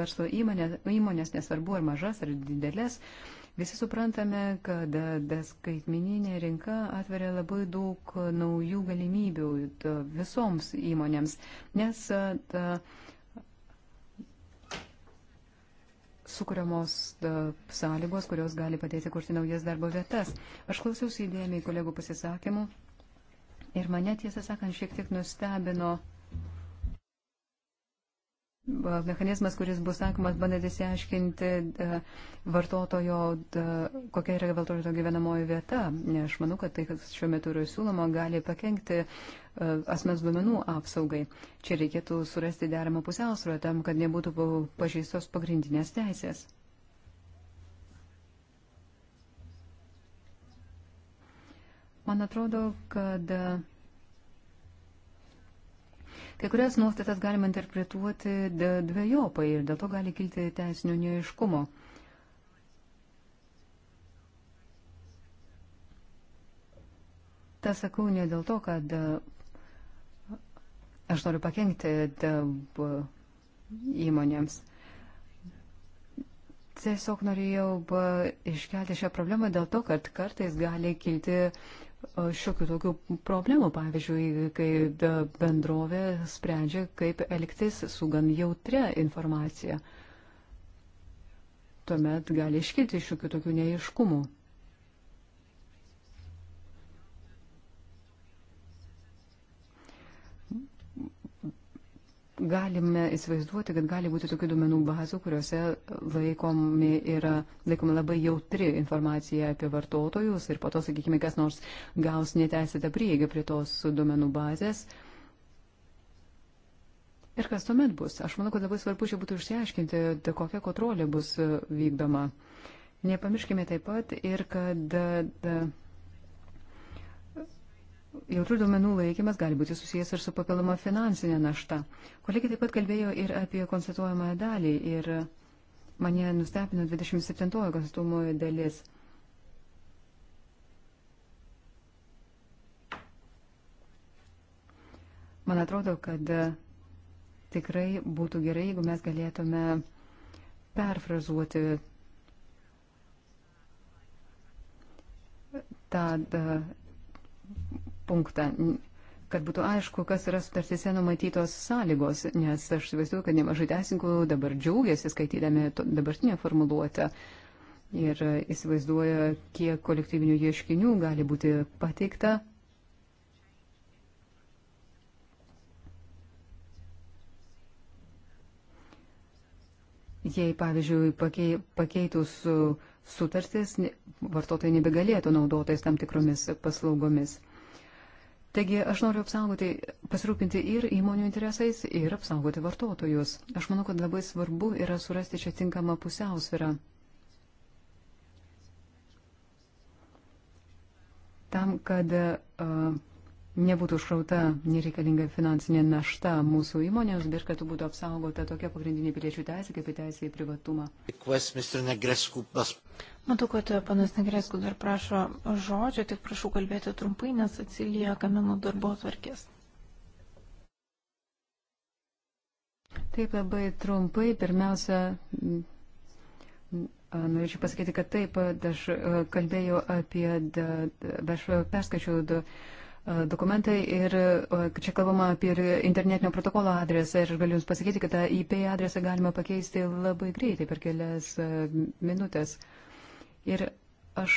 verslo įmonės, įmonės nesvarbu ar mažas, ar didelės, Visi suprantame, kad skaitmininė rinka atveria labai daug naujų galimybių visoms įmonėms, nes ta, sukuriamos ta, sąlygos, kurios gali padėti kurti naujas darbo vietas. Aš klausiausi įdėmiai kolegų pasisakymų ir mane tiesą sakant šiek tiek nustebino mechanizmas, kuris bus sakomas, bandant įsiaiškinti vartotojo, kokia yra vartotojo gyvenamoji vieta. Nes aš manau, kad tai, kas šiuo metu yra siūloma, gali pakengti e, asmens duomenų apsaugai. Čia reikėtų surasti deramą pusiausvyrą tam, kad nebūtų pažeistos pagrindinės teisės. Man atrodo, kad Kai kurias nuostatas galima interpretuoti dviejopai ir dėl to gali kilti teisinio neaiškumo. Ta sakau ne dėl to, kad aš noriu pakengti įmonėms. Tiesiog norėjau iškelti šią problemą dėl to, kad kartais gali kilti šiokių tokių problemų, pavyzdžiui, kai bendrovė sprendžia, kaip elgtis su gan jautria informacija. Tuomet gali iškilti šiokių tokių neiškumų. galime įsivaizduoti, kad gali būti tokių duomenų bazų, kuriuose laikomi yra laikoma labai jautri informacija apie vartotojus ir po to, sakykime, kas nors gaus neteisėtą prieigą prie tos duomenų bazės. Ir kas tuomet bus? Aš manau, kad labai svarbu čia būtų išsiaiškinti, tai kokia kontrolė bus vykdoma. Nepamirškime taip pat ir, kad. Da, da, jautrių duomenų laikymas gali būti susijęs ir su papildoma finansinė našta. Kolegė taip pat kalbėjo ir apie konstatuojamąją dalį ir mane nustebino 27-ojo konstatuojamojo dalis. Man atrodo, kad tikrai būtų gerai, jeigu mes galėtume perfrazuoti tą punktą, kad būtų aišku, kas yra sutartise numatytos sąlygos, nes aš įsivaizduoju, kad nemažai teisinkų dabar džiaugiasi skaitydami dabartinę formuluotę ir įsivaizduoja, kiek kolektyvinių ieškinių gali būti pateikta. Jei, pavyzdžiui, pakei, pakeitus sutartis, vartotojai nebegalėtų naudotis tam tikromis paslaugomis. Taigi aš noriu apsaugoti, pasirūpinti ir įmonių interesais, ir apsaugoti vartotojus. Aš manau, kad labai svarbu yra surasti čia tinkamą pusiausvyrą. Tam, kad uh, nebūtų užkrauta nereikalinga finansinė našta mūsų įmonėms, bet kad būtų apsaugota tokia pagrindinė piliečių teisė kaip teisė į privatumą. Matau, kad panas Negresku dar prašo žodžio, tik prašau kalbėti trumpai, nes atsiliekame nuo darbo atvarkės. Taip labai trumpai, pirmiausia, norėčiau pasakyti, kad taip, aš kalbėjau apie, aš perskaičiau du dokumentai ir čia kalbama apie internetinio protokolo adresą ir aš galiu Jums pasakyti, kad tą IP adresą galima pakeisti labai greitai per kelias minutės. Uh, Ir aš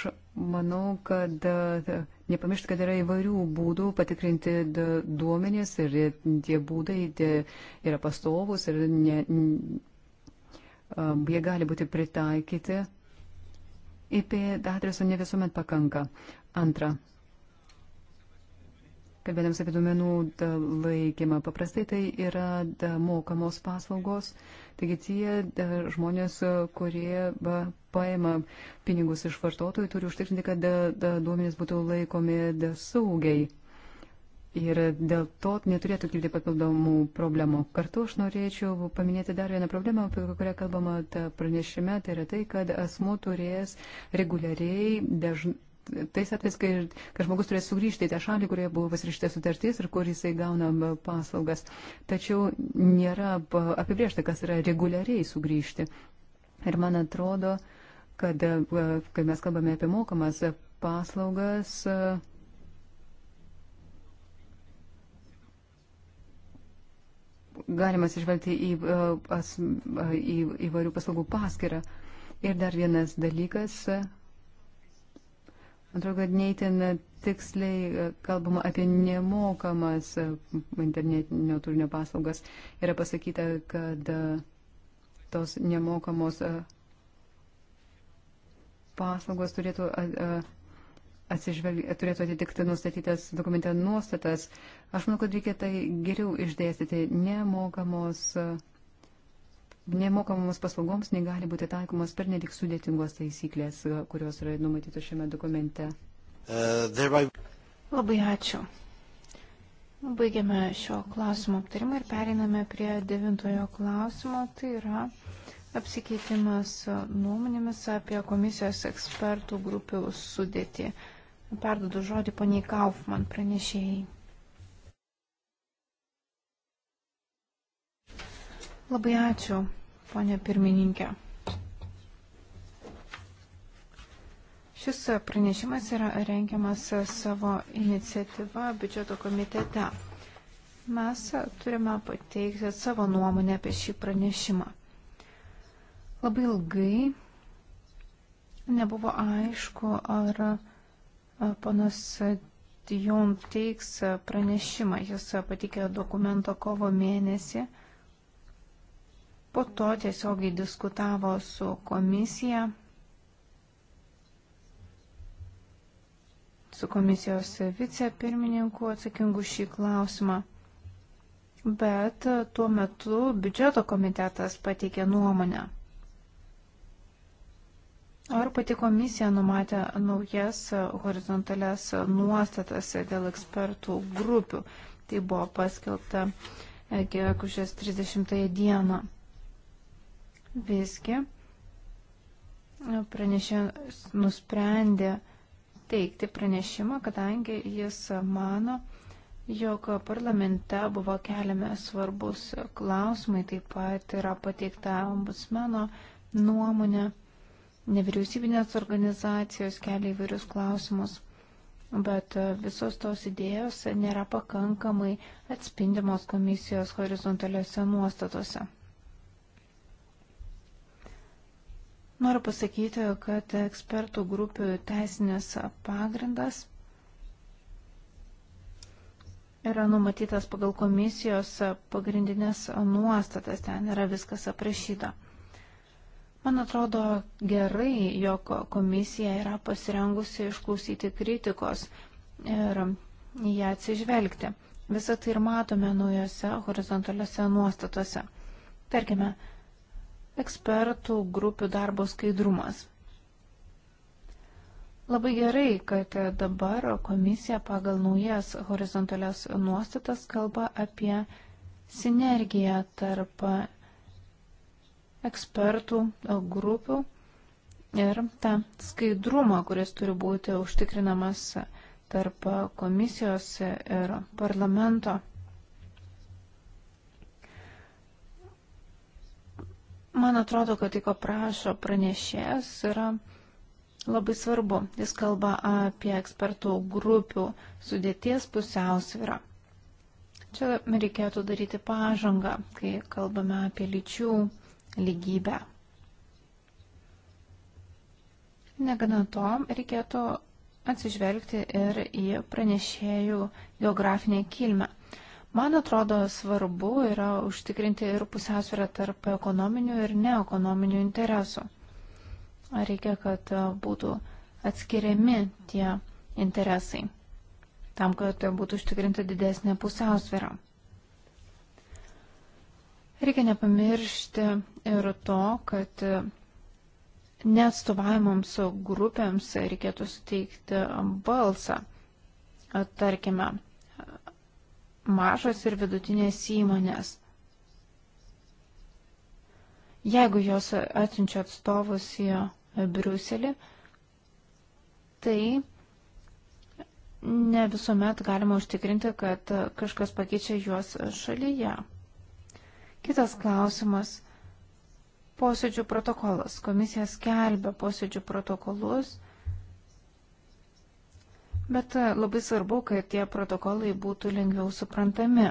manau, kad e, e, nepamiršti, kad yra įvairių būdų patikrinti duomenys ir tie būdai tie yra pastovus ir ne, jie gali būti pritaikyti. IP adreso ne visuomet pakanka. Antra, kalbėdams apie duomenų laikymą. Paprastai tai yra da, mokamos paslaugos. Taigi tie da, žmonės, kurie ba, paima pinigus iš vartotojų, turi užtikrinti, kad da, da, duomenys būtų laikomi da, saugiai. Ir dėl to neturėtų kilti papildomų problemų. Kartu aš norėčiau paminėti dar vieną problemą, apie kurią kalbama ta pranešime, tai yra tai, kad asmo turės reguliariai dažnai tais atvejais, kai, kai žmogus turės sugrįžti į tą šalį, kurioje buvo pasirašyta sutartis ir kur jisai gauna paslaugas. Tačiau nėra apibriešta, kas yra reguliariai sugrįžti. Ir man atrodo, kad e, kai mes kalbame apie mokamas paslaugas, e, galima atsižvelgti į, į, e, į įvairių paslaugų paskirą. Ir dar vienas dalykas, Atrodo, kad neįtin tiksliai e, kalbama apie nemokamas e, internetinio turinio paslaugas. Yra pasakyta, kad e, tos nemokamos paslaugos turėtų, turėtų atitikti nustatytas dokumente nuostatas. Aš manau, kad reikia tai geriau išdėstyti. Nemokamos paslaugos nemokamoms paslaugoms negali būti taikomos per nedik sudėtingos taisyklės, kurios yra numatytos šiame dokumente. Uh, thereby... Labai ačiū. Baigiame šio klausimo aptarimą ir pereiname prie devintojo klausimo. Tai yra apsikeitimas nuomonėmis apie komisijos ekspertų grupių sudėtį. Perdodu žodį poniai Kaufman pranešėjai. Labai ačiū ponė pirmininkė. Šis pranešimas yra rengiamas savo iniciatyva biudžeto komitete. Mes turime pateikti savo nuomonę apie šį pranešimą. Labai ilgai nebuvo aišku, ar panas Dijon teiks pranešimą. Jis patikė dokumento kovo mėnesį Po to tiesiogiai diskutavo su komisija, su komisijos vicepirmininku atsakingu šį klausimą. Bet tuo metu biudžeto komitetas pateikė nuomonę. Ar pati komisija numatė naujas horizontales nuostatas dėl ekspertų grupių? Tai buvo paskelbta gegužės 30 dieną. Visgi pranešėjas nusprendė teikti pranešimą, kadangi jis mano, jog parlamente buvo keliami svarbus klausimai, taip pat yra pateikta ombudsmeno nuomonė, nevyriausybinės organizacijos kelia įvairius klausimus, bet visos tos idėjos nėra pakankamai atspindimos komisijos horizontaliuose nuostatose. Noriu pasakyti, kad ekspertų grupių teisinės pagrindas yra numatytas pagal komisijos pagrindinės nuostatas, ten yra viskas aprašyta. Man atrodo gerai, jog komisija yra pasirengusi išklausyti kritikos ir ją atsižvelgti. Visą tai ir matome naujose horizontaliuose nuostatose. Tarkime, ekspertų grupių darbo skaidrumas. Labai gerai, kad dabar komisija pagal naujas horizontalias nuostatas kalba apie sinergiją tarp ekspertų grupių ir tą skaidrumą, kuris turi būti užtikrinamas tarp komisijos ir parlamento. Man atrodo, kad tai, ko prašo pranešėjas, yra labai svarbu. Jis kalba apie ekspertų grupių sudėties pusiausvyrą. Čia reikėtų daryti pažangą, kai kalbame apie lyčių lygybę. Negana to, reikėtų atsižvelgti ir į pranešėjų geografinę kilmę. Man atrodo svarbu yra užtikrinti ir pusiausvyrą tarp ekonominių ir neekonominių interesų. Reikia, kad e, būtų atskiriami tie interesai, tam, kad būtų užtikrinta didesnė pusiausvyrą. Reikia nepamiršti ir to, kad e, neatstovavimams grupėms reikėtų suteikti balsą. Tarkime, mažos ir vidutinės įmonės. Jeigu jos atsiunčia atstovus į e, Briuselį, tai ne visuomet galima užtikrinti, kad e, kažkas pakeičia juos šalyje. Kitas klausimas. Posėdžių protokolas. Komisija skelbia posėdžių protokolus Bet e, labai svarbu, kad tie protokolai būtų lengviau suprantami.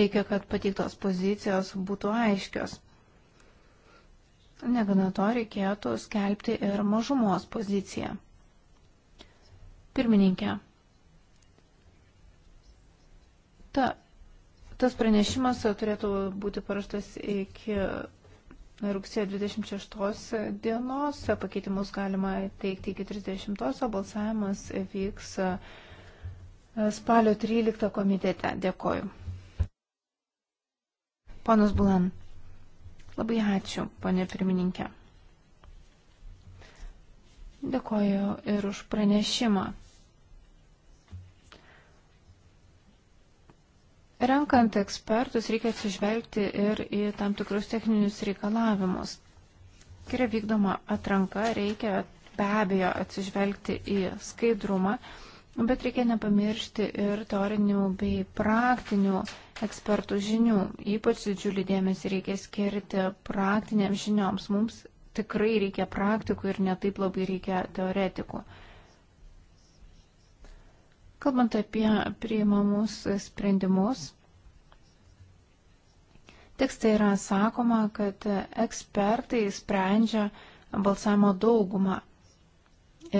Reikia, kad pateiktos pozicijos būtų aiškios. Negana to reikėtų skelbti ir mažumos poziciją. Pirmininkė. Ta, tas pranešimas turėtų būti paraštas iki rugsėjo 26 dienos. Pakeitimus galima teikti iki 30, o balsavimas vyks e, spalio 13 komitete. Dėkoju. Ponas Bulan, labai ačiū, ponė pirmininkė. Dėkoju ir už pranešimą. Renkant ekspertus reikia atsižvelgti ir į tam tikrus techninius reikalavimus. Kai yra vykdoma atranka, reikia be abejo atsižvelgti į skaidrumą, bet reikia nepamiršti ir teorinių bei praktinių ekspertų žinių. Ypač didžiulį dėmesį reikia skirti praktiniams žinioms. Mums tikrai reikia praktikų ir netaip labai reikia teoretikų. Kalbant apie priimamus sprendimus, tekste yra sakoma, kad ekspertai sprendžia balsavimo daugumą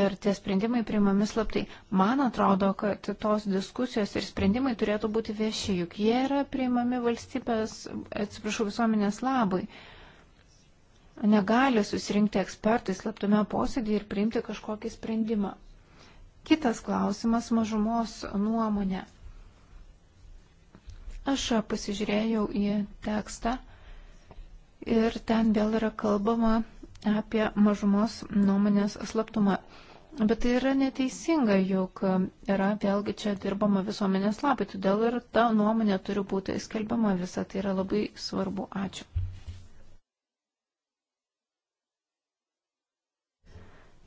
ir tie sprendimai priimami slaptai. Man atrodo, kad tos diskusijos ir sprendimai turėtų būti vieši, juk jie yra priimami valstybės, atsiprašau, visuomenės labai. Negali susirinkti ekspertai slaptame posėdėje ir priimti kažkokį sprendimą. Kitas klausimas - mažumos nuomonė. Aš pasižiūrėjau į tekstą ir ten vėl yra kalbama apie mažumos nuomonės slaptumą. Bet tai yra neteisinga, juk yra vėlgi čia dirbama visuomenės lapai, todėl ir ta nuomonė turi būti skelbiama visą, tai yra labai svarbu. Ačiū.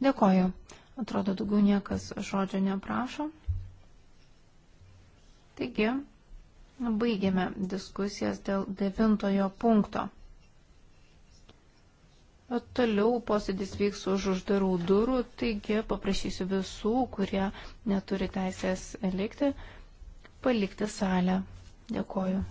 Dėkoju. Atrodo, daugiau niekas žodžio neprašo. Taigi, baigėme diskusijas dėl devintojo punkto. O toliau posėdis vyks už uždarų durų, taigi paprašysiu visų, kurie neturi teisės likti, palikti salę. Dėkoju.